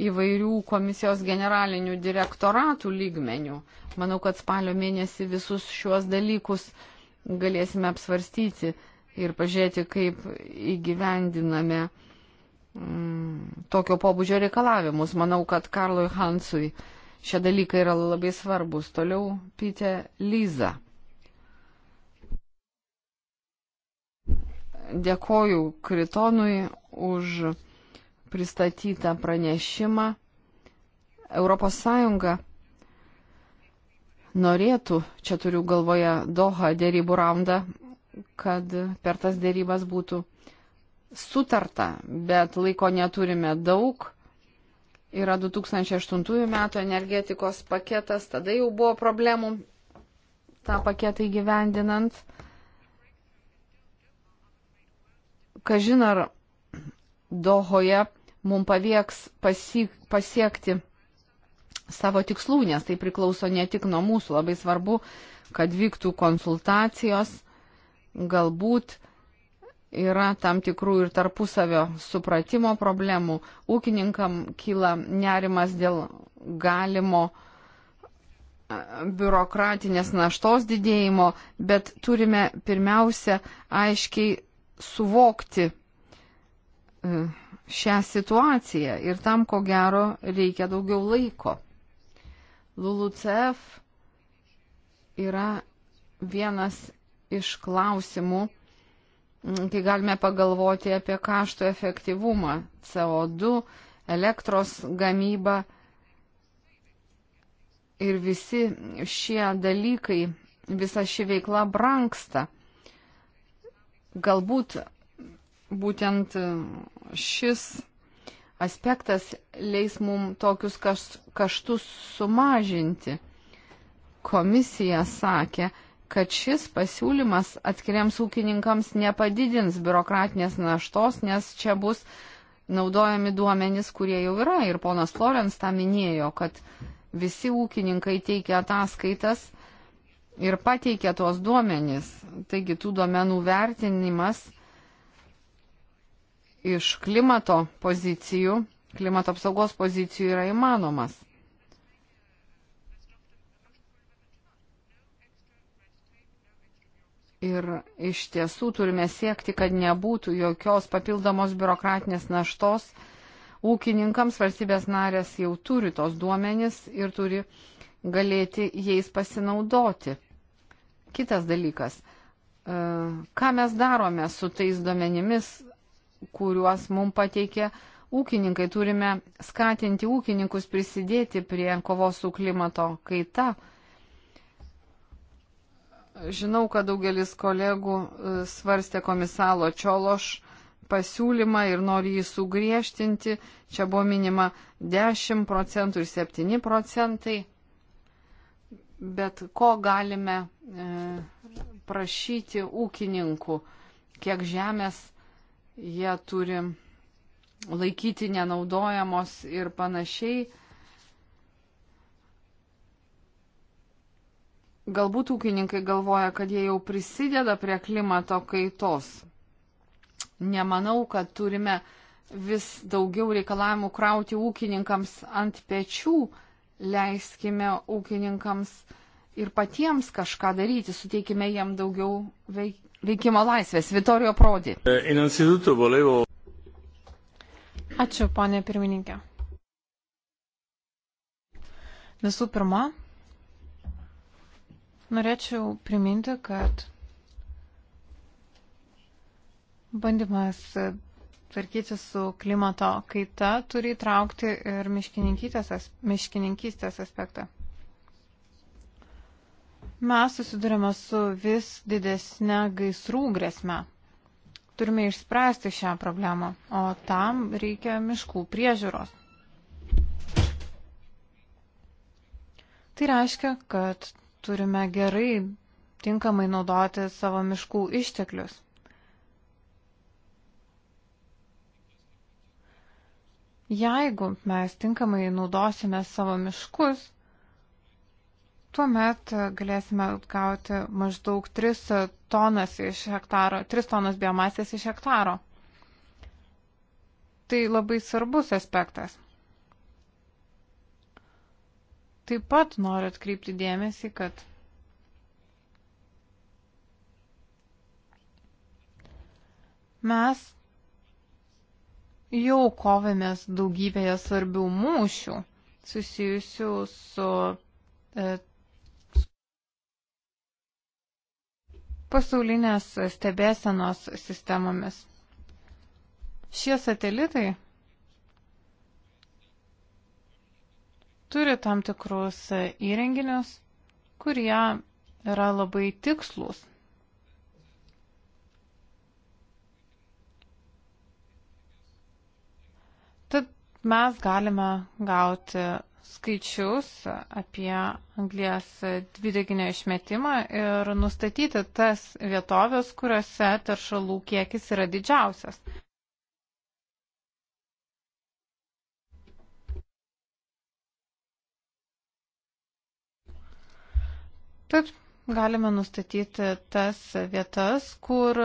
įvairių komisijos generalinių direktoratų lygmenių. Manau, kad spalio mėnesį visus šiuos dalykus galėsime apsvarstyti ir pažiūrėti, kaip įgyvendiname mm, tokio pobūdžio reikalavimus. Manau, kad Karlui Hansui šie dalykai yra labai svarbus. Toliau Pite Lyza. Dėkoju Kritonui už pristatytą pranešimą. ES norėtų, čia turiu galvoje Doha dėrybų raundą, kad per tas dėrybas būtų sutarta, bet laiko neturime daug. Yra 2008 metų energetikos paketas, tada jau buvo problemų tą paketą įgyvendinant. Kažin ar Dohoje mums pavyks pasiekti savo tikslų, nes tai priklauso ne tik nuo mūsų. Labai svarbu, kad vyktų konsultacijos, galbūt yra tam tikrų ir tarpusavio supratimo problemų. Ūkininkam kyla nerimas dėl galimo e, biurokratinės naštos didėjimo, bet turime pirmiausia aiškiai suvokti e, šią situaciją ir tam, ko gero, reikia daugiau laiko. LULUCF yra vienas iš klausimų, kai galime pagalvoti apie kaštų efektyvumą, CO2, elektros gamybą ir visi šie dalykai, visa ši veikla branksta. Galbūt būtent šis aspektas leis mum tokius kaštus sumažinti. Komisija sakė, kad šis pasiūlymas atskiriams ūkininkams nepadidins biurokratinės naštos, nes čia bus naudojami duomenys, kurie jau yra. Ir ponas Florens tą minėjo, kad visi ūkininkai teikia ataskaitas ir pateikė tuos duomenys. Taigi tų duomenų vertinimas iš klimato pozicijų, klimato apsaugos pozicijų yra įmanomas. Ir iš tiesų turime siekti, kad nebūtų jokios papildomos biurokratinės naštos. Ūkininkams valstybės narės jau turi tos duomenys ir turi galėti jais pasinaudoti. Kitas dalykas, e, ką mes darome su tais duomenimis, kuriuos mums pateikė ūkininkai. Turime skatinti ūkininkus prisidėti prie kovos su klimato kaita. Žinau, kad daugelis kolegų e, svarstė komisalo Čiološ pasiūlymą ir nori jį sugriežtinti. Čia buvo minima 10 procentų ir 7 procentai bet ko galime e, prašyti ūkininkų, kiek žemės jie turi laikyti nenaudojamos ir panašiai. Galbūt ūkininkai galvoja, kad jie jau prisideda prie klimato kaitos. Nemanau, kad turime vis daugiau reikalavimų krauti ūkininkams ant pečių, uh, leiskime ūkininkams ir patiems kažką daryti, suteikime jiem daugiau veik, veikimo laisvės. Vitorijo Prodi. E, Ačiū, ponė pirmininkė. Visų pirma, norėčiau priminti, kad bandymas tvarkyti su klimato kaita, turi įtraukti ir miškininkystės, miškininkystės aspektą. Mes susidurime su vis didesnė gaisrų grėsme. Turime išspręsti šią problemą, o tam reikia miškų priežiūros. Tai reiškia, kad turime gerai tinkamai naudoti savo miškų išteklius. Jeigu mes tinkamai naudosime savo miškus, tuomet galėsime atgauti maždaug 3 tonas iš hektaro, 3 tonas biomasės iš hektaro. Tai labai svarbus aspektas. Taip pat noriu atkreipti dėmesį, kad mes jau kovėmės daugybėje svarbių mūšių susijusių su e, pasaulinės stebėsenos sistemomis. Šie satelitai turi tam tikrus įrenginius, kurie yra labai tikslus mes galime gauti skaičius apie anglės dvideginio išmetimą ir nustatyti tas vietovės, kuriuose taršalų kiekis yra didžiausias. Taip, galime nustatyti tas vietas, kur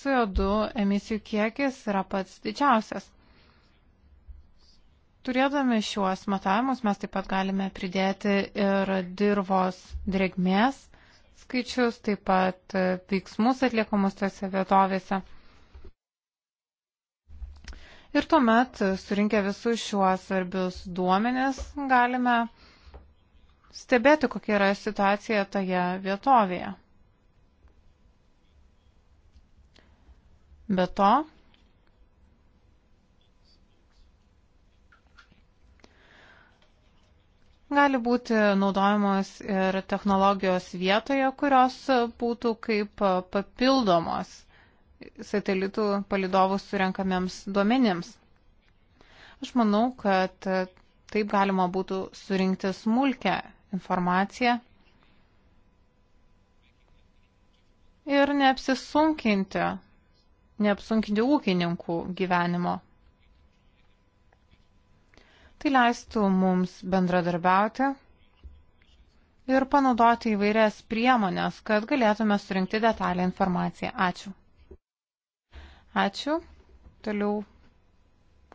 CO2 emisijų kiekis yra pats didžiausias. Turėdami šiuos matavimus mes taip pat galime pridėti ir dirvos dregmės skaičius, taip pat veiksmus atliekamus tose vietovėse. Ir tuomet surinkę visus šiuos svarbius duomenis galime stebėti, kokia yra situacija toje vietovėje. Be to, Gali būti naudojamos ir technologijos vietoje, kurios būtų kaip papildomos satelitų palidovų surenkamiems duomenims. Aš manau, kad taip galima būtų surinkti smulkę informaciją ir neapsisunkinti, neapsunkinti ūkininkų gyvenimo. Tai leistų mums bendradarbiauti ir panaudoti įvairias priemonės, kad galėtume surinkti detalę informaciją. Ačiū. Ačiū. Toliau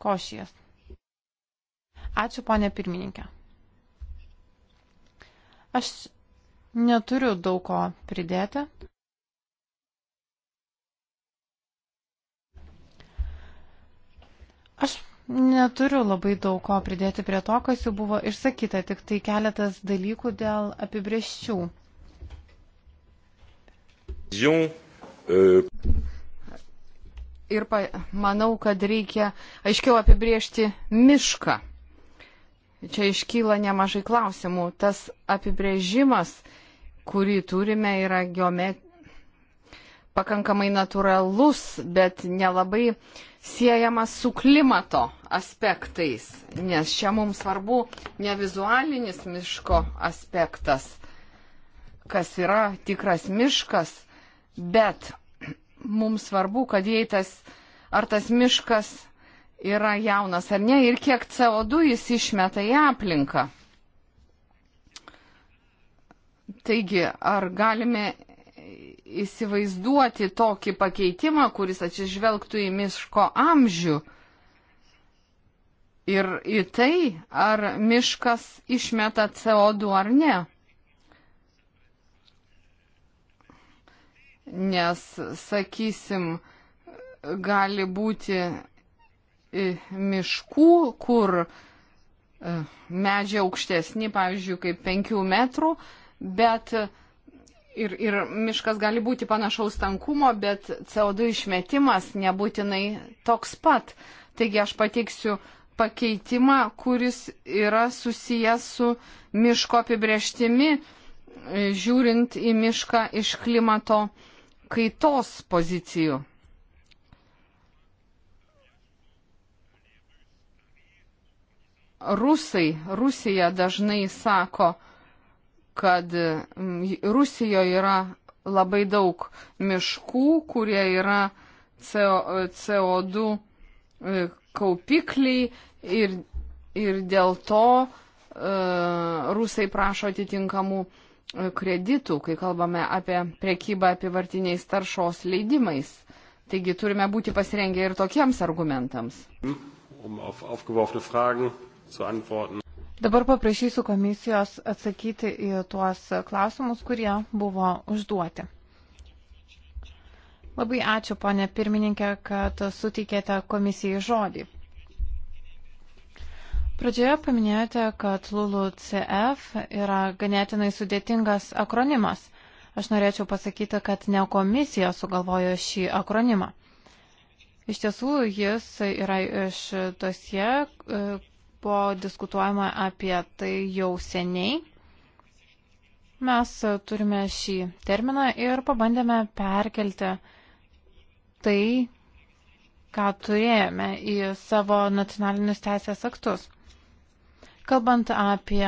košijas. Ačiū, ponė pirmininkė. Aš neturiu daug ko pridėti. Aš Neturiu labai daug ko pridėti prie to, kas jau buvo išsakyta, tik tai keletas dalykų dėl apibrieščių. E, Ir pa, manau, kad reikia aiškiau apibriežti mišką. Čia iškyla nemažai klausimų. Tas apibrėžimas, kurį turime, yra geomet, pakankamai natūralus, bet nelabai siejamas su klimato aspektais, nes čia mums svarbu ne vizualinis miško aspektas, kas yra tikras miškas, bet mums svarbu, kad jei tas, ar tas miškas yra jaunas ar ne ir kiek CO2 jis išmeta į aplinką. Taigi, ar galime įsivaizduoti tokį pakeitimą, kuris atsižvelgtų į miško amžių ir į tai, ar miškas išmeta CO2 ar ne. Nes, sakysim, gali būti e, miškų, kur e, medžiai aukštesni, pavyzdžiui, kaip penkių metrų, bet uh, ir, ir miškas gali būti panašaus tankumo, bet CO2 išmetimas nebūtinai toks pat. Taigi aš pateiksiu pakeitimą, kuris yra susijęs su miško apibrieštimi, e, žiūrint į mišką iš klimato kaitos pozicijų. Rusai, Rusija dažnai sako, kad Rusijoje yra labai daug miškų, kurie yra CO2 e, kaupikliai ir, ir dėl to e, rusai prašo atitinkamų e, kreditų, kai kalbame apie prekybą apivartiniais taršos leidimais. Taigi turime būti pasirengę ir tokiems argumentams. Um auf Dabar paprašysiu komisijos atsakyti į tuos klausimus, kurie buvo užduoti. Labai ačiū, ponė pirmininkė, kad suteikėte komisijai žodį. Pradžioje paminėjote, kad LULUCF yra ganėtinai sudėtingas akronimas. Aš norėčiau pasakyti, kad ne komisija sugalvojo šį akronimą. Iš tiesų, jis yra iš tosie, buvo diskutuojama apie tai jau seniai. Mes turime šį terminą ir pabandėme perkelti tai, ką turėjome į savo nacionalinius teisės aktus. Kalbant apie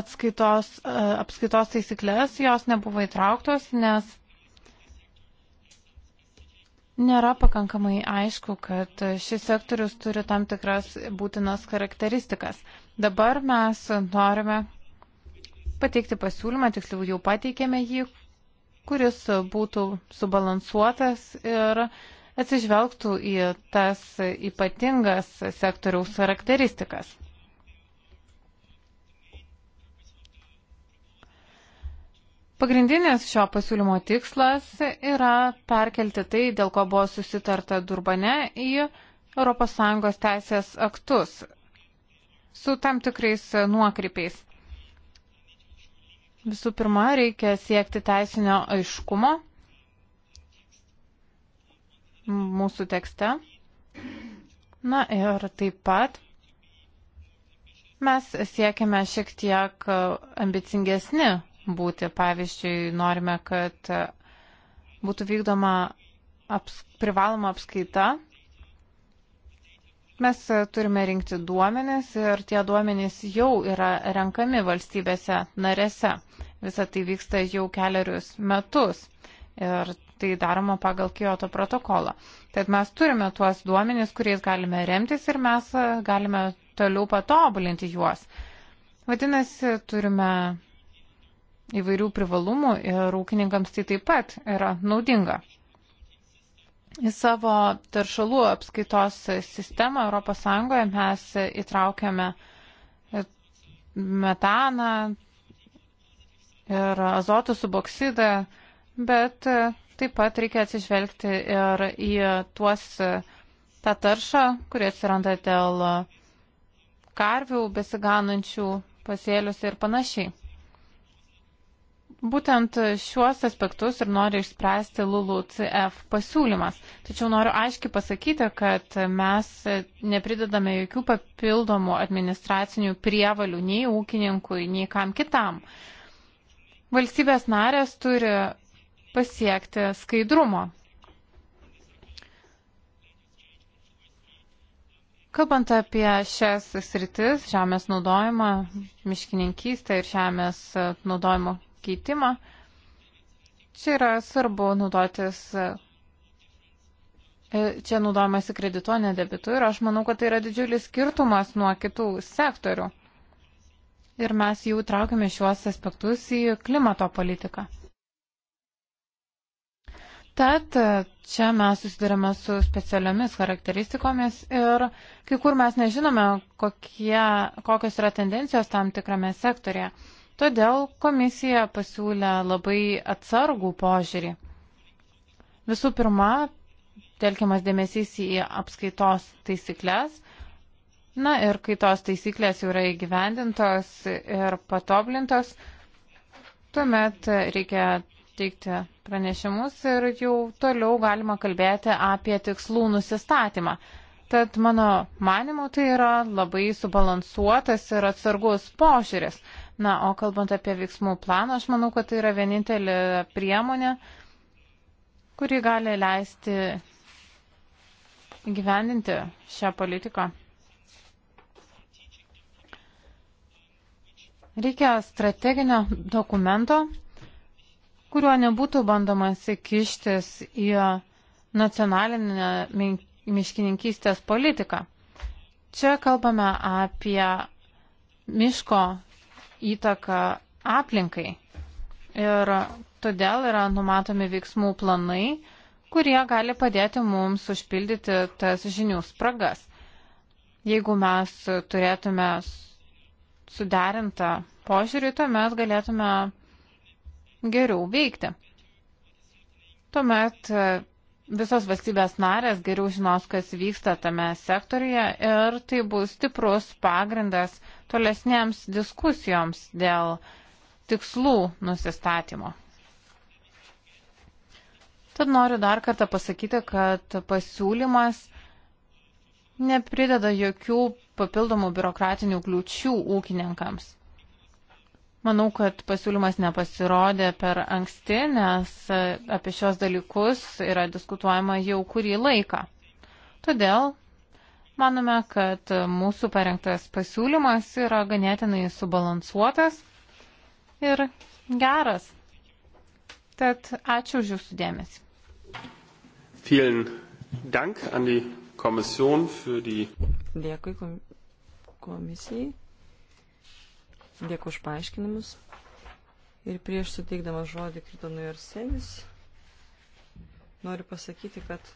atskaitos, e, apskaitos taisyklės, jos nebuvo įtrauktos, nes Nėra pakankamai aišku, kad šis sektorius turi tam tikras būtinas charakteristikas. Dabar mes norime pateikti pasiūlymą, tiksliau jau pateikėme jį, kuris būtų subalansuotas ir atsižvelgtų į tas ypatingas sektoriaus charakteristikas. Pagrindinis šio pasiūlymo tikslas yra perkelti tai, dėl ko buvo susitarta Durbane, į ES teisės aktus su tam tikrais nuokrypiais. Visų pirma, reikia siekti teisinio aiškumo mūsų tekste. Na ir taip pat mes siekiame šiek tiek ambicingesni būti. Pavyzdžiui, norime, kad būtų vykdoma aps, privaloma apskaita. Mes turime rinkti duomenis ir tie duomenys jau yra renkami valstybėse narėse. Visa tai vyksta jau keliarius metus ir tai daroma pagal Kyoto protokolą. Tad mes turime tuos duomenys, kuriais galime remtis ir mes galime toliau patobulinti juos. Vadinasi, turime įvairių privalumų ir ūkininkams tai taip pat yra naudinga. Į savo taršalų apskaitos sistemą ES mes įtraukiame metaną ir azotų suboksidą, bet taip pat reikia atsižvelgti ir į tuos tą taršą, kurie atsiranda dėl karvių besiganančių pasėlius ir panašiai. Būtent šiuos aspektus ir nori išspręsti LULUCF pasiūlymas. Tačiau noriu aiškiai pasakyti, kad mes nepridedame jokių papildomų administracinių prievalių nei ūkininkui, nei kam kitam. Valstybės narės turi pasiekti skaidrumo. Kalbant apie šias sritis, žemės naudojimą, miškininkystę ir žemės naudojimo keitimą. Čia yra svarbu naudotis, e, čia naudojamasi kreditu, ne debitu ir aš manau, kad tai yra didžiulis skirtumas nuo kitų sektorių. Ir mes jau traukiame šiuos aspektus į klimato politiką. Tad e, čia mes susidurime su specialiomis charakteristikomis ir kai kur mes nežinome, kokie, kokios yra tendencijos tam tikrame sektorėje. Todėl komisija pasiūlė labai atsargų požiūrį. Visų pirma, telkiamas dėmesys į apskaitos taisyklės. Na ir kai tos taisyklės jau yra įgyvendintos ir patoblintos, tuomet reikia teikti pranešimus ir jau toliau galima kalbėti apie tikslų nusistatymą. Tad mano manimu tai yra labai subalansuotas ir atsargus požiūris. Na, o kalbant apie veiksmų planą, aš manau, kad tai yra vienintelė priemonė, kuri gali leisti gyvendinti šią politiką. Reikia strateginio dokumento, kuriuo nebūtų bandoma įsikištis į nacionalinę miškininkystės politiką. Čia kalbame apie miško įtaką aplinkai. Ir todėl yra numatomi veiksmų planai, kurie gali padėti mums užpildyti tas žinių spragas. Jeigu mes turėtume suderintą požiūrį, tuomet galėtume geriau veikti. Tuomet visos valstybės narės geriau žinos, kas vyksta tame sektoriuje ir tai bus stiprus pagrindas tolesnėms diskusijoms dėl tikslų nusistatymo. Tad noriu dar kartą pasakyti, kad pasiūlymas neprideda jokių papildomų biurokratinių kliučių ūkininkams. Manau, kad pasiūlymas nepasirodė per anksti, nes apie šios dalykus yra diskutuojama jau kurį laiką. Todėl Manome, kad mūsų parengtas pasiūlymas yra ganėtinai subalansuotas ir geras. Tad ačiū už Jūsų dėmesį. Vielen Dank an die Kommission für die. Dėkui komisijai. Dėkui už paaiškinimus. Ir prieš suteikdama žodį Kritonui Arsenis, noriu pasakyti, kad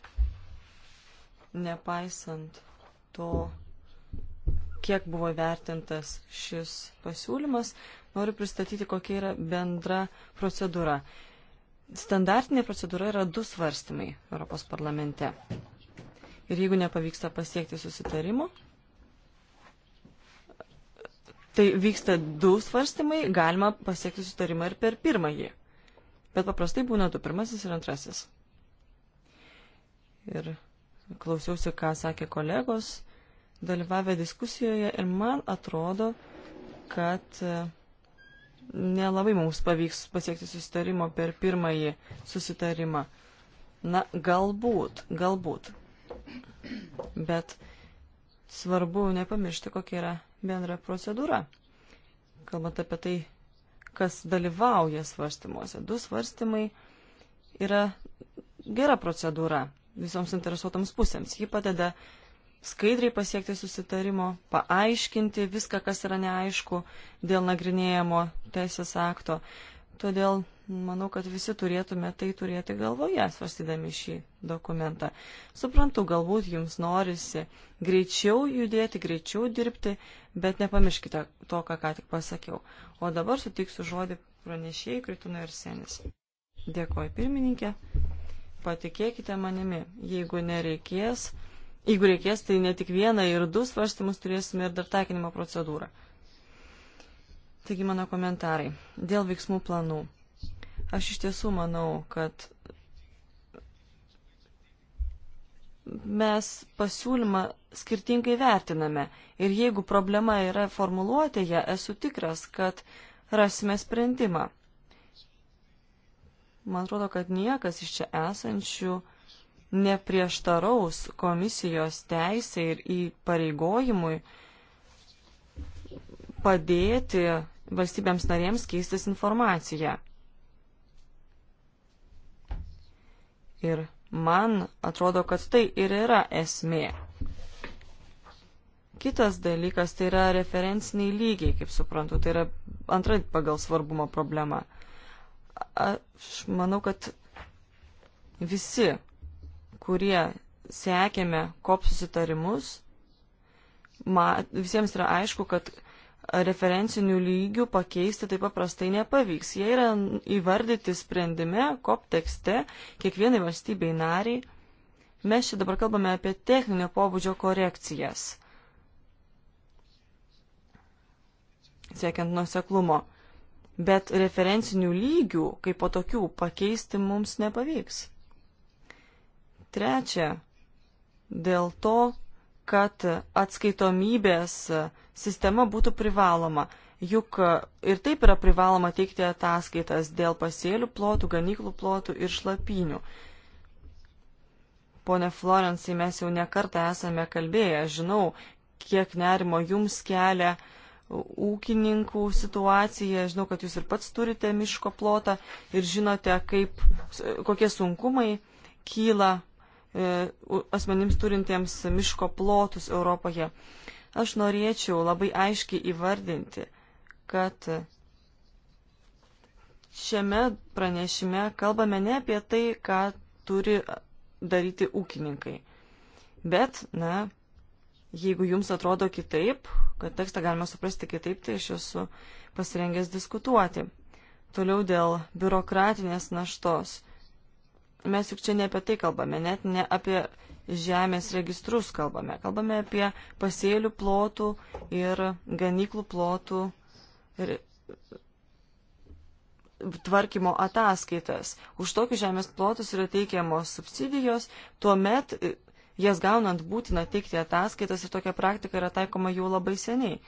nepaisant to, kiek buvo vertintas šis pasiūlymas, noriu pristatyti, kokia yra bendra procedūra. Standartinė procedūra yra du svarstymai Europos parlamente. Ir jeigu nepavyksta pasiekti susitarimo, tai vyksta du svarstymai, galima pasiekti susitarimą ir per pirmąjį. Bet paprastai būna du pirmasis ir antrasis. Ir klausiausi, ką sakė kolegos, dalyvavę diskusijoje ir man atrodo, kad e, nelabai mums pavyks pasiekti susitarimo per pirmąjį susitarimą. Na, galbūt, galbūt. Bet svarbu nepamiršti, kokia yra bendra procedūra. Kalbant apie tai, kas dalyvauja svarstymuose. Du svarstymai yra gera procedūra visoms interesuotams pusėms. Ji padeda skaidriai pasiekti susitarimo, paaiškinti viską, kas yra neaišku dėl nagrinėjimo teisės akto. Todėl manau, kad visi turėtume tai turėti galvoje, svarstydami šį dokumentą. Suprantu, galbūt jums norisi greičiau judėti, greičiau dirbti, bet nepamirškite to, ką ką tik pasakiau. O dabar sutiksiu žodį pranešėjai Kritunai ir Senis. Dėkuoju pirmininkė. Patikėkite manimi, jeigu nereikės, jeigu reikės, tai ne tik vieną ir du svarstymus turėsime ir dar taikinimo procedūrą. Taigi mano komentarai. Dėl veiksmų planų. Aš iš tiesų manau, kad mes pasiūlymą skirtingai vertiname. Ir jeigu problema yra formuluotėje, esu tikras, kad rasime sprendimą. Man atrodo, kad niekas iš čia esančių neprieštaraus komisijos teisė ir įpareigojimui padėti valstybėms narėms keistis informaciją. Ir man atrodo, kad tai ir yra esmė. Kitas dalykas tai yra referenciniai lygiai, kaip suprantu, tai yra antra pagal svarbumo problema. Aš manau, kad visi, kurie sekėme kop susitarimus, ma, visiems yra aišku, kad referencinių lygių pakeisti taip paprastai nepavyks. Jie yra įvardyti sprendime, kop tekste, kiekvienai valstybei nariai. Mes čia dabar kalbame apie techninio pobūdžio korekcijas. Siekiant nuseklumo bet referencinių lygių kaip po tokių pakeisti mums nepavyks. Trečia, dėl to, kad atskaitomybės sistema būtų privaloma. Juk ir taip yra privaloma teikti ataskaitas dėl pasėlių plotų, ganyklų plotų ir šlapinių. Pone Florencijai, mes jau nekartą esame kalbėję, žinau, kiek nerimo jums kelia uh, ūkininkų situaciją. Žinau, kad jūs ir pats turite miško plotą ir žinote, kaip, kokie sunkumai kyla e, asmenims turintiems miško plotus Europoje. Aš norėčiau labai aiškiai įvardinti, kad šiame pranešime kalbame ne apie tai, ką turi daryti ūkininkai. Bet, na, Jeigu jums atrodo kitaip, kad tekstą galima suprasti kitaip, tai aš esu pasirengęs diskutuoti. Toliau dėl biurokratinės naštos. Mes juk čia ne apie tai kalbame, net ne apie žemės registrus kalbame. Kalbame apie pasėlių plotų ir ganyklų plotų ir tvarkymo ataskaitas. Už tokius žemės plotus yra teikiamos subsidijos, tuomet jas gaunant būtina teikti ataskaitas ir tokia praktika yra taikoma jau labai seniai.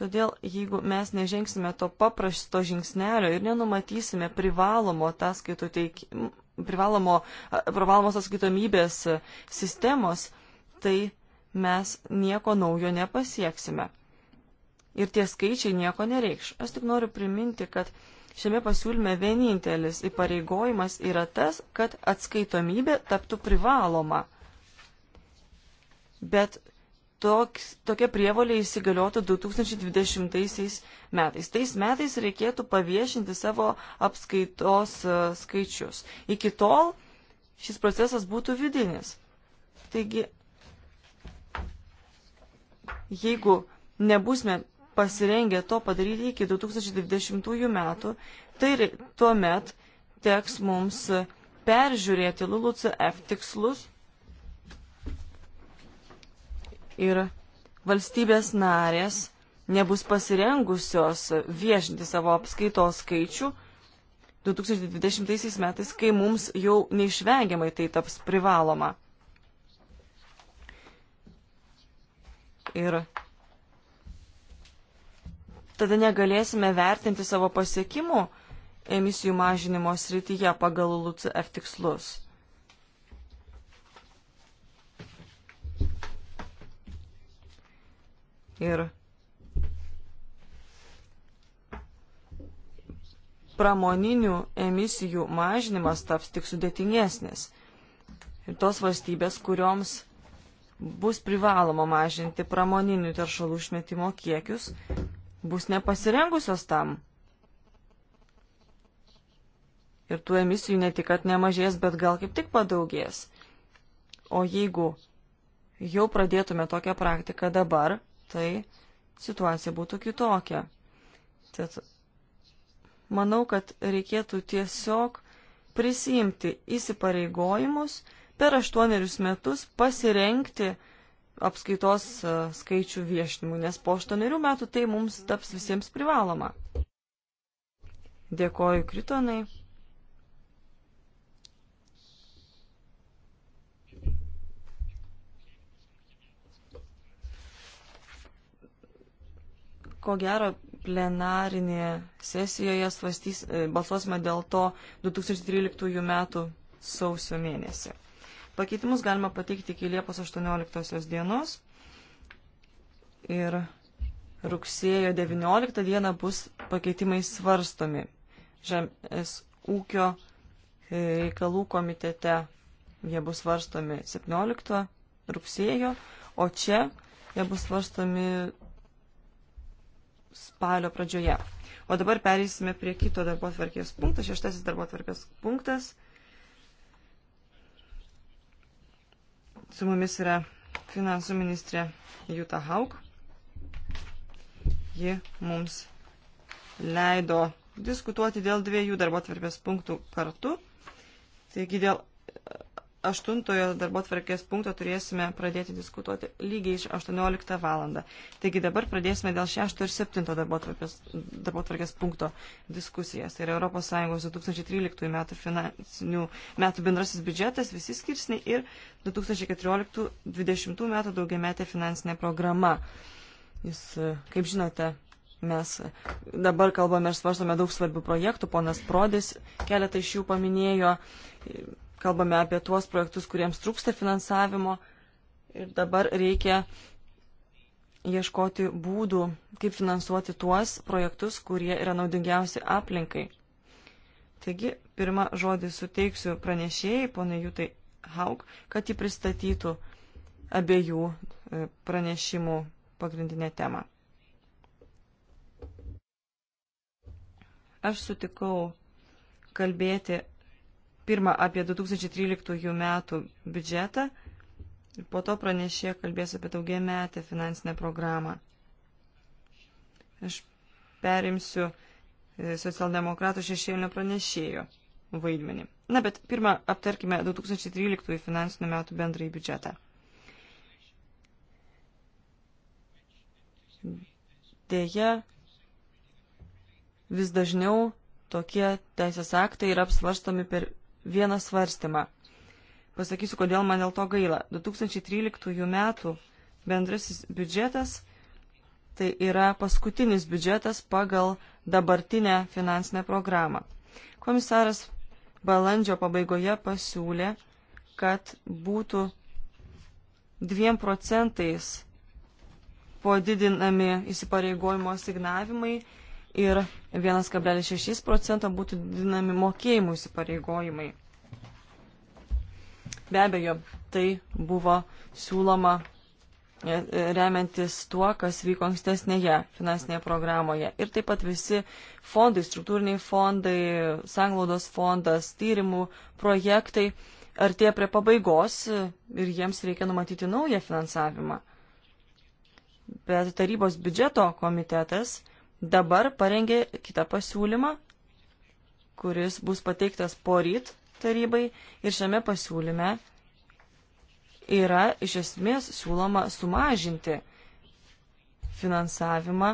Todėl, jeigu mes nežengsime to paprasto žingsnelio ir nenumatysime privalomo ataskaitų teikimo, privalomo, privalomos atskaitomybės sistemos, tai mes nieko naujo nepasieksime. Ir tie skaičiai nieko nereikš. Aš tik noriu priminti, kad šiame pasiūlyme vienintelis įpareigojimas yra tas, kad atskaitomybė taptų privaloma bet toks, tokia prievalė įsigaliotų 2020 metais. Tais metais reikėtų paviešinti savo apskaitos e, skaičius. Iki tol šis procesas būtų vidinis. Taigi, jeigu nebusime pasirengę to padaryti iki 2020 metų, tai tuomet teks mums peržiūrėti LULUCF tikslus ir valstybės narės nebus pasirengusios viešinti savo apskaitos skaičių 2020 metais, kai mums jau neišvengiamai tai taps privaloma. Ir tada negalėsime vertinti savo pasiekimų emisijų mažinimo srityje pagal LUCF tikslus. ir pramoninių emisijų mažinimas taps tik sudėtingesnis. Ir tos valstybės, kurioms bus privaloma mažinti pramoninių teršalų išmetimo kiekius, bus nepasirengusios tam. Ir tų emisijų ne tik, kad nemažės, bet gal kaip tik padaugės. O jeigu jau pradėtume tokią praktiką dabar, tai situacija būtų kitokia. Tad manau, kad reikėtų tiesiog prisimti įsipareigojimus per aštuonerius metus pasirenkti apskaitos e, skaičių viešinimui, nes po aštuonerių metų tai mums taps visiems privaloma. Dėkoju Kritonai. ko gero plenarinėje sesijoje svastys, e, balsuosime dėl to 2013 metų sausio mėnesį. Pakeitimus galima pateikti iki Liepos 18 dienos ir rugsėjo 19 dieną bus pakeitimai svarstomi Žemės ūkio e, reikalų komitete. Jie bus svarstomi 17 rugsėjo, o čia jie bus svarstomi spalio pradžioje. O dabar perėsime prie kito darbo atvarkės punkto, šeštasis darbo atvarkės punktas. Su mumis yra finansų ministrė Juta Haug. Ji mums leido diskutuoti dėl dviejų darbo atvarkės punktų kartu. Taigi dėl aštuntojo darbo tvarkės punkto turėsime pradėti diskutuoti lygiai iš 18 valandą. Taigi dabar pradėsime dėl 6 ir 7 darbo tvarkės, darbo tvarkės punkto diskusijas. Tai yra ES 2013 metų finansinių metų bendrasis biudžetas, visi skirsniai ir 2014-2020 metų daugiametė finansinė programa. Jis, kaip žinote, mes dabar kalbame ir svarstome daug svarbių projektų, ponas Prodis keletą iš jų paminėjo kalbame apie tuos projektus, kuriems trūksta finansavimo ir dabar reikia ieškoti būdų, kaip finansuoti tuos projektus, kurie yra naudingiausi aplinkai. Taigi, pirmą žodį suteiksiu pranešėjai, ponai Jutai Hauk, kad jį pristatytų abiejų e, pranešimų pagrindinę temą. Aš sutikau kalbėti pirmą apie 2013 metų biudžetą ir po to pranešė kalbės apie daugie metę finansinę programą. Aš perimsiu e, socialdemokratų šešėlinio pranešėjo vaidmenį. Na, bet pirmą aptarkime 2013 finansinių metų bendrąjį biudžetą. Deja, vis dažniau tokie teisės aktai yra apsvarstomi per vieną svarstymą. Pasakysiu, kodėl man dėl to gaila. 2013 metų bendrasis biudžetas tai yra paskutinis biudžetas pagal dabartinę finansinę programą. Komisaras balandžio pabaigoje pasiūlė, kad būtų dviem procentais padidinami įsipareigojimo signavimai ir 1,6 procento būtų didinami mokėjimų įsipareigojimai. Be abejo, tai buvo siūloma e, e, remiantis tuo, kas vyko ankstesnėje finansinėje programoje. Ir taip pat visi fondai, struktūriniai fondai, sanglaudos fondas, tyrimų projektai artėja prie pabaigos ir jiems reikia numatyti naują finansavimą. Bet tarybos biudžeto komitetas dabar parengė kitą pasiūlymą, kuris bus pateiktas poryt tarybai ir šiame pasiūlyme yra iš esmės siūloma sumažinti finansavimą.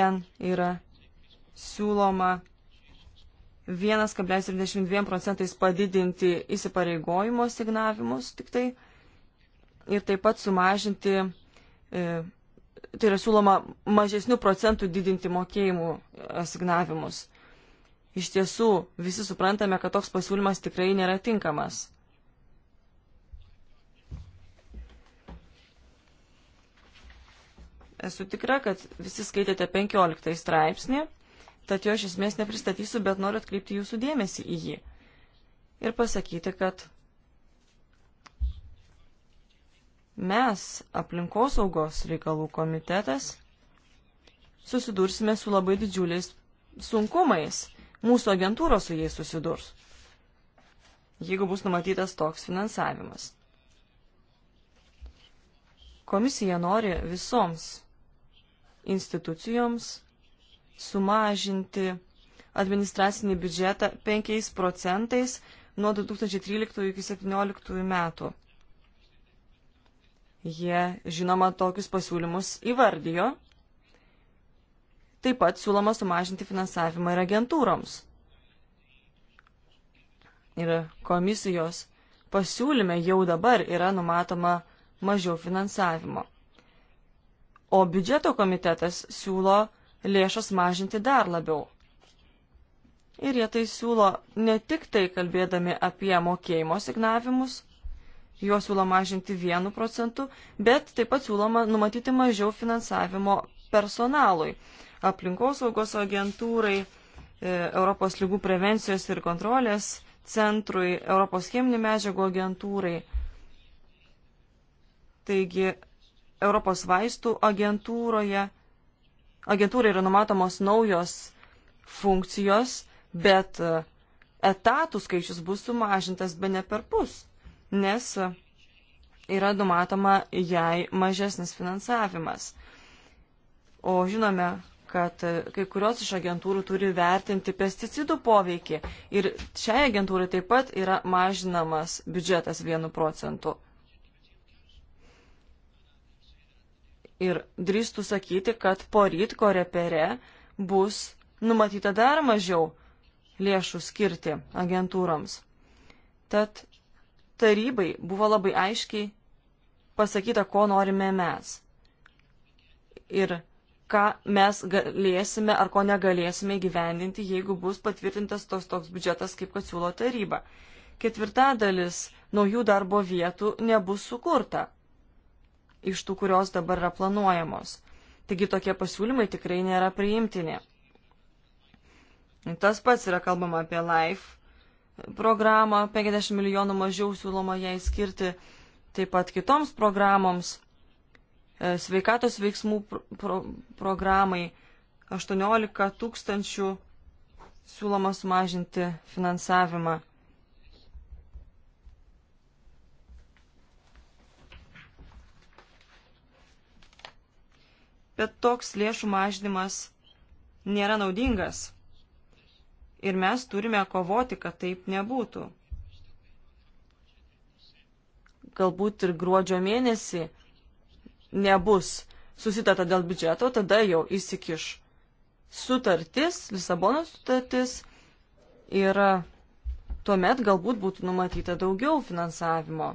Ten yra siūloma 1,72 procentais padidinti įsipareigojimo signavimus tik tai ir taip pat sumažinti E, tai yra siūloma mažesnių procentų didinti mokėjimų e, asignavimus. Iš tiesų, visi suprantame, kad toks pasiūlymas tikrai nėra tinkamas. Esu tikra, kad visi skaitėte 15 straipsnį, tad jo iš esmės nepristatysiu, bet noriu atkreipti jūsų dėmesį į jį ir pasakyti, kad mes, aplinkosaugos reikalų komitetas, susidursime su labai didžiuliais sunkumais. Mūsų agentūros su jais susidurs, jeigu bus numatytas toks finansavimas. Komisija nori visoms institucijoms sumažinti administracinį biudžetą 5 procentais nuo 2013 iki 2017 metų. Jie, žinoma, tokius pasiūlymus įvardijo. Taip pat siūloma sumažinti finansavimą ir agentūroms. Ir komisijos pasiūlyme jau dabar yra numatoma mažiau finansavimo. O biudžeto komitetas siūlo lėšas mažinti dar labiau. Ir jie tai siūlo ne tik tai kalbėdami apie mokėjimo signavimus, juos siūlo mažinti 1 procentu, bet taip pat siūloma numatyti mažiau finansavimo personalui, aplinkosaugos agentūrai, e, Europos lygų prevencijos ir kontrolės centrui, Europos cheminių medžiagų agentūrai. Taigi, Europos vaistų agentūroje, agentūrai yra numatomos naujos funkcijos, bet e, etatų skaičius bus sumažintas be ne per pus nes yra numatoma jai mažesnis finansavimas. O žinome, kad kai kurios iš agentūrų turi vertinti pesticidų poveikį ir šiai agentūrai taip pat yra mažinamas biudžetas vienu procentu. Ir drįstų sakyti, kad poryt korepere bus numatyta dar mažiau lėšų skirti agentūroms. Tad tarybai buvo labai aiškiai pasakyta, ko norime mes. Ir ką mes galėsime ar ko negalėsime gyvendinti, jeigu bus patvirtintas tos toks biudžetas, kaip kad siūlo taryba. Ketvirtadalis naujų darbo vietų nebus sukurta iš tų, kurios dabar yra planuojamos. Taigi tokie pasiūlymai tikrai nėra priimtini. Tas pats yra kalbama apie LIFE programą, 50 milijonų mažiau siūloma jai skirti, taip pat kitoms programoms, e, sveikatos veiksmų pro, pro, programai 18 tūkstančių siūloma sumažinti finansavimą. Bet toks lėšų mažinimas nėra naudingas. Ir mes turime kovoti, kad taip nebūtų. Galbūt ir gruodžio mėnesį nebus susitata dėl biudžeto, tada jau įsikiš sutartis, Lisabono sutartis ir tuomet galbūt būtų numatyta daugiau finansavimo.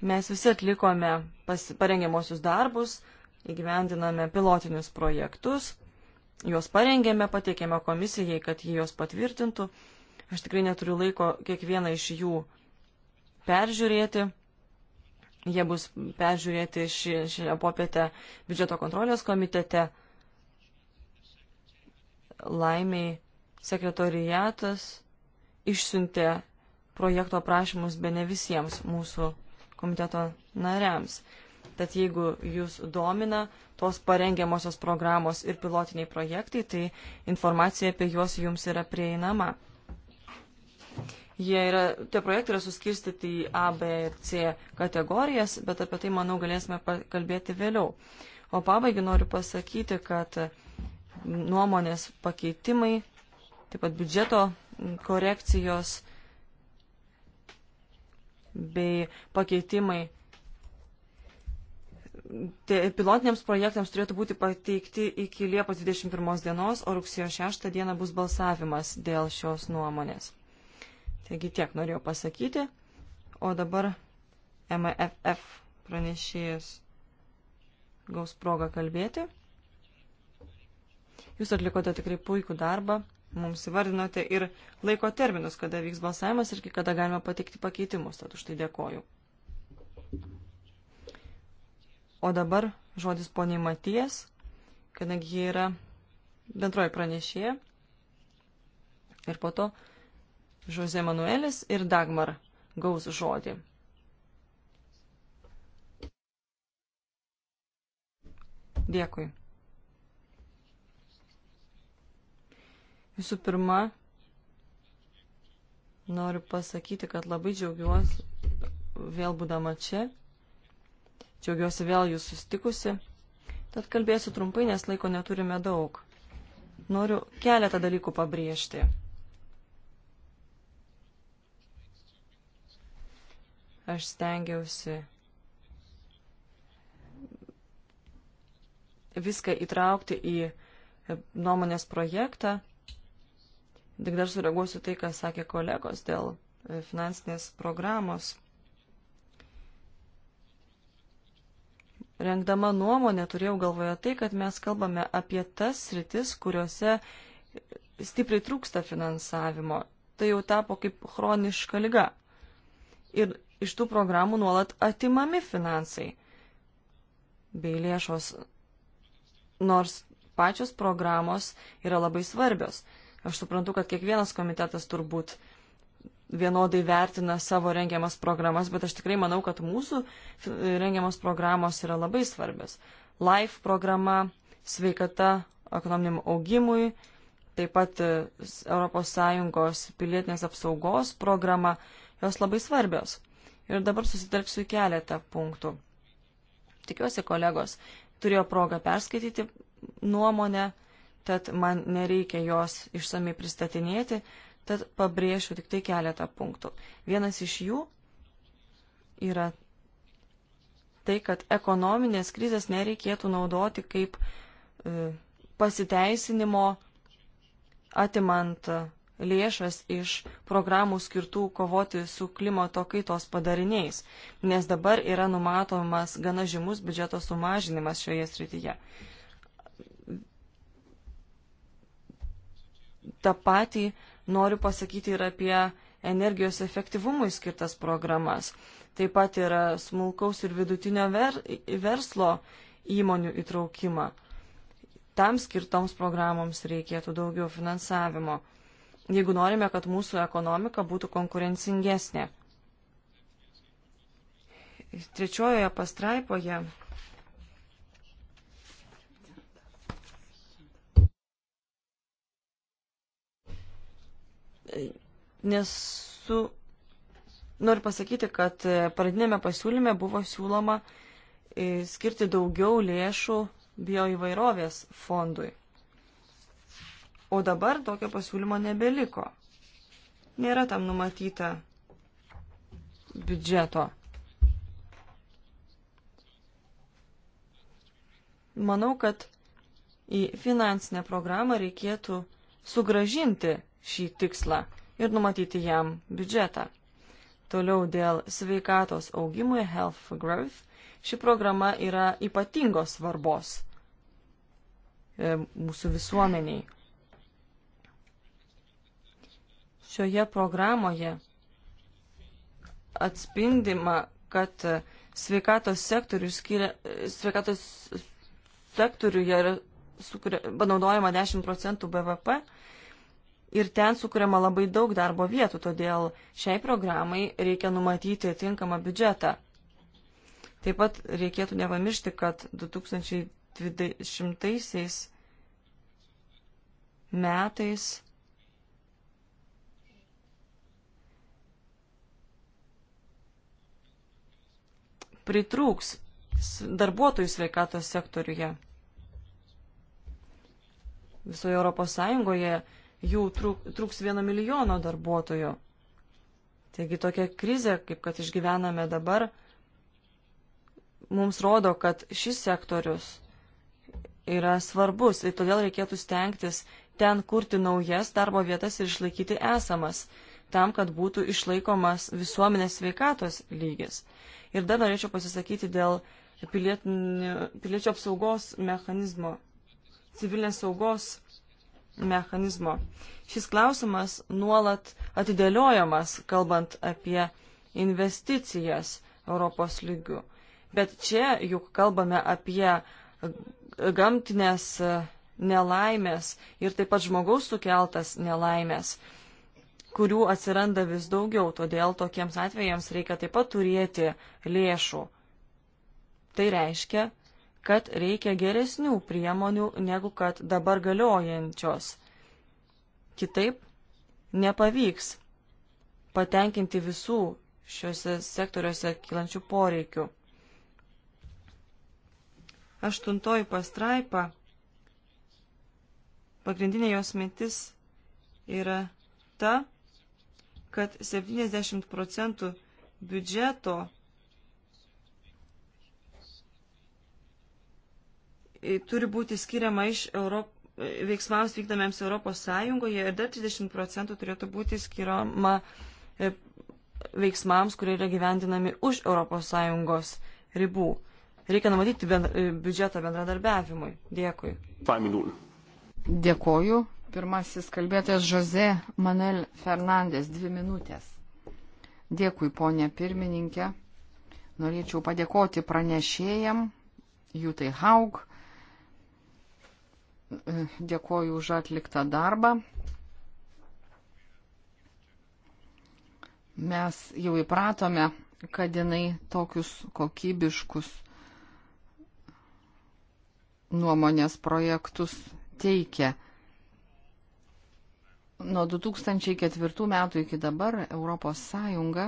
Mes visi atlikome parengiamosius darbus, įgyvendiname pilotinius projektus, juos parengėme, pateikėme komisijai, kad jie juos patvirtintų. Aš tikrai neturiu laiko kiekvieną iš jų peržiūrėti. Jie bus peržiūrėti šį, šią popietę biudžeto kontrolės komitete. Laimiai sekretorijatas išsiuntė projekto aprašymus be ne visiems mūsų komiteto nariams. Tad jeigu jūs domina tos parengiamosios programos ir pilotiniai projektai, tai informacija apie juos jums yra prieinama. Jie yra, tie projektai yra suskirstyti į A, B ir C kategorijas, bet apie tai, manau, galėsime kalbėti vėliau. O pabaigai noriu pasakyti, kad nuomonės pakeitimai, taip pat biudžeto korekcijos bei pakeitimai pilotiniams projektams turėtų būti pateikti iki Liepos 21 dienos, o rugsėjo 6 dieną bus balsavimas dėl šios nuomonės. Taigi tiek norėjau pasakyti, o dabar MFF pranešėjas gaus progą kalbėti. Jūs atlikote tikrai puikų darbą mums įvardinote ir laiko terminus, kada vyks balsavimas ir kada galima pateikti pakeitimus. Tad už tai dėkoju. O dabar žodis poniai Matijas, kadangi jie yra bendroji pranešėja. Ir po to Žoze Manuelis ir Dagmar gaus žodį. Dėkui. Visų pirma, noriu pasakyti, kad labai džiaugiuosi vėl būdama čia. Džiaugiuosi vėl jūs sustikusi. Tad kalbėsiu trumpai, nes laiko neturime daug. Noriu keletą dalykų pabrėžti. Aš stengiausi viską įtraukti į nuomonės projektą Tik dar sureaguosiu tai, ką sakė kolegos dėl e, finansinės programos. Rengdama nuomonę turėjau galvoje tai, kad mes kalbame apie tas sritis, kuriuose stipriai trūksta finansavimo. Tai jau tapo kaip chroniška lyga. Ir iš tų programų nuolat atimami finansai bei lėšos, nors pačios programos yra labai svarbios. Aš suprantu, kad kiekvienas komitetas turbūt vienodai vertina savo rengiamas programas, bet aš tikrai manau, kad mūsų e, rengiamas programos yra labai svarbios. LIFE programa, sveikata ekonominiam augimui, taip pat ES pilietinės apsaugos programa, jos labai svarbios. Ir dabar susitelksiu į keletą punktų. Tikiuosi, kolegos turėjo progą perskaityti nuomonę tad man nereikia jos išsamei pristatinėti, tad pabrėšiu tik tai keletą punktų. Vienas iš jų yra tai, kad ekonominės krizės nereikėtų naudoti kaip e, pasiteisinimo atimant lėšas iš programų skirtų kovoti su klimato kaitos padariniais, nes dabar yra numatomas gana žymus biudžeto sumažinimas šioje srityje. tą patį noriu pasakyti ir apie energijos efektyvumui skirtas programas. Taip pat yra smulkaus ir vidutinio ver, verslo įmonių įtraukimą. Tam skirtoms programoms reikėtų daugiau finansavimo, jeigu norime, kad mūsų ekonomika būtų konkurencingesnė. Trečiojoje pastraipoje nesu. Noriu pasakyti, kad pradinėme pasiūlyme buvo siūloma e, skirti daugiau lėšų bioįvairovės fondui. O dabar tokio pasiūlymo nebeliko. Nėra tam numatyta biudžeto. Manau, kad į finansinę programą reikėtų sugražinti šį tikslą ir numatyti jam biudžetą. Toliau dėl sveikatos augimui Health for Growth ši programa yra ypatingos svarbos e, mūsų visuomeniai. Šioje programoje atspindima, kad sveikatos, skiria, e, sveikatos sektoriuje yra sukuria, panaudojama 10 procentų BVP ir ten sukuriama labai daug darbo vietų, todėl šiai programai reikia numatyti tinkamą biudžetą. Taip pat reikėtų nepamiršti, kad 2020 metais pritrūks darbuotojų sveikatos sektoriuje. Visoje Europos Sąjungoje jų trūks vieno milijono darbuotojų. Taigi tokia krizė, kaip kad išgyvename dabar, mums rodo, kad šis sektorius yra svarbus ir todėl reikėtų stengtis ten kurti naujas darbo vietas ir išlaikyti esamas, tam, kad būtų išlaikomas visuomenės sveikatos lygis. Ir dar norėčiau pasisakyti dėl piliečių apsaugos mechanizmo, civilinės saugos mechanizmo. Šis klausimas nuolat atidėliojamas, kalbant apie investicijas Europos lygių. Bet čia juk kalbame apie gamtinės nelaimės ir taip pat žmogaus sukeltas nelaimės, kurių atsiranda vis daugiau, todėl tokiems atvejams reikia taip pat turėti lėšų. Tai reiškia, kad reikia geresnių priemonių negu kad dabar galiojančios. Kitaip nepavyks patenkinti visų šiuose sektoriuose kilančių poreikių. Aštuntoji pastraipa, pagrindinė jos mintis yra ta, kad 70 procentų biudžeto turi būti skiriama iš Europ... veiksmams vykdomiems Europos Sąjungoje ir dar 30 procentų turėtų būti skiriama veiksmams, kurie yra gyvendinami už Europos Sąjungos ribų. Reikia numatyti ben... biudžetą bendradarbiavimui. Dėkui. Dėkoju. Pirmasis kalbėtojas Jose Manuel Fernandės, dvi minutės. Dėkui, ponė pirmininkė. Norėčiau padėkoti pranešėjam Jutai Haug Dėkuoju už atliktą darbą. Mes jau įpratome, kad jinai tokius kokybiškus nuomonės projektus teikia. Nuo 2004 metų iki dabar Europos Sąjunga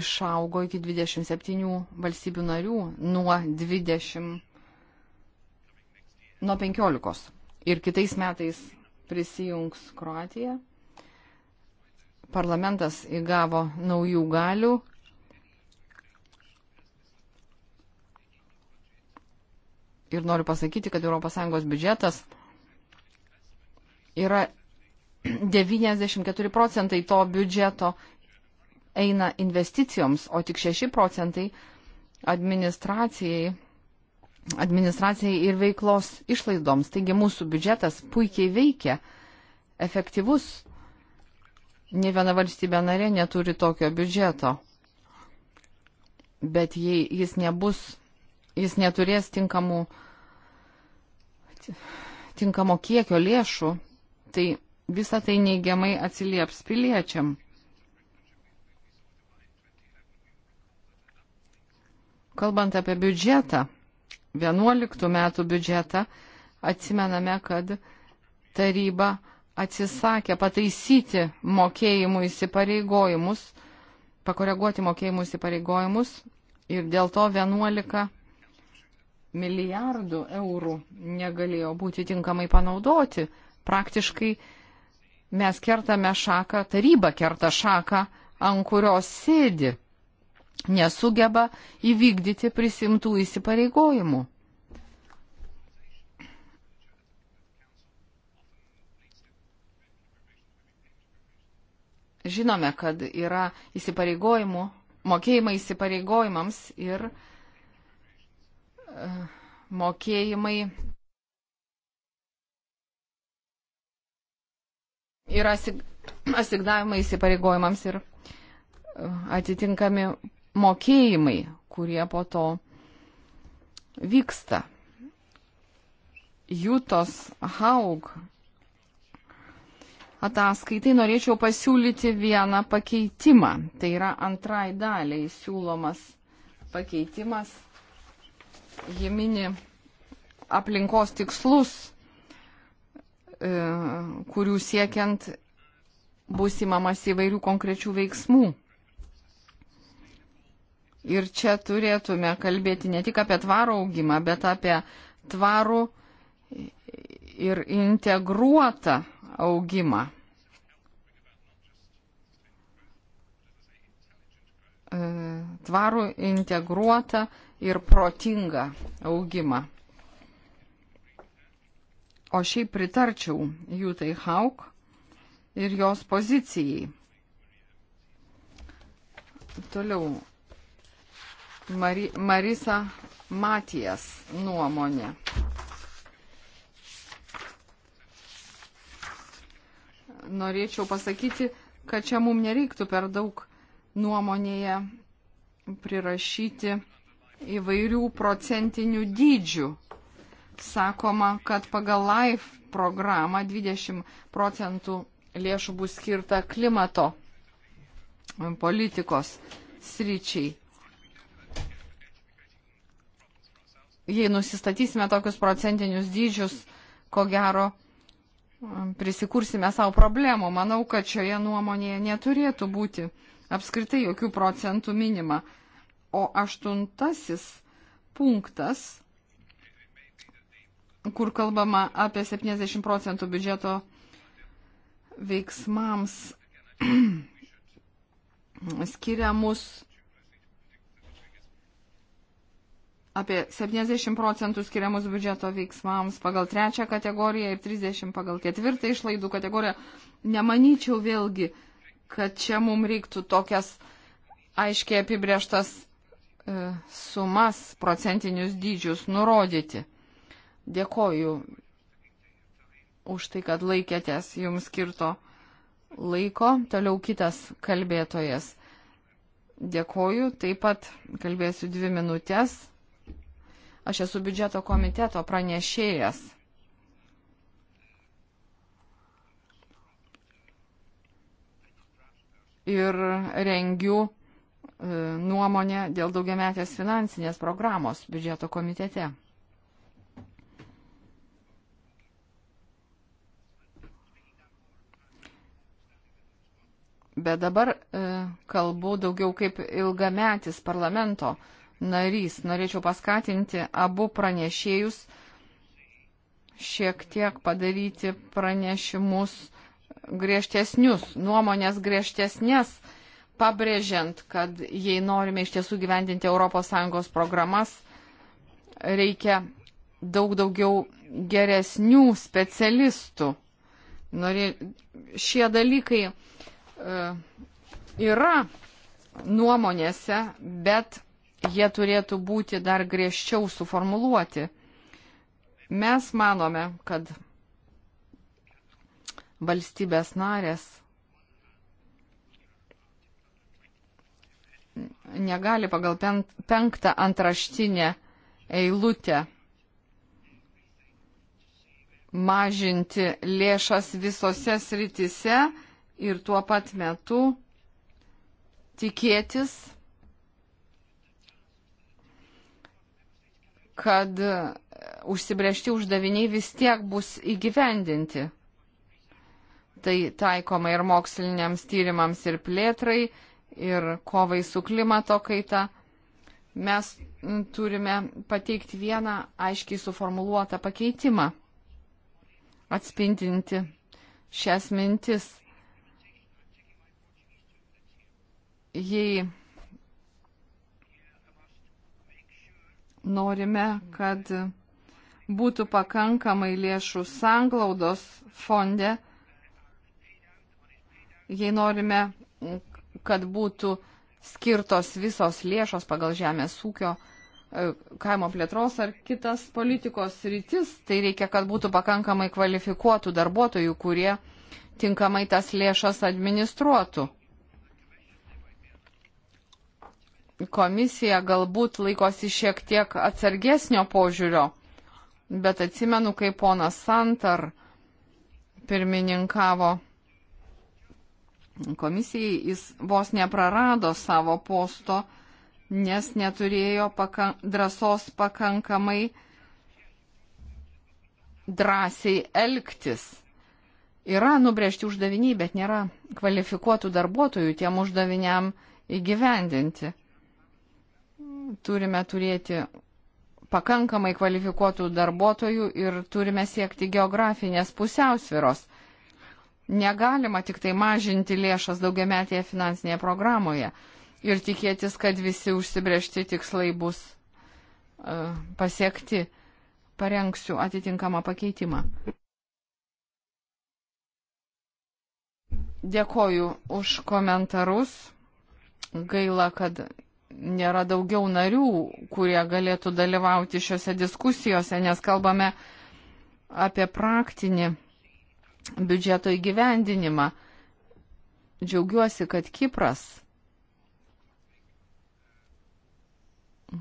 išaugo iki 27 valstybių narių nuo 20 nuo 15. Ir kitais metais prisijungs Kroatija. Parlamentas įgavo naujų galių. Ir noriu pasakyti, kad ES biudžetas yra 94 procentai to biudžeto eina investicijoms, o tik 6 procentai administracijai administracijai ir veiklos išlaidoms. Taigi mūsų biudžetas puikiai veikia, efektyvus. Ne viena valstybė narė neturi tokio biudžeto. Bet jei jis nebus, jis neturės tinkamų, tinkamo kiekio lėšų, tai visą tai neigiamai atsilieps piliečiam. Kalbant apie biudžetą, 2011 metų biudžetą, atsimename, kad taryba atsisakė pataisyti mokėjimų įsipareigojimus, pakoreguoti mokėjimų įsipareigojimus ir dėl to 11 milijardų eurų negalėjo būti tinkamai panaudoti. Praktiškai mes kertame šaką, taryba kerta šaką, ant kurios sėdi nesugeba įvykdyti prisimtų įsipareigojimų. Žinome, kad yra įsipareigojimų, mokėjimai įsipareigojimams ir eh, mokėjimai yra asignavimai įsipareigojimams ir eh, atitinkami mokėjimai, kurie po to vyksta. Jūtos Haug ataskaitai norėčiau pasiūlyti vieną pakeitimą. Tai yra antrai daliai siūlomas pakeitimas. Ji mini aplinkos tikslus, e, kurių siekiant bus įmamas įvairių konkrečių veiksmų. Ir čia turėtume kalbėti ne tik apie tvarų augimą, bet apie tvarų ir integruotą augimą. E, tvarų integruotą ir protingą augimą. O šiaip pritarčiau Jūtai Hauk ir jos pozicijai. Toliau Mari, Marisa Matijas nuomonė. Norėčiau pasakyti, kad čia mums nereiktų per daug nuomonėje prirašyti įvairių procentinių dydžių. Sakoma, kad pagal LIFE programą 20 procentų lėšų bus skirta klimato politikos sryčiai. jei nusistatysime tokius procentinius dydžius, ko gero um, prisikursime savo problemų. Manau, kad šioje nuomonėje neturėtų būti apskritai jokių procentų minima. O aštuntasis punktas, kur kalbama apie 70 procentų biudžeto veiksmams skiriamus apie 70 procentų skiriamus biudžeto veiksmams pagal trečią kategoriją ir 30 pagal ketvirtą išlaidų kategoriją. Nemanyčiau vėlgi, kad čia mums reiktų tokias aiškiai apibrieštas e, sumas, procentinius dydžius nurodyti. Dėkoju už tai, kad laikėtės jums skirto laiko. Toliau kitas kalbėtojas. Dėkoju, taip pat kalbėsiu dvi minutės Aš esu biudžeto komiteto pranešėjas. Ir rengiu e, nuomonę dėl daugiametės finansinės programos biudžeto komitete. Bet dabar e, kalbu daugiau kaip ilgametis parlamento narys. Norėčiau paskatinti abu pranešėjus šiek tiek padaryti pranešimus griežtesnius, nuomonės griežtesnės, pabrėžiant, kad jei norime iš tiesų gyvendinti ES programas, reikia daug daugiau geresnių specialistų. Norė... Šie dalykai e, yra nuomonėse, bet jie turėtų būti dar griežčiau suformuluoti. Mes manome, kad valstybės narės negali pagal penktą antraštinę eilutę mažinti lėšas visose sritise ir tuo pat metu tikėtis, kad užsibriežti uždaviniai vis tiek bus įgyvendinti. Tai taikoma ir moksliniams tyrimams ir plėtrai, ir kovai su klimato kaita. Mes turime pateikti vieną aiškiai suformuluotą pakeitimą, atspindinti šias mintis. Jei norime, kad būtų pakankamai lėšų sanglaudos fonde, jei norime, kad būtų skirtos visos lėšos pagal žemės ūkio e, kaimo plėtros ar kitas politikos rytis, tai reikia, kad būtų pakankamai kvalifikuotų darbuotojų, kurie tinkamai tas lėšas administruotų. komisija galbūt laikosi šiek tiek atsargesnio požiūrio, bet atsimenu, kai ponas Santar pirmininkavo komisijai, jis vos neprarado savo posto, nes neturėjo pakan drąsos pakankamai drąsiai elgtis. Yra nubrėžti uždaviniai, bet nėra kvalifikuotų darbuotojų tiem uždaviniam įgyvendinti turime turėti pakankamai kvalifikuotų darbuotojų ir turime siekti geografinės pusiausviros. Negalima tik tai mažinti lėšas daugiametėje finansinėje programoje ir tikėtis, kad visi užsibriežti tikslai bus uh, pasiekti. Parengsiu atitinkamą pakeitimą. Dėkoju už komentarus. Gaila, kad nėra daugiau narių, kurie galėtų dalyvauti šiuose diskusijose, nes kalbame apie praktinį biudžeto įgyvendinimą. Džiaugiuosi, kad Kipras,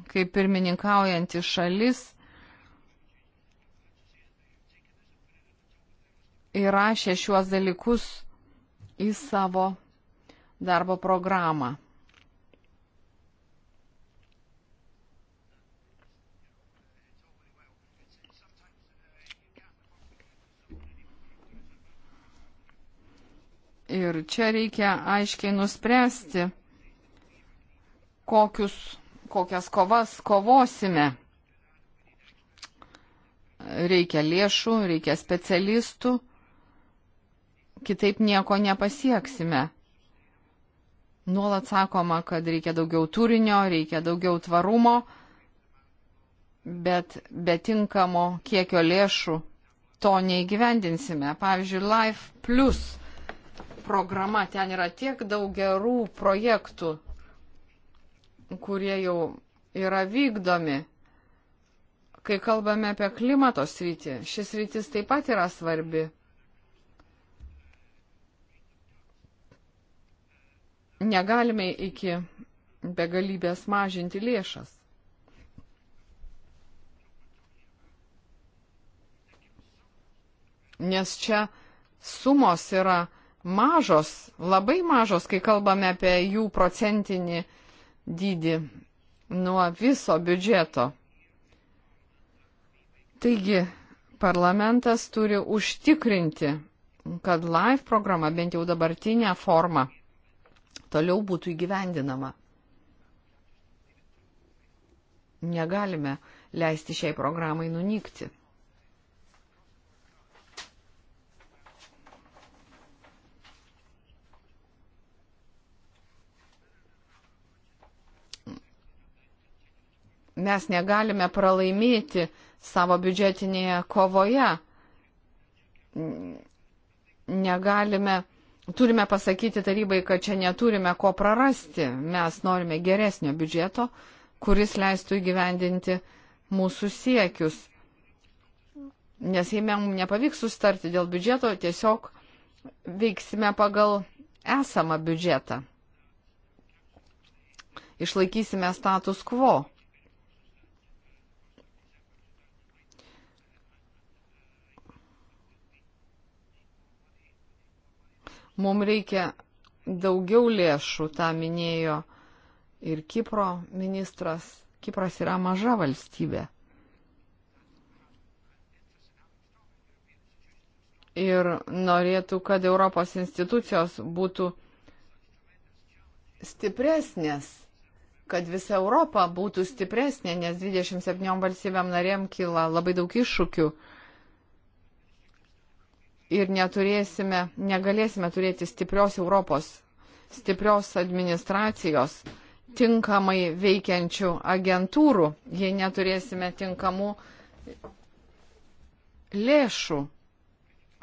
kaip pirmininkaujanti šalis, įrašė šiuos dalykus į savo darbo programą. Ir čia reikia aiškiai nuspręsti, kokius, kokias kovas kovosime. Reikia lėšų, reikia specialistų, kitaip nieko nepasieksime. Nuolat sakoma, kad reikia daugiau turinio, reikia daugiau tvarumo, bet be tinkamo kiekio lėšų to neįgyvendinsime. Pavyzdžiui, Life Plus programa. Ten yra tiek daug gerų projektų, kurie jau yra vykdomi. Kai kalbame apie klimato sritį, šis rytis taip pat yra svarbi. Negalime iki begalybės mažinti lėšas. Nes čia sumos yra mažos, labai mažos, kai kalbame apie jų procentinį dydį nuo viso biudžeto. Taigi, parlamentas turi užtikrinti, kad live programa, bent jau dabartinė forma, toliau būtų įgyvendinama. Negalime leisti šiai programai nunykti. Mes negalime pralaimėti savo biudžetinėje kovoje. Negalime, turime pasakyti tarybai, kad čia neturime ko prarasti. Mes norime geresnio biudžeto, kuris leistų įgyvendinti mūsų siekius. Nes jei mums nepavyks sustarti dėl biudžeto, tiesiog veiksime pagal esamą biudžetą. Išlaikysime status quo. Mums reikia daugiau lėšų, tą minėjo ir Kipro ministras. Kipras yra maža valstybė. Ir norėtų, kad Europos institucijos būtų stipresnės, kad visa Europa būtų stipresnė, nes 27 valstybėm narėm kyla labai daug iššūkių ir neturėsime, negalėsime turėti stiprios Europos, stiprios administracijos, tinkamai veikiančių agentūrų, jei neturėsime tinkamų lėšų.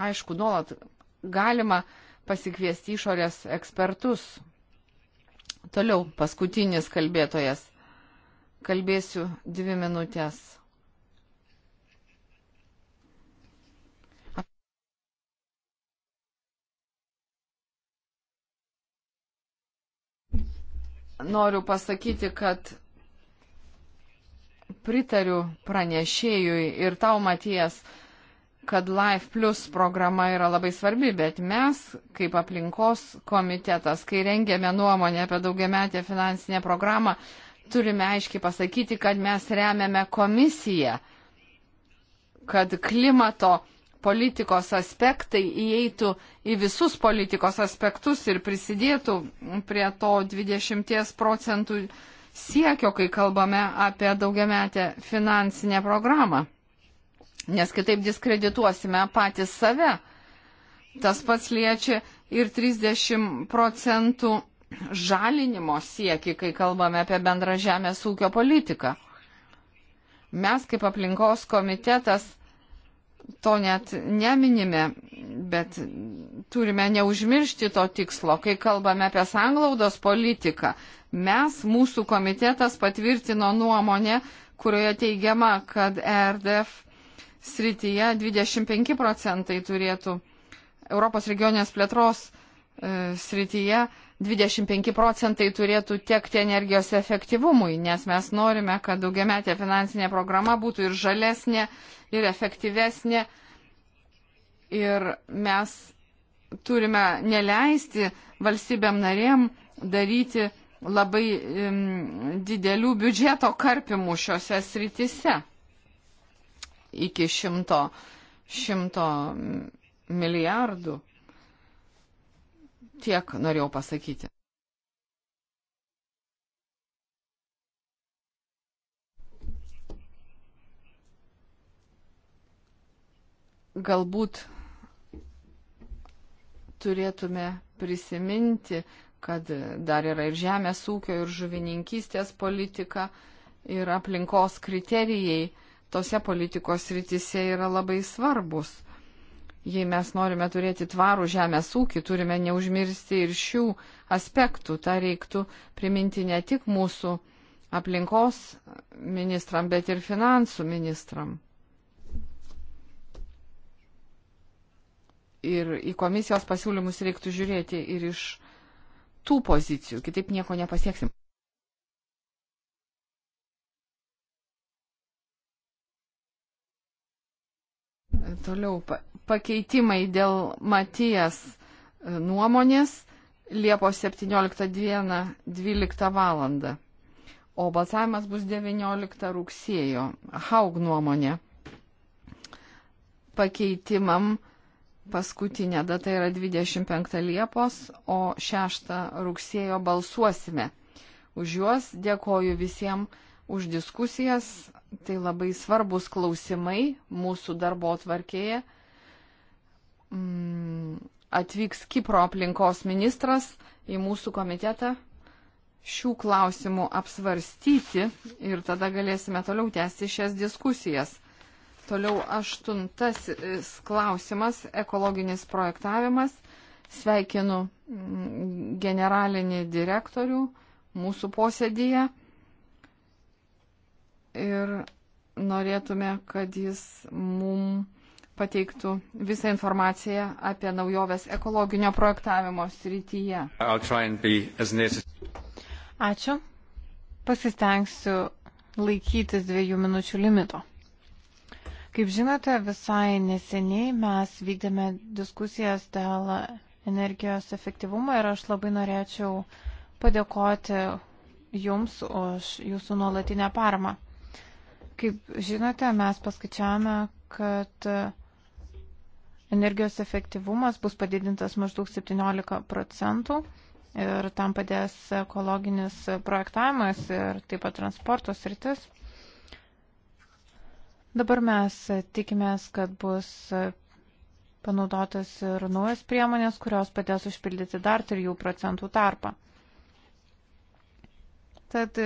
Aišku, nuolat galima pasikviesti išorės ekspertus. Toliau paskutinis kalbėtojas. Kalbėsiu dvi minutės. noriu pasakyti, kad pritariu pranešėjui ir tau, Matijas, kad Life Plus programa yra labai svarbi, bet mes, kaip aplinkos komitetas, kai rengėme nuomonę apie daugiametę finansinę programą, turime aiškiai pasakyti, kad mes remiame komisiją, kad klimato politikos aspektai įeitų į visus politikos aspektus ir prisidėtų prie to 20 procentų siekio, kai kalbame apie daugiametę finansinę programą. Nes kitaip diskredituosime patys save. Tas pats liečia ir 30 procentų žalinimo siekį, kai kalbame apie bendrą žemės ūkio politiką. Mes kaip aplinkos komitetas to net neminime, bet turime neužmiršti to tikslo, kai kalbame apie sanglaudos politiką. Mes, mūsų komitetas patvirtino nuomonę, kurioje teigiama, kad ERDF srityje 25 procentai turėtų Europos regionės plėtros E, srityje 25 procentai turėtų tekti energijos efektyvumui, nes mes norime, kad daugiametė finansinė programa būtų ir žalesnė, ir efektyvesnė. Ir mes turime neleisti valstybėm narėm daryti labai um, didelių biudžeto karpimų šiuose srityse iki šimto, šimto milijardų. Tiek norėjau pasakyti. Galbūt turėtume prisiminti, kad dar yra ir žemės ūkio, ir žuvininkystės politika, ir aplinkos kriterijai tose politikos rytise yra labai svarbus jei mes norime turėti tvarų žemės ūkį, turime neužmirsti ir šių aspektų. Ta reiktų priminti ne tik mūsų aplinkos ministram, bet ir finansų ministram. Ir į komisijos pasiūlymus reiktų žiūrėti ir iš tų pozicijų, kitaip nieko nepasieksim. Toliau pakeitimai dėl Matijas e, nuomonės Liepos 17 dieną 12 val. O balsavimas bus 19 rugsėjo. Haug nuomonė. Pakeitimam paskutinė data yra 25 Liepos, o 6 rugsėjo balsuosime. Už juos dėkoju visiems už diskusijas, Tai labai svarbus klausimai mūsų darbo atvarkėje. Mm, atvyks Kipro aplinkos ministras į mūsų komitetą šių klausimų apsvarstyti ir tada galėsime toliau tęsti šias diskusijas. Toliau aštuntasis klausimas - ekologinis projektavimas. Sveikinu mm, generalinį direktorių mūsų posėdėje ir norėtume, kad jis mum pateiktų visą informaciją apie naujoves ekologinio projektavimo srityje. Ačiū. Pasistengsiu laikytis dviejų minučių limito. Kaip žinote, visai neseniai mes vykdėme diskusijas dėl energijos efektyvumo ir aš labai norėčiau padėkoti Jums už Jūsų nuolatinę paramą. Kaip žinote, mes paskaičiavome, kad energijos efektyvumas bus padidintas maždaug 17 procentų ir tam padės ekologinis projektavimas ir taip pat transporto sritis. Dabar mes tikimės, kad bus panaudotas ir naujas priemonės, kurios padės užpildyti dar 3 procentų tarpą. Tad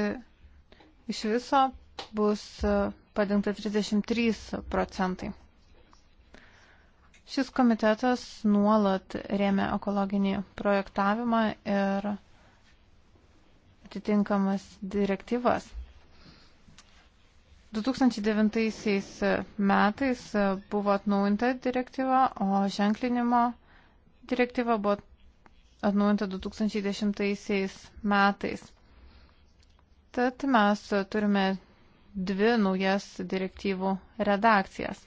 iš viso bus e, padengta 33 procentai. Šis komitetas nuolat rėmė ekologinį projektavimą ir atitinkamas direktyvas. 2009 metais buvo atnaujinta direktyva, o ženklinimo direktyva buvo atnaujinta 2010 metais. Tad mes turime dvi naujas direktyvų redakcijas.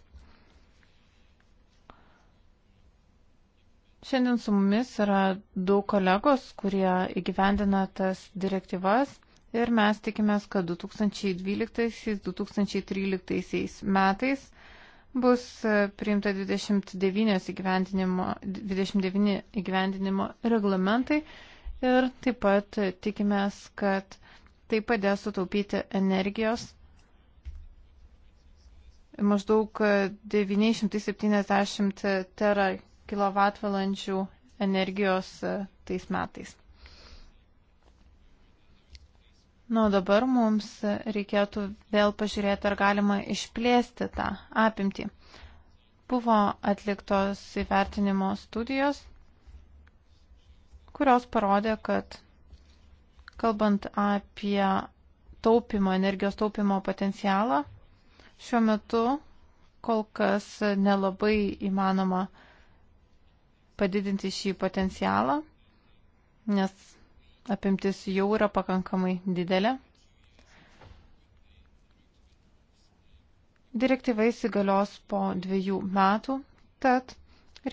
Šiandien su mumis yra daug kolegos, kurie įgyvendina tas direktyvas ir mes tikimės, kad 2012-2013 metais bus priimta 29 įgyvendinimo, 29 įgyvendinimo reglamentai ir taip pat tikimės, kad tai padės sutaupyti energijos maždaug 970 tera kilovatvalandžių energijos e, tais metais. Na, nu, dabar mums reikėtų vėl pažiūrėti, ar galima išplėsti tą apimtį. Buvo atliktos įvertinimo studijos, kurios parodė, kad kalbant apie taupimo, energijos taupimo potencialą, šiuo metu kol kas nelabai įmanoma padidinti šį potencialą, nes apimtis jau yra pakankamai didelė. Direktyva įsigalios po dviejų metų, tad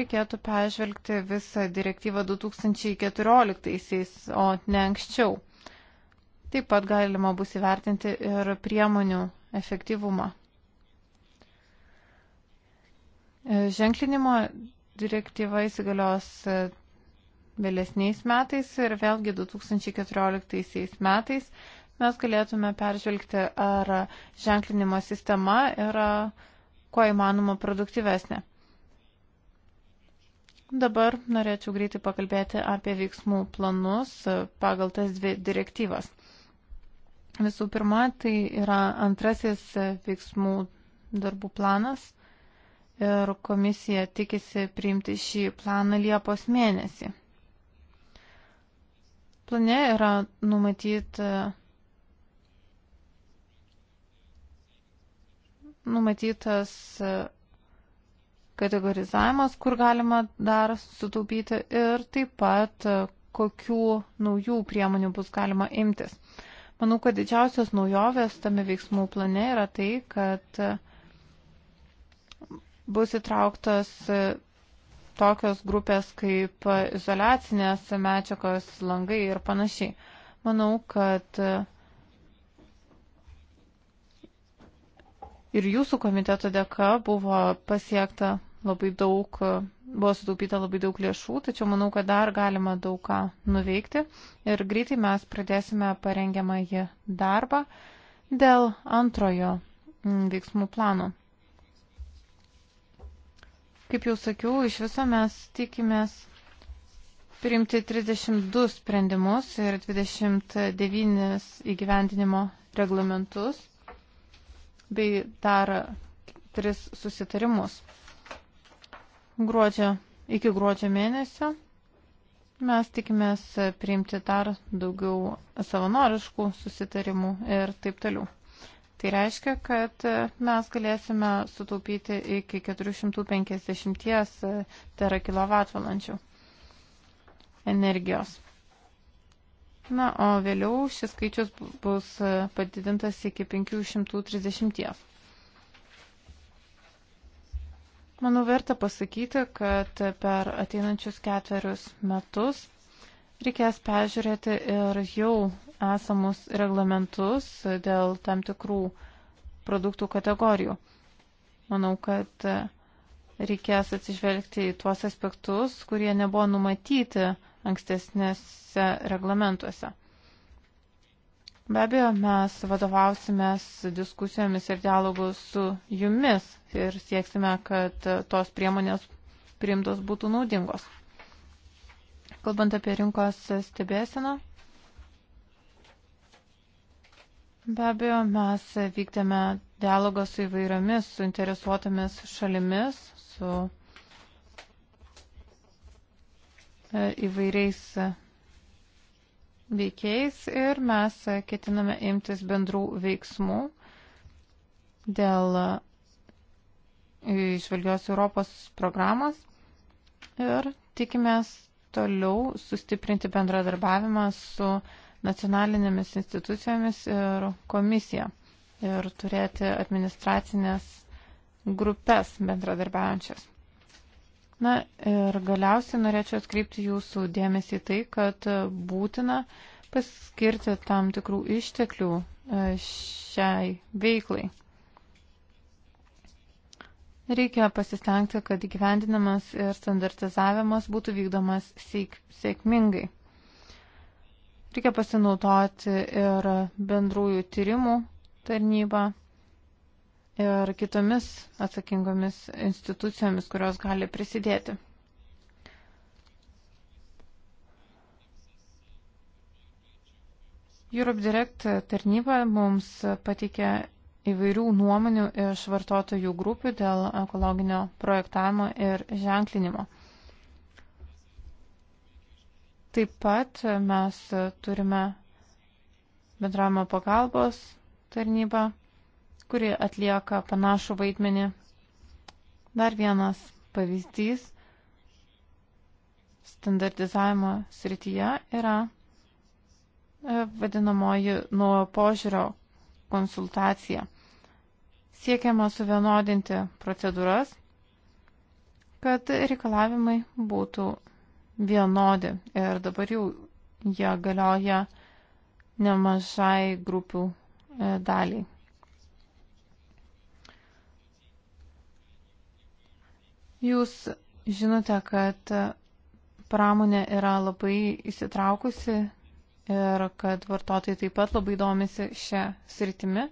reikėtų peržvelgti visą direktyvą 2014-aisiais, o ne anksčiau. Taip pat galima bus įvertinti ir priemonių efektyvumą. E, ženklinimo direktyva įsigalios e, vėlesniais metais ir vėlgi 2014 metais mes galėtume peržvelgti, ar ženklinimo sistema yra kuo įmanoma produktyvesnė. Dabar norėčiau greitai pakalbėti apie veiksmų planus e, pagal tas dvi direktyvas. Visų pirma, tai yra antrasis veiksmų darbų planas – ir komisija tikisi priimti šį planą Liepos mėnesį. Plane yra numatyti, numatytas kategorizavimas, kur galima dar sutaupyti ir taip pat kokių naujų priemonių bus galima imtis. Manau, kad didžiausios naujovės tame veiksmų plane yra tai, kad bus įtrauktos e, tokios grupės kaip izolacinės medžiagos, langai ir panašiai. Manau, kad e, ir jūsų komiteto dėka buvo pasiekta labai daug, e, buvo sutaupyta labai daug lėšų, tačiau manau, kad dar galima daug ką nuveikti ir greitai mes pradėsime parengiamąjį darbą dėl antrojo veiksmų plano. Kaip jau sakiau, iš viso mes tikimės priimti 32 sprendimus ir 29 įgyvendinimo reglamentus bei dar 3 susitarimus. Gruodžio, iki gruodžio mėnesio mes tikimės priimti dar daugiau savanoriškų susitarimų ir taip toliau. Tai reiškia, kad e, mes galėsime sutaupyti iki 450 e, terakilovatvalandžių energijos. Na, o vėliau šis skaičius bus e, padidintas iki 530. Manau, verta pasakyti, kad per ateinančius ketverius metus Reikės peržiūrėti ir jau esamus reglamentus dėl tam tikrų produktų kategorijų. Manau, kad reikės atsižvelgti į tuos aspektus, kurie nebuvo numatyti ankstesnėse reglamentuose. Be abejo, mes vadovausimės diskusijomis ir dialogu su jumis ir sieksime, kad tos priemonės priimtos būtų naudingos. Kalbant apie rinkos stebėseną, be abejo, mes vykdėme dialogą su įvairiomis suinteresuotomis šalimis, su e, įvairiais veikiais ir mes ketiname imtis bendrų veiksmų dėl išvalgios Europos programos ir tikimės toliau sustiprinti bendradarbiavimą su nacionalinėmis institucijomis ir komisija ir turėti administracinės grupės bendradarbiaujančias. Na ir galiausiai norėčiau atkreipti jūsų dėmesį tai, kad būtina paskirti tam tikrų išteklių e, šiai veiklai. Reikia pasistengti, kad gyvendinimas ir standartizavimas būtų vykdomas sėk sėkmingai. Reikia pasinaudoti ir bendrųjų tyrimų tarnybą ir kitomis atsakingomis institucijomis, kurios gali prisidėti. Europe Direct tarnyba mums pateikė įvairių nuomonių iš vartotojų grupių dėl ekologinio projektavimo ir ženklinimo. Taip pat mes turime bendravimo pagalbos tarnybą, kuri atlieka panašų vaidmenį. Dar vienas pavyzdys standartizavimo srityje yra e, vadinamoji nuo požiūrio konsultaciją. Siekiama suvienodinti procedūras, kad reikalavimai būtų vienodi ir dabar jau jie galioja nemažai grupių e, daliai. Jūs žinote, kad pramonė yra labai įsitraukusi ir kad vartotojai taip pat labai domisi šią sritimi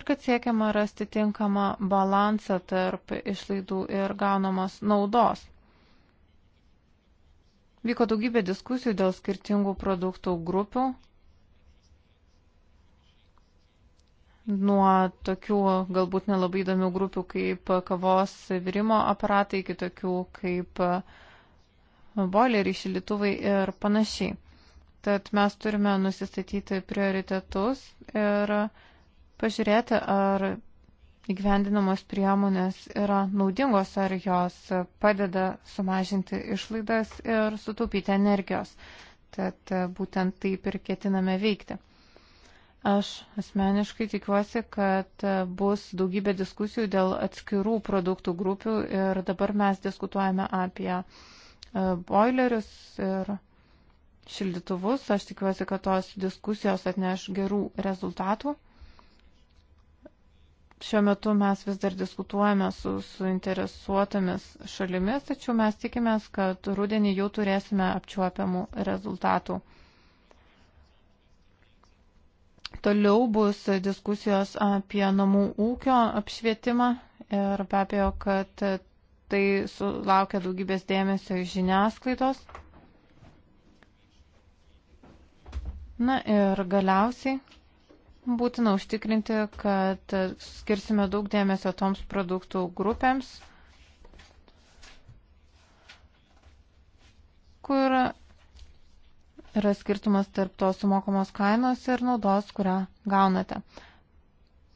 ir kad siekiama rasti tinkamą balansą tarp išlaidų ir gaunamos naudos. Vyko daugybė diskusijų dėl skirtingų produktų grupių, nuo tokių galbūt nelabai įdomių grupių kaip kavos virimo aparatai, iki tokių kaip boileriai, šilituvai ir panašiai. Tad mes turime nusistatyti prioritetus ir pažiūrėti, ar įgyvendinamos priemonės yra naudingos, ar jos padeda sumažinti išlaidas ir sutaupyti energijos. Tad būtent taip ir ketiname veikti. Aš asmeniškai tikiuosi, kad bus daugybė diskusijų dėl atskirų produktų grupių ir dabar mes diskutuojame apie e, boilerius ir šildytuvus. Aš tikiuosi, kad tos diskusijos atneš gerų rezultatų. Šiuo metu mes vis dar diskutuojame su suinteresuotomis šalimis, tačiau mes tikimės, kad rudenį jau turėsime apčiuopiamų rezultatų. Toliau bus diskusijos apie namų ūkio apšvietimą ir be abejo, kad tai sulaukia daugybės dėmesio iš žiniasklaidos. Na ir galiausiai būtina užtikrinti, kad skirsime daug dėmesio toms produktų grupėms, kur yra skirtumas tarp tos sumokamos kainos ir naudos, kurią gaunate.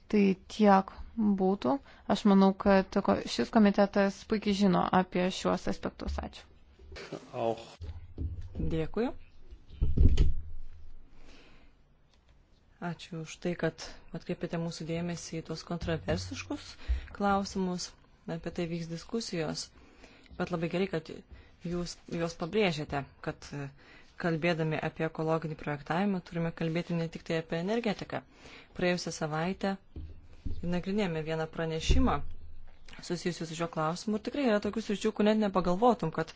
Tai tiek būtų. Aš manau, kad šis komitetas puikiai žino apie šiuos aspektus. Ačiū. Auch. Dėkui. Ačiū už tai, kad atkreipėte mūsų dėmesį į tuos kontroversiškus klausimus. Apie tai vyks diskusijos. Bet labai gerai, kad jūs juos pabrėžėte, kad e, kalbėdami apie ekologinį projektavimą turime kalbėti ne tik tai apie energetiką. Praėjusią savaitę nagrinėjome vieną pranešimą susijusiu su šio klausimu ir tikrai yra tokių sričių, kur net nepagalvotum, kad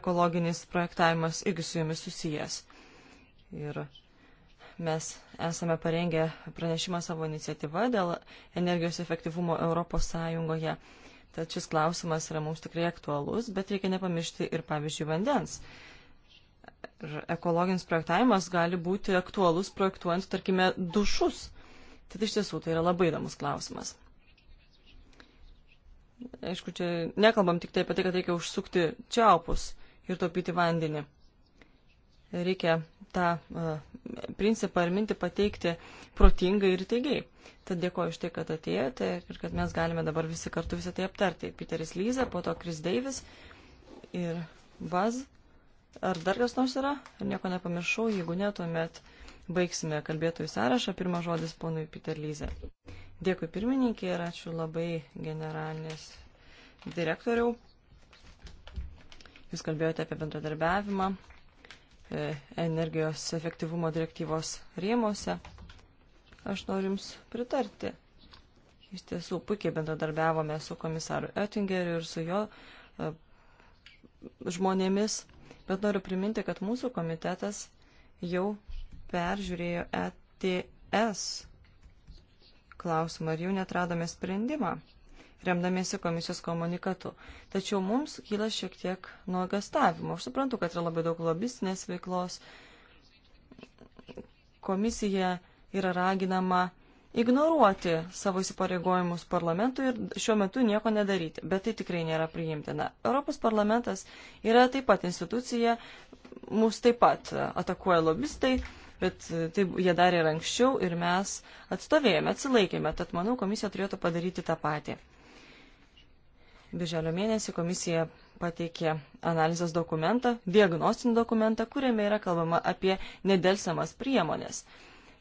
ekologinis projektavimas irgi su jomis susijęs. Ir mes esame parengę pranešimą savo iniciatyvą dėl energijos efektyvumo Europos Sąjungoje. Tad šis klausimas yra mums tikrai aktualus, bet reikia nepamiršti ir, pavyzdžiui, vandens. Ir ekologinis projektavimas gali būti aktualus projektuojant, tarkime, dušus. Tad iš tiesų tai yra labai įdomus klausimas. Aišku, čia nekalbam tik tai apie tai, kad reikia užsukti čiaupus ir taupyti vandenį reikia tą e, principą ir mintį pateikti protingai ir teigiai. Tad dėkoju iš tai, kad atėjote ir kad mes galime dabar visi kartu visą tai aptarti. Peteris Lyza, po to Kris Deivis ir Baz. Ar dar kas nors yra? Ar nieko nepamiršau? Jeigu ne, tuomet baigsime kalbėtojų sąrašą. Pirmas žodis ponui Peter Lyze. Dėkui pirmininkė ir ačiū labai generalinis direktoriau. Jūs kalbėjote apie bendradarbiavimą E, energijos efektyvumo direktyvos rėmose, aš noriu Jums pritarti. Iš tiesų puikiai bendradarbiavome su komisaru Oettingeriu ir su jo e, žmonėmis, bet noriu priminti, kad mūsų komitetas jau peržiūrėjo ETS klausimą ir jau netradome sprendimą remdamiesi komisijos komunikatu. Tačiau mums kyla šiek tiek nuogastavimo. Aš suprantu, kad yra labai daug lobistinės veiklos. Komisija yra raginama ignoruoti savo įsipareigojimus parlamentui ir šiuo metu nieko nedaryti. Bet tai tikrai nėra priimtina. Europos parlamentas yra taip pat institucija, mus taip pat atakuoja lobistai, bet taip jie darė ir anksčiau ir mes atstovėjome, atsilaikėme, tad manau komisija turėtų padaryti tą patį. Birželio mėnesį komisija pateikė analizės dokumentą, diagnostinį dokumentą, kuriame yra kalbama apie nedelsiamas priemonės.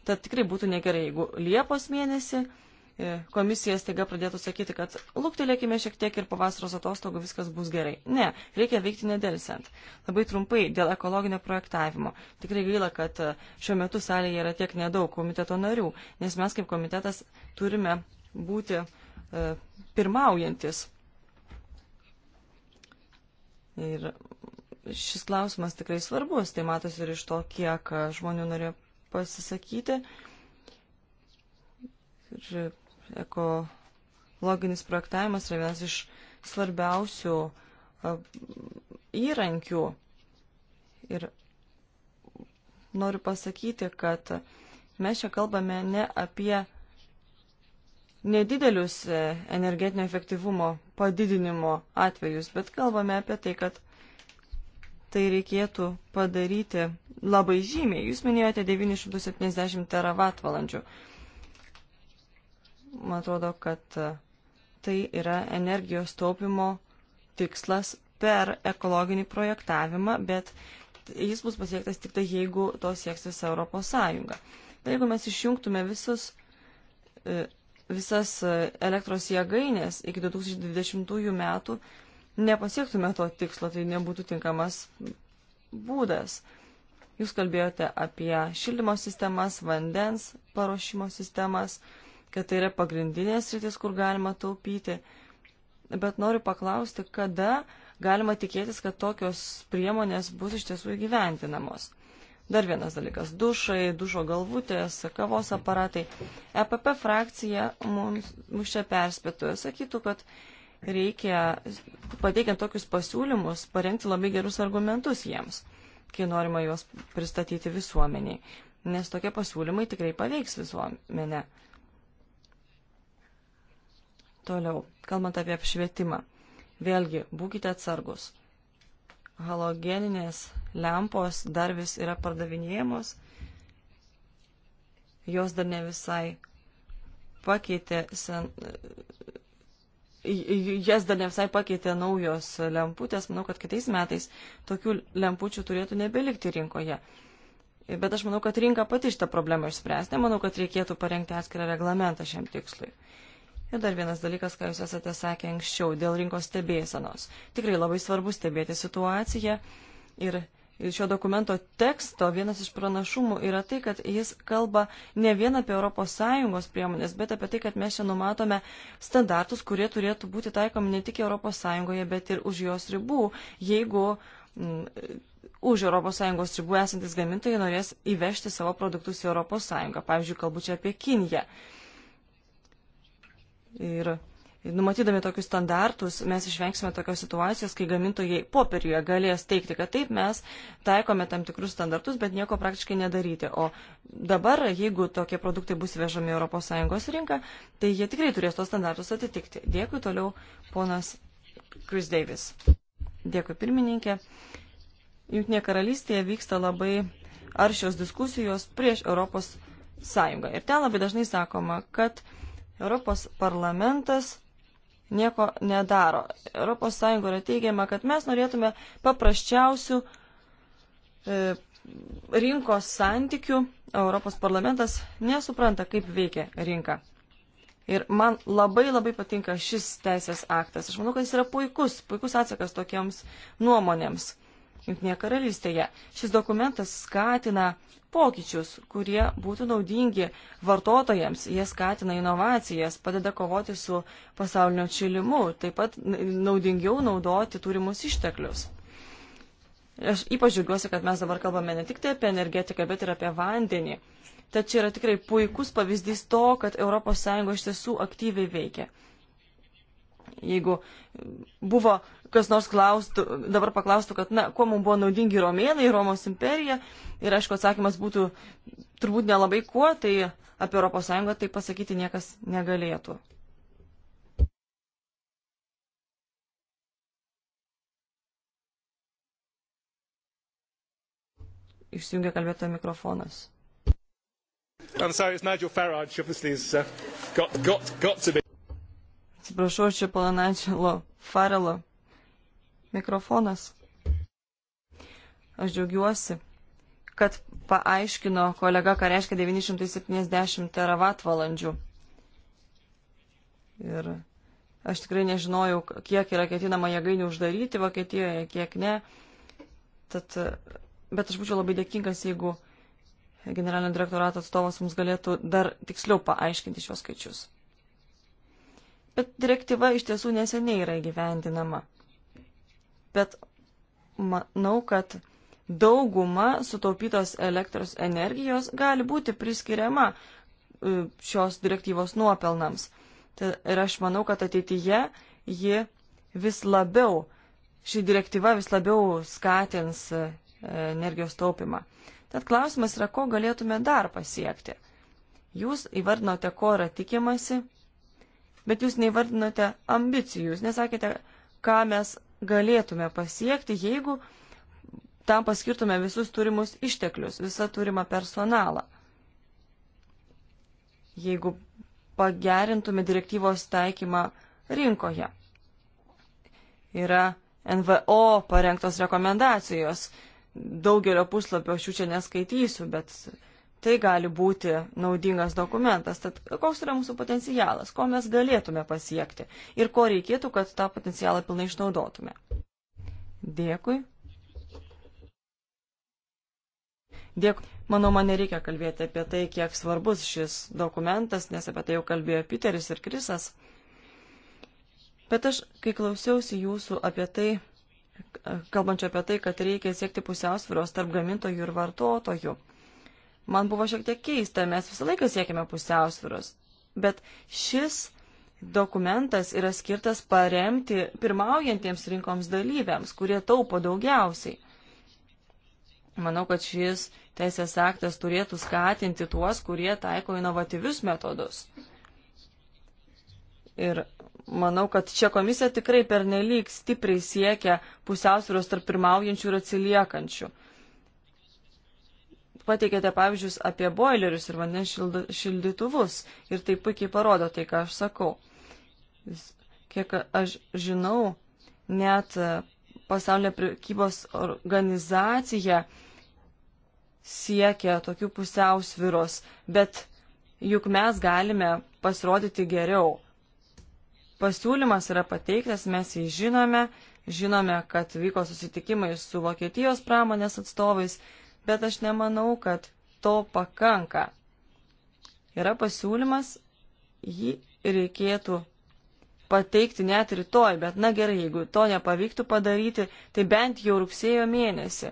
Tad tikrai būtų negerai, jeigu Liepos mėnesį e, komisija staiga pradėtų sakyti, kad lūktelėkime šiek tiek ir po vasaros atostogų viskas bus gerai. Ne, reikia veikti nedelsiant. Labai trumpai dėl ekologinio projektavimo. Tikrai gaila, kad e, šiuo metu salėje yra tiek nedaug komiteto narių, nes mes kaip komitetas turime būti e, pirmaujantis Ir šis klausimas tikrai svarbus, tai matosi ir iš to, kiek žmonių norėjo pasisakyti. Ir ekologinis projektavimas yra vienas iš svarbiausių įrankių. Ir noriu pasakyti, kad mes čia kalbame ne apie nedidelius e, energetinio efektyvumo padidinimo atvejus, bet kalbame apie tai, kad tai reikėtų padaryti labai žymiai. Jūs minėjote 970 teravatvalandžių. Man atrodo, kad e, tai yra energijos taupimo tikslas per ekologinį projektavimą, bet jis bus pasiektas tik tai, jeigu to sieks visa Europos Sąjunga. Tai jeigu mes išjungtume visus e, visas e, elektros jėgainės iki 2020 metų, nepasiektume to tikslo, tai nebūtų tinkamas būdas. Jūs kalbėjote apie šildymo sistemas, vandens paruošimo sistemas, kad tai yra pagrindinės rytis, kur galima taupyti. Bet noriu paklausti, kada galima tikėtis, kad tokios priemonės bus iš tiesų įgyventinamos. Dar vienas dalykas - dušai, dušo galvutės, kavos aparatai. EPP frakcija mums, mums čia perspėtų ir sakytų, kad reikia, pateikiant tokius pasiūlymus, parengti labai gerus argumentus jiems, kai norima juos pristatyti visuomeniai, nes tokie pasiūlymai tikrai paveiks visuomenę. Toliau, kalbant apie apšvietimą. Vėlgi, būkite atsargus. Halogeninės lempos dar vis yra pardavinėjamos, jos dar ne visai pakeitė, sen, jas dar ne visai pakeitė naujos lemputės, manau, kad kitais metais tokių lempučių turėtų nebelikti rinkoje. Bet aš manau, kad rinka pati šitą problemą išspręs, nemanau, kad reikėtų parengti atskirą reglamentą šiam tikslui. Ir dar vienas dalykas, ką jūs esate sakę anksčiau, dėl rinkos stebėsenos. Tikrai labai svarbu stebėti situaciją ir šio dokumento teksto vienas iš pranašumų yra tai, kad jis kalba ne vien apie ES priemonės, bet apie tai, kad mes čia numatome standartus, kurie turėtų būti taikomi ne tik ES, bet ir už jos ribų, jeigu m, mm, už ES ribų esantis gamintojai norės įvežti savo produktus į ES. Pavyzdžiui, kalbu čia apie Kiniją. Ir Numatydami tokius standartus, mes išvengsime tokios situacijos, kai gamintojai popieriuje galės teikti, kad taip mes taikome tam tikrus standartus, bet nieko praktiškai nedaryti. O dabar, jeigu tokie produktai bus vežami ES rinką, tai jie tikrai turės tos standartus atitikti. Dėkui toliau, ponas Chris Davis. Dėkui pirmininkė. Junktinė karalystėje vyksta labai aršios diskusijos prieš ES. Ir ten labai dažnai sakoma, kad Europos parlamentas nieko nedaro. ES yra teigiama, kad mes norėtume paprasčiausių e, rinkos santykių. Europos parlamentas nesupranta, kaip veikia rinka. Ir man labai labai patinka šis teisės aktas. Aš manau, kad jis yra puikus, puikus atsakas tokiems nuomonėms. Junktinėje karalystėje šis dokumentas skatina uh, pokyčius, kurie būtų naudingi vartotojams. Jie skatina inovacijas, padeda kovoti su pasaulinio atšilimu, taip pat naudingiau naudoti turimus išteklius. Aš ypač džiaugiuosi, kad mes dabar kalbame ne tik tai apie energetiką, bet ir apie vandenį. Tačiau yra tikrai puikus pavyzdys to, kad ES iš tiesų aktyviai veikia. Jeigu buvo kas nors klaustų, dabar paklaustų, kad, na, kuo mums buvo naudingi romėnai, Romos imperija, ir aišku, atsakymas būtų turbūt nelabai kuo, tai apie ES tai pasakyti niekas negalėtų. Išsijungia kalbėtojo mikrofonas. I'm sorry, it's Nigel Farage, obviously, has uh, got, got, got to be. Atsiprašau, čia Palanačelo Farelo mikrofonas. Aš džiaugiuosi, kad paaiškino kolega, ką reiškia 970 teravatvalandžių. Ir aš tikrai nežinojau, kiek yra ketinama jėgainių uždaryti Vokietijoje, kiek ne. Tad, bet aš būčiau labai dėkingas, jeigu generalinio direktorato atstovas mums galėtų dar tiksliau paaiškinti šios skaičius. Bet direktyva iš tiesų neseniai yra įgyvendinama. Bet manau, kad dauguma sutaupytos elektros energijos gali būti priskiriama e, šios direktyvos nuopelnams. Ir aš manau, kad ateityje ji vis labiau, ši direktyva vis labiau skatins e, energijos taupimą. Tad klausimas yra, ko galėtume dar pasiekti. Jūs įvardinote, ko yra tikimasi bet jūs neįvardinote ambicijų, jūs nesakėte, ką mes galėtume pasiekti, jeigu tam paskirtume visus turimus išteklius, visą turimą personalą. Jeigu pagerintume direktyvos taikymą rinkoje. Yra NVO parengtos rekomendacijos. Daugelio puslapio aš jų čia neskaitysiu, bet tai gali būti naudingas dokumentas. Tad koks yra mūsų potencialas, ko mes galėtume pasiekti ir ko reikėtų, kad tą potencialą pilnai išnaudotume. Dėkui. Dėkui. Manau, man nereikia kalbėti apie tai, kiek svarbus šis dokumentas, nes apie tai jau kalbėjo Piteris ir Krisas. Bet aš, kai klausiausi jūsų apie tai, kalbančio apie tai, kad reikia siekti pusiausvyros tarp gamintojų ir vartotojų, man buvo šiek tiek keista, mes visą laiką siekime pusiausvyros. Bet šis dokumentas yra skirtas paremti pirmaujantiems rinkoms dalyviams, kurie taupo daugiausiai. Manau, kad šis teisės aktas turėtų skatinti tuos, kurie taiko inovatyvius metodus. Ir manau, kad čia komisija tikrai pernelyg stipriai siekia pusiausvėros tarp pirmaujančių ir atsiliekančių pateikėte pavyzdžius apie boilerius ir vandens šildytuvus ir tai puikiai parodo tai, ką aš sakau. Kiek aš žinau, net pasaulio prekybos organizacija siekia tokių pusiausviros, bet juk mes galime pasirodyti geriau. Pasiūlymas yra pateiktas, mes jį žinome, žinome, kad vyko susitikimai su Vokietijos pramonės atstovais, bet aš nemanau, kad to pakanka. Yra pasiūlymas, jį reikėtų pateikti net rytoj, bet na gerai, jeigu to nepavyktų padaryti, tai bent jau rugsėjo mėnesį.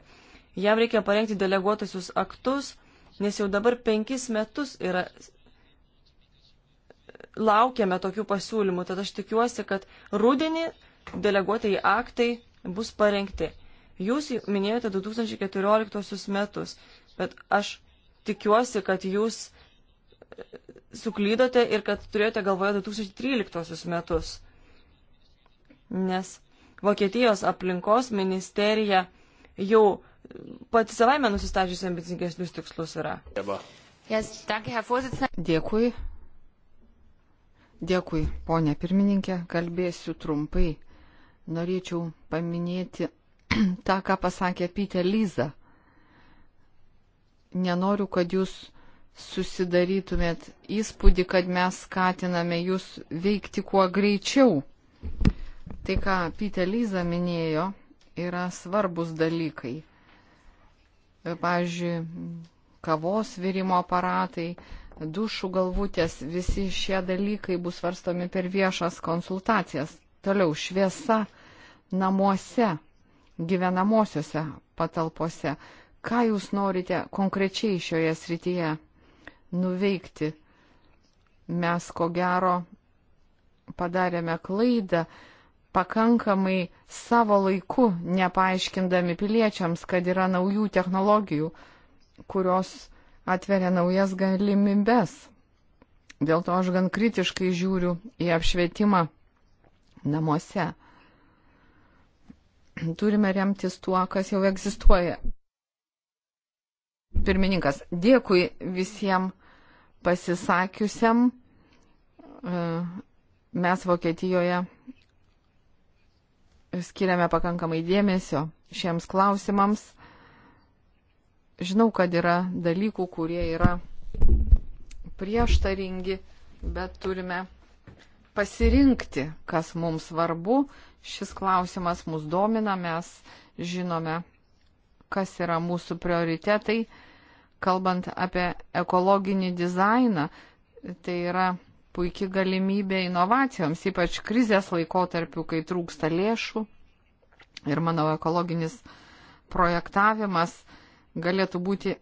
Jam reikia parengti deleguotusius aktus, nes jau dabar penkis metus yra laukiame tokių pasiūlymų, tad aš tikiuosi, kad rudenį deleguotieji aktai bus parengti. Jūs minėjote 2014 metus, bet aš tikiuosi, kad jūs e, suklydote ir kad turėjote galvoje 2013 metus. Nes Vokietijos aplinkos ministerija jau pati savaime nusistačiusi ambicingesnius tikslus yra. Dėkui. Dėkui, ponė pirmininkė, kalbėsiu trumpai. Norėčiau paminėti tą, ką pasakė Pytė Lyza. Nenoriu, kad jūs susidarytumėt įspūdį, kad mes skatiname jūs veikti kuo greičiau. Tai, ką Pytė Lyza minėjo, yra svarbus dalykai. Pavyzdžiui, kavos virimo aparatai, dušų galvutės, visi šie dalykai bus varstomi per viešas konsultacijas. Toliau šviesa namuose gyvenamosiose patalpose. Ką jūs norite konkrečiai šioje srityje nuveikti? Mes ko gero padarėme klaidą pakankamai savo laiku, nepaaiškindami piliečiams, kad yra naujų technologijų, kurios atveria naujas galimybes. Dėl to aš gan kritiškai žiūriu į apšvietimą namuose turime remtis tuo, kas jau egzistuoja. Pirmininkas, dėkui visiems pasisakiusiam. E, mes Vokietijoje skiriame pakankamai dėmesio šiems klausimams. Žinau, kad yra dalykų, kurie yra prieštaringi, bet turime pasirinkti, kas mums svarbu Šis klausimas mus domina, mes žinome, kas yra mūsų prioritetai. Kalbant apie ekologinį dizainą, tai yra puikia galimybė inovacijoms, ypač krizės laikotarpiu, kai trūksta lėšų. Ir manau, ekologinis projektavimas galėtų būti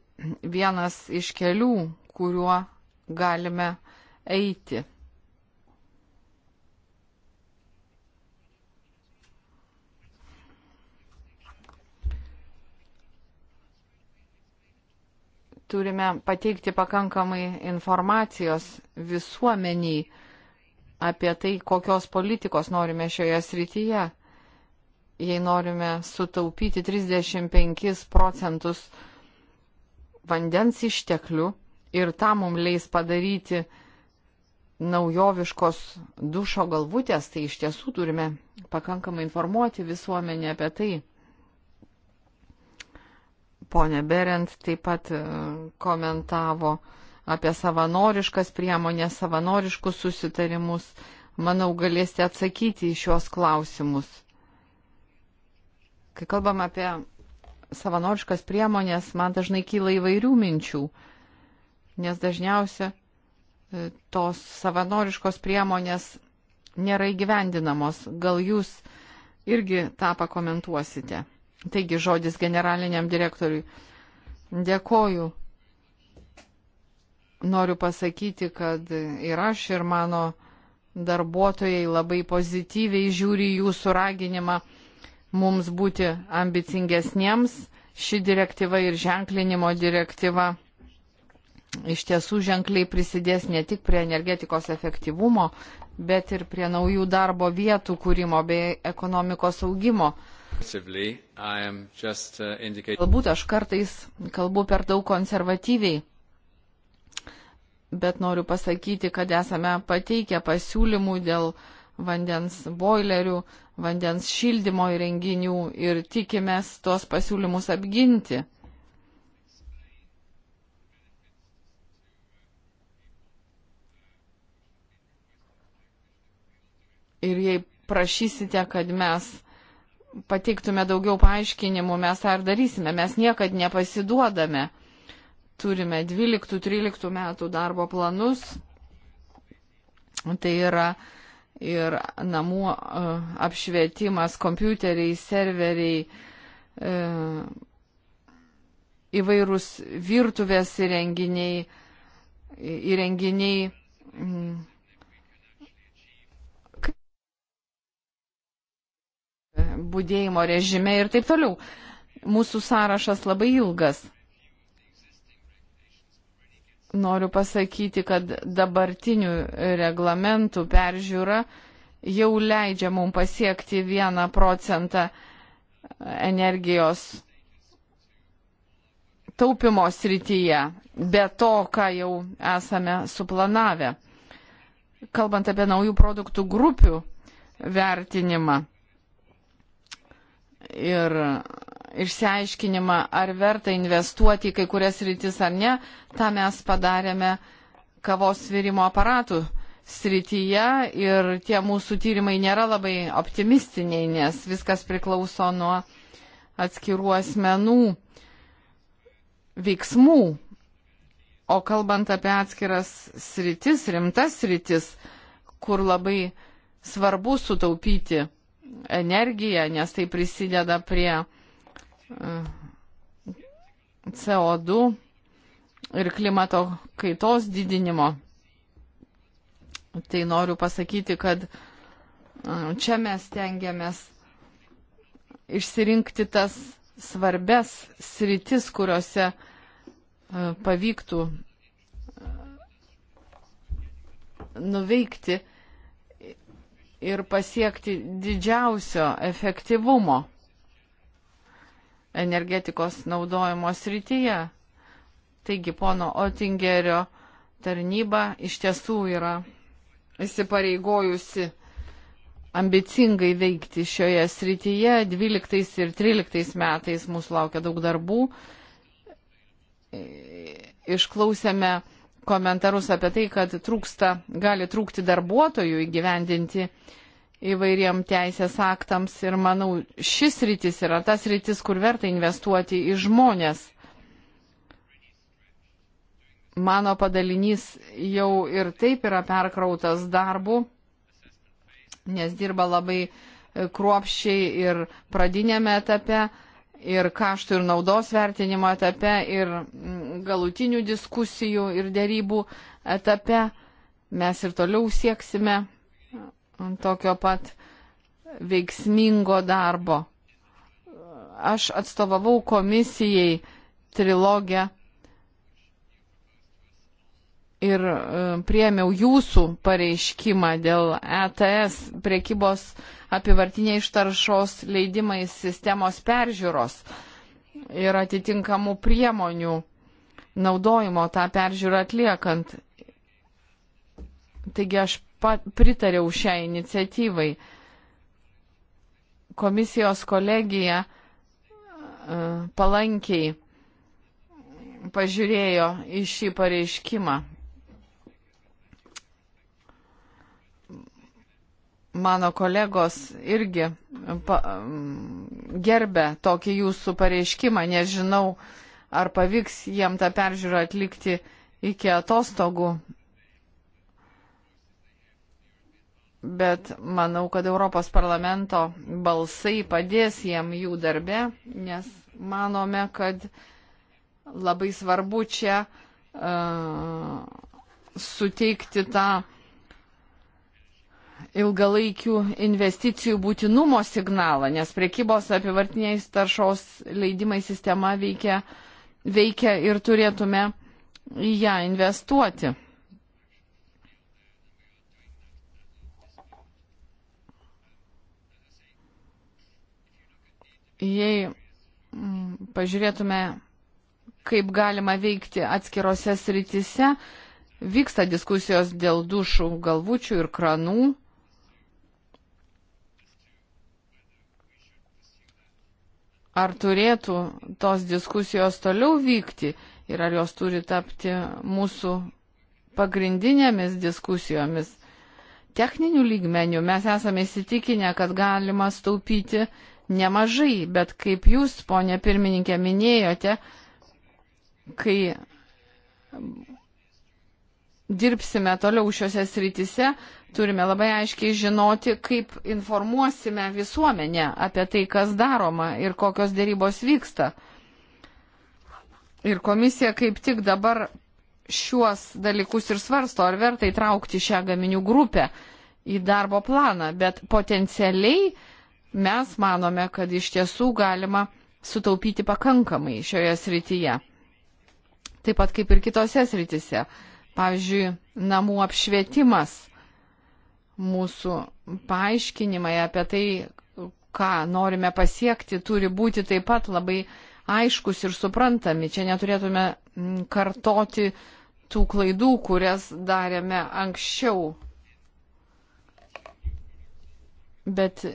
vienas iš kelių, kuriuo galime eiti. turime pateikti pakankamai informacijos visuomeniai apie tai, kokios politikos norime šioje srityje. Jei norime sutaupyti 35 procentus vandens išteklių ir tą mums leis padaryti naujoviškos dušo galvutės, tai iš tiesų turime pakankamai informuoti visuomenį apie tai. Pone Berent taip pat e, komentavo apie savanoriškas priemonės, savanoriškus susitarimus. Manau, galėsite atsakyti į šios klausimus. Kai kalbam apie savanoriškas priemonės, man dažnai kyla įvairių minčių, nes dažniausia e, tos savanoriškos priemonės nėra įgyvendinamos. Gal jūs irgi tą pakomentuosite? Taigi žodis generaliniam direktoriui. Dėkoju. Noriu pasakyti, kad ir aš, ir mano darbuotojai labai pozityviai žiūri jūsų raginimą mums būti ambicingesniems. Ši direktyva ir ženklinimo direktyva iš tiesų ženkliai prisidės ne tik prie energetikos efektyvumo, bet ir prie naujų darbo vietų kūrimo bei ekonomikos augimo. Uh, Galbūt aš kartais kalbu per daug konservatyviai, bet noriu pasakyti, kad esame pateikę pasiūlymų dėl vandens boilerių, vandens šildymo įrenginių ir tikimės tuos pasiūlymus apginti. Ir jei prašysite, kad mes pateiktume daugiau paaiškinimų, mes tą ir darysime. Mes niekad nepasiduodame. Turime 12-13 metų darbo planus. Tai yra ir namų e, apšvietimas, kompiuteriai, serveriai, e, įvairūs virtuvės įrenginiai, įrenginiai būdėjimo režime ir taip toliau. Mūsų sąrašas labai ilgas. Noriu pasakyti, kad dabartinių reglamentų peržiūra jau leidžia mums pasiekti vieną procentą energijos taupimo srityje, be to, ką jau esame suplanavę. Kalbant apie naujų produktų grupių vertinimą, ir išsiaiškinimą, ar verta investuoti į kai kurias rytis ar ne, tą mes padarėme kavos virimo aparatų srityje ir tie mūsų tyrimai nėra labai optimistiniai, nes viskas priklauso nuo atskirų asmenų veiksmų. O kalbant apie atskiras sritis, rimtas sritis, kur labai svarbu sutaupyti energiją, nes tai prisideda prie e, CO2 ir klimato kaitos didinimo. Tai noriu pasakyti, kad e, čia mes tengiamės išsirinkti tas svarbes sritis, kuriuose e, pavyktų nuveikti ir pasiekti didžiausio efektyvumo energetikos naudojimo srityje. Taigi pono Otingerio tarnyba iš tiesų yra įsipareigojusi ambicingai veikti šioje srityje. 12 ir 13 metais mūsų laukia daug darbų. Išklausėme komentarus apie tai, kad trūksta, gali trūkti darbuotojų įgyvendinti įvairiem teisės aktams ir manau, šis rytis yra tas rytis, kur verta investuoti į žmonės. Mano padalinys jau ir taip yra perkrautas darbu, nes dirba labai kruopščiai ir pradinėme etape ir kaštų ir naudos vertinimo etape, ir mm, galutinių diskusijų ir dėrybų etape. Mes ir toliau sieksime mm, tokio pat veiksmingo darbo. Aš atstovavau komisijai trilogę ir e, priemiau jūsų pareiškimą dėl ETS priekybos apivartiniai ištaršos leidimais sistemos peržiūros ir atitinkamų priemonių naudojimo tą peržiūrą atliekant. Taigi aš pritariau šiai iniciatyvai. Komisijos kolegija e, palankiai pažiūrėjo į šį pareiškimą. mano kolegos irgi pa, mm, gerbė tokį jūsų pareiškimą, nežinau, ar pavyks jiem tą peržiūrą atlikti iki atostogų. Bet manau, kad Europos parlamento balsai padės jiem jų darbe, nes manome, kad labai svarbu čia uh, suteikti tą uh, ilgalaikių investicijų būtinumo signalą, nes priekybos apivartiniais taršos leidimai sistema veikia, veikia ir turėtume į ją investuoti. Jei mm, pažiūrėtume, kaip galima veikti atskirose sritise, vyksta diskusijos dėl dušų galvučių ir kranų ar turėtų tos diskusijos toliau vykti ir ar jos turi tapti mūsų pagrindinėmis diskusijomis. Techninių lygmenių mes esame įsitikinę, kad galima staupyti nemažai, bet kaip jūs, ponė pirmininkė, minėjote, kai dirbsime toliau šiuose srityse, turime labai aiškiai žinoti, kaip informuosime visuomenę apie tai, kas daroma ir kokios dėrybos vyksta. Ir komisija kaip tik dabar šiuos dalykus ir svarsto, ar verta įtraukti šią gaminių grupę į darbo planą, bet potencialiai mes manome, kad iš tiesų galima sutaupyti pakankamai šioje srityje. Taip pat kaip ir kitose srityse. Pavyzdžiui, namų apšvietimas, mūsų paaiškinimai apie tai, ką norime pasiekti, turi būti taip pat labai aiškus ir suprantami. Čia neturėtume kartoti tų klaidų, kurias darėme anksčiau. Bet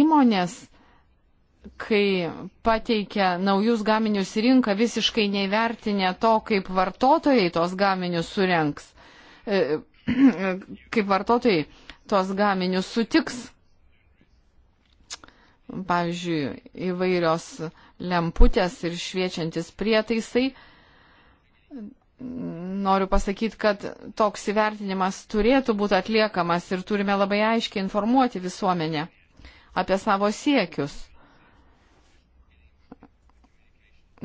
įmonės kai pateikia naujus gaminius į rinką, visiškai neįvertinė to, kaip vartotojai tos gaminius surenks, e, kaip vartotojai tos gaminius sutiks. Pavyzdžiui, įvairios lemputės ir šviečiantis prietaisai. Noriu pasakyti, kad toks įvertinimas turėtų būti atliekamas ir turime labai aiškiai informuoti visuomenę apie savo siekius.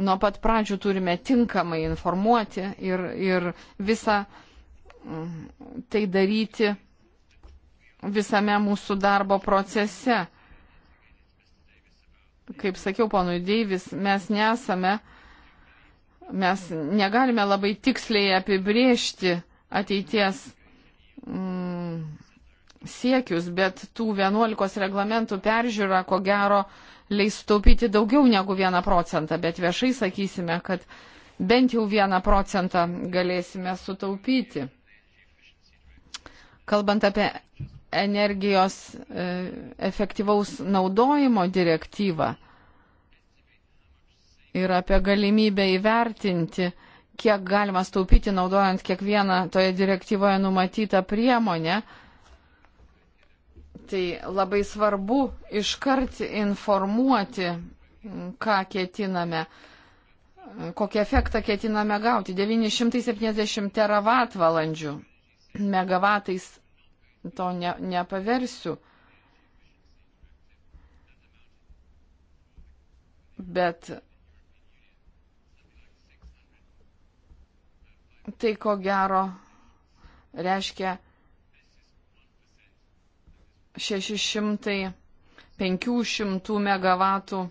nuo pat pradžių turime tinkamai informuoti ir, ir visą mm, tai daryti visame mūsų darbo procese. Kaip sakiau, ponui Deivis, mes nesame, mes negalime labai tiksliai apibriežti ateities mm, siekius, bet tų 11 reglamentų peržiūra, ko gero, uh, leis taupyti daugiau negu 1 procentą, bet viešai sakysime, kad bent jau 1 procentą galėsime sutaupyti. Kalbant apie energijos e, efektyvaus naudojimo direktyvą ir apie galimybę įvertinti, kiek galima staupyti naudojant kiekvieną toje direktyvoje numatytą priemonę, Tai labai svarbu iškart informuoti, ką ketiname, kokį efektą ketiname gauti. 970 teravatvalandžių megavatais to ne, nepaversiu. Bet tai ko gero reiškia 600-500 MW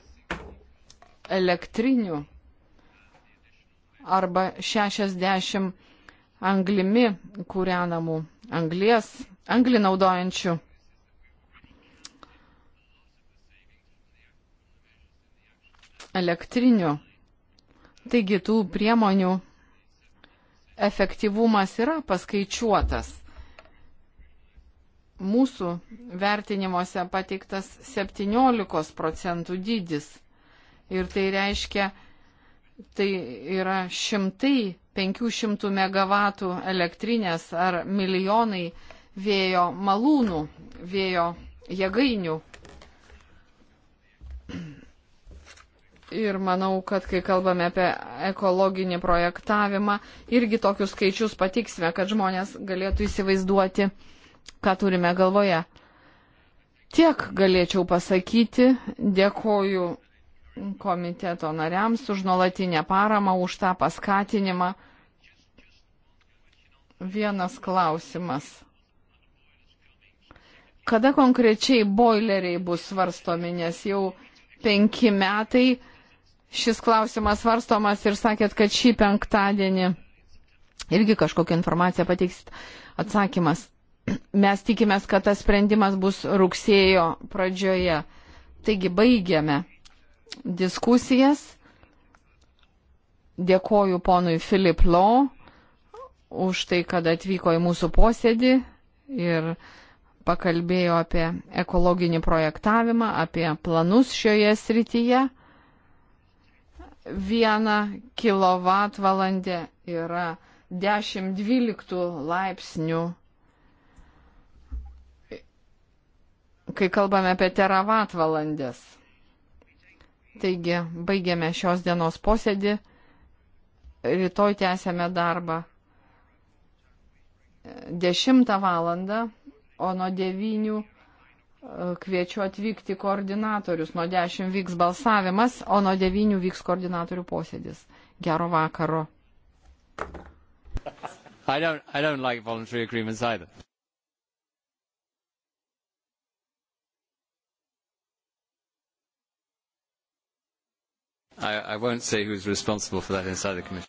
elektrinių arba 60 anglimi kūrenamų anglies, anglį naudojančių. Elektrinių. Taigi tų priemonių efektyvumas yra paskaičiuotas mūsų vertinimuose pateiktas 17 procentų dydis. Ir tai reiškia, tai yra šimtai 500 MW elektrinės ar milijonai vėjo malūnų, vėjo jėgainių. Ir manau, kad kai kalbame apie ekologinį projektavimą, irgi tokius skaičius patiksime, kad žmonės galėtų įsivaizduoti, uh, ką turime galvoje. Tiek galėčiau pasakyti. Dėkoju komiteto nariams už nuolatinę paramą, už tą paskatinimą. Vienas klausimas. Kada konkrečiai boileriai bus svarstomi, nes jau penki metai šis klausimas svarstomas ir sakėt, kad šį penktadienį irgi kažkokią informaciją pateiksit. Atsakymas mes tikimės, kad tas sprendimas bus rugsėjo pradžioje. Taigi baigiame diskusijas. Dėkoju ponui Filip Lo už tai, kad atvyko į mūsų posėdį ir pakalbėjo apie ekologinį projektavimą, apie planus šioje srityje. Viena kilovatvalandė yra 10-12 laipsnių kai kalbame apie teravatvalandės. Taigi, baigiame šios dienos posėdį, rytoj tęsėme darbą 10 valandą, o nuo 9 e, kviečiu atvykti koordinatorius, nuo 10 vyks balsavimas, o nuo 9 vyks koordinatorių posėdis. Gero vakaro. I don't, I don't like voluntary agreements either. I, I won't say who's responsible for that inside the Commission.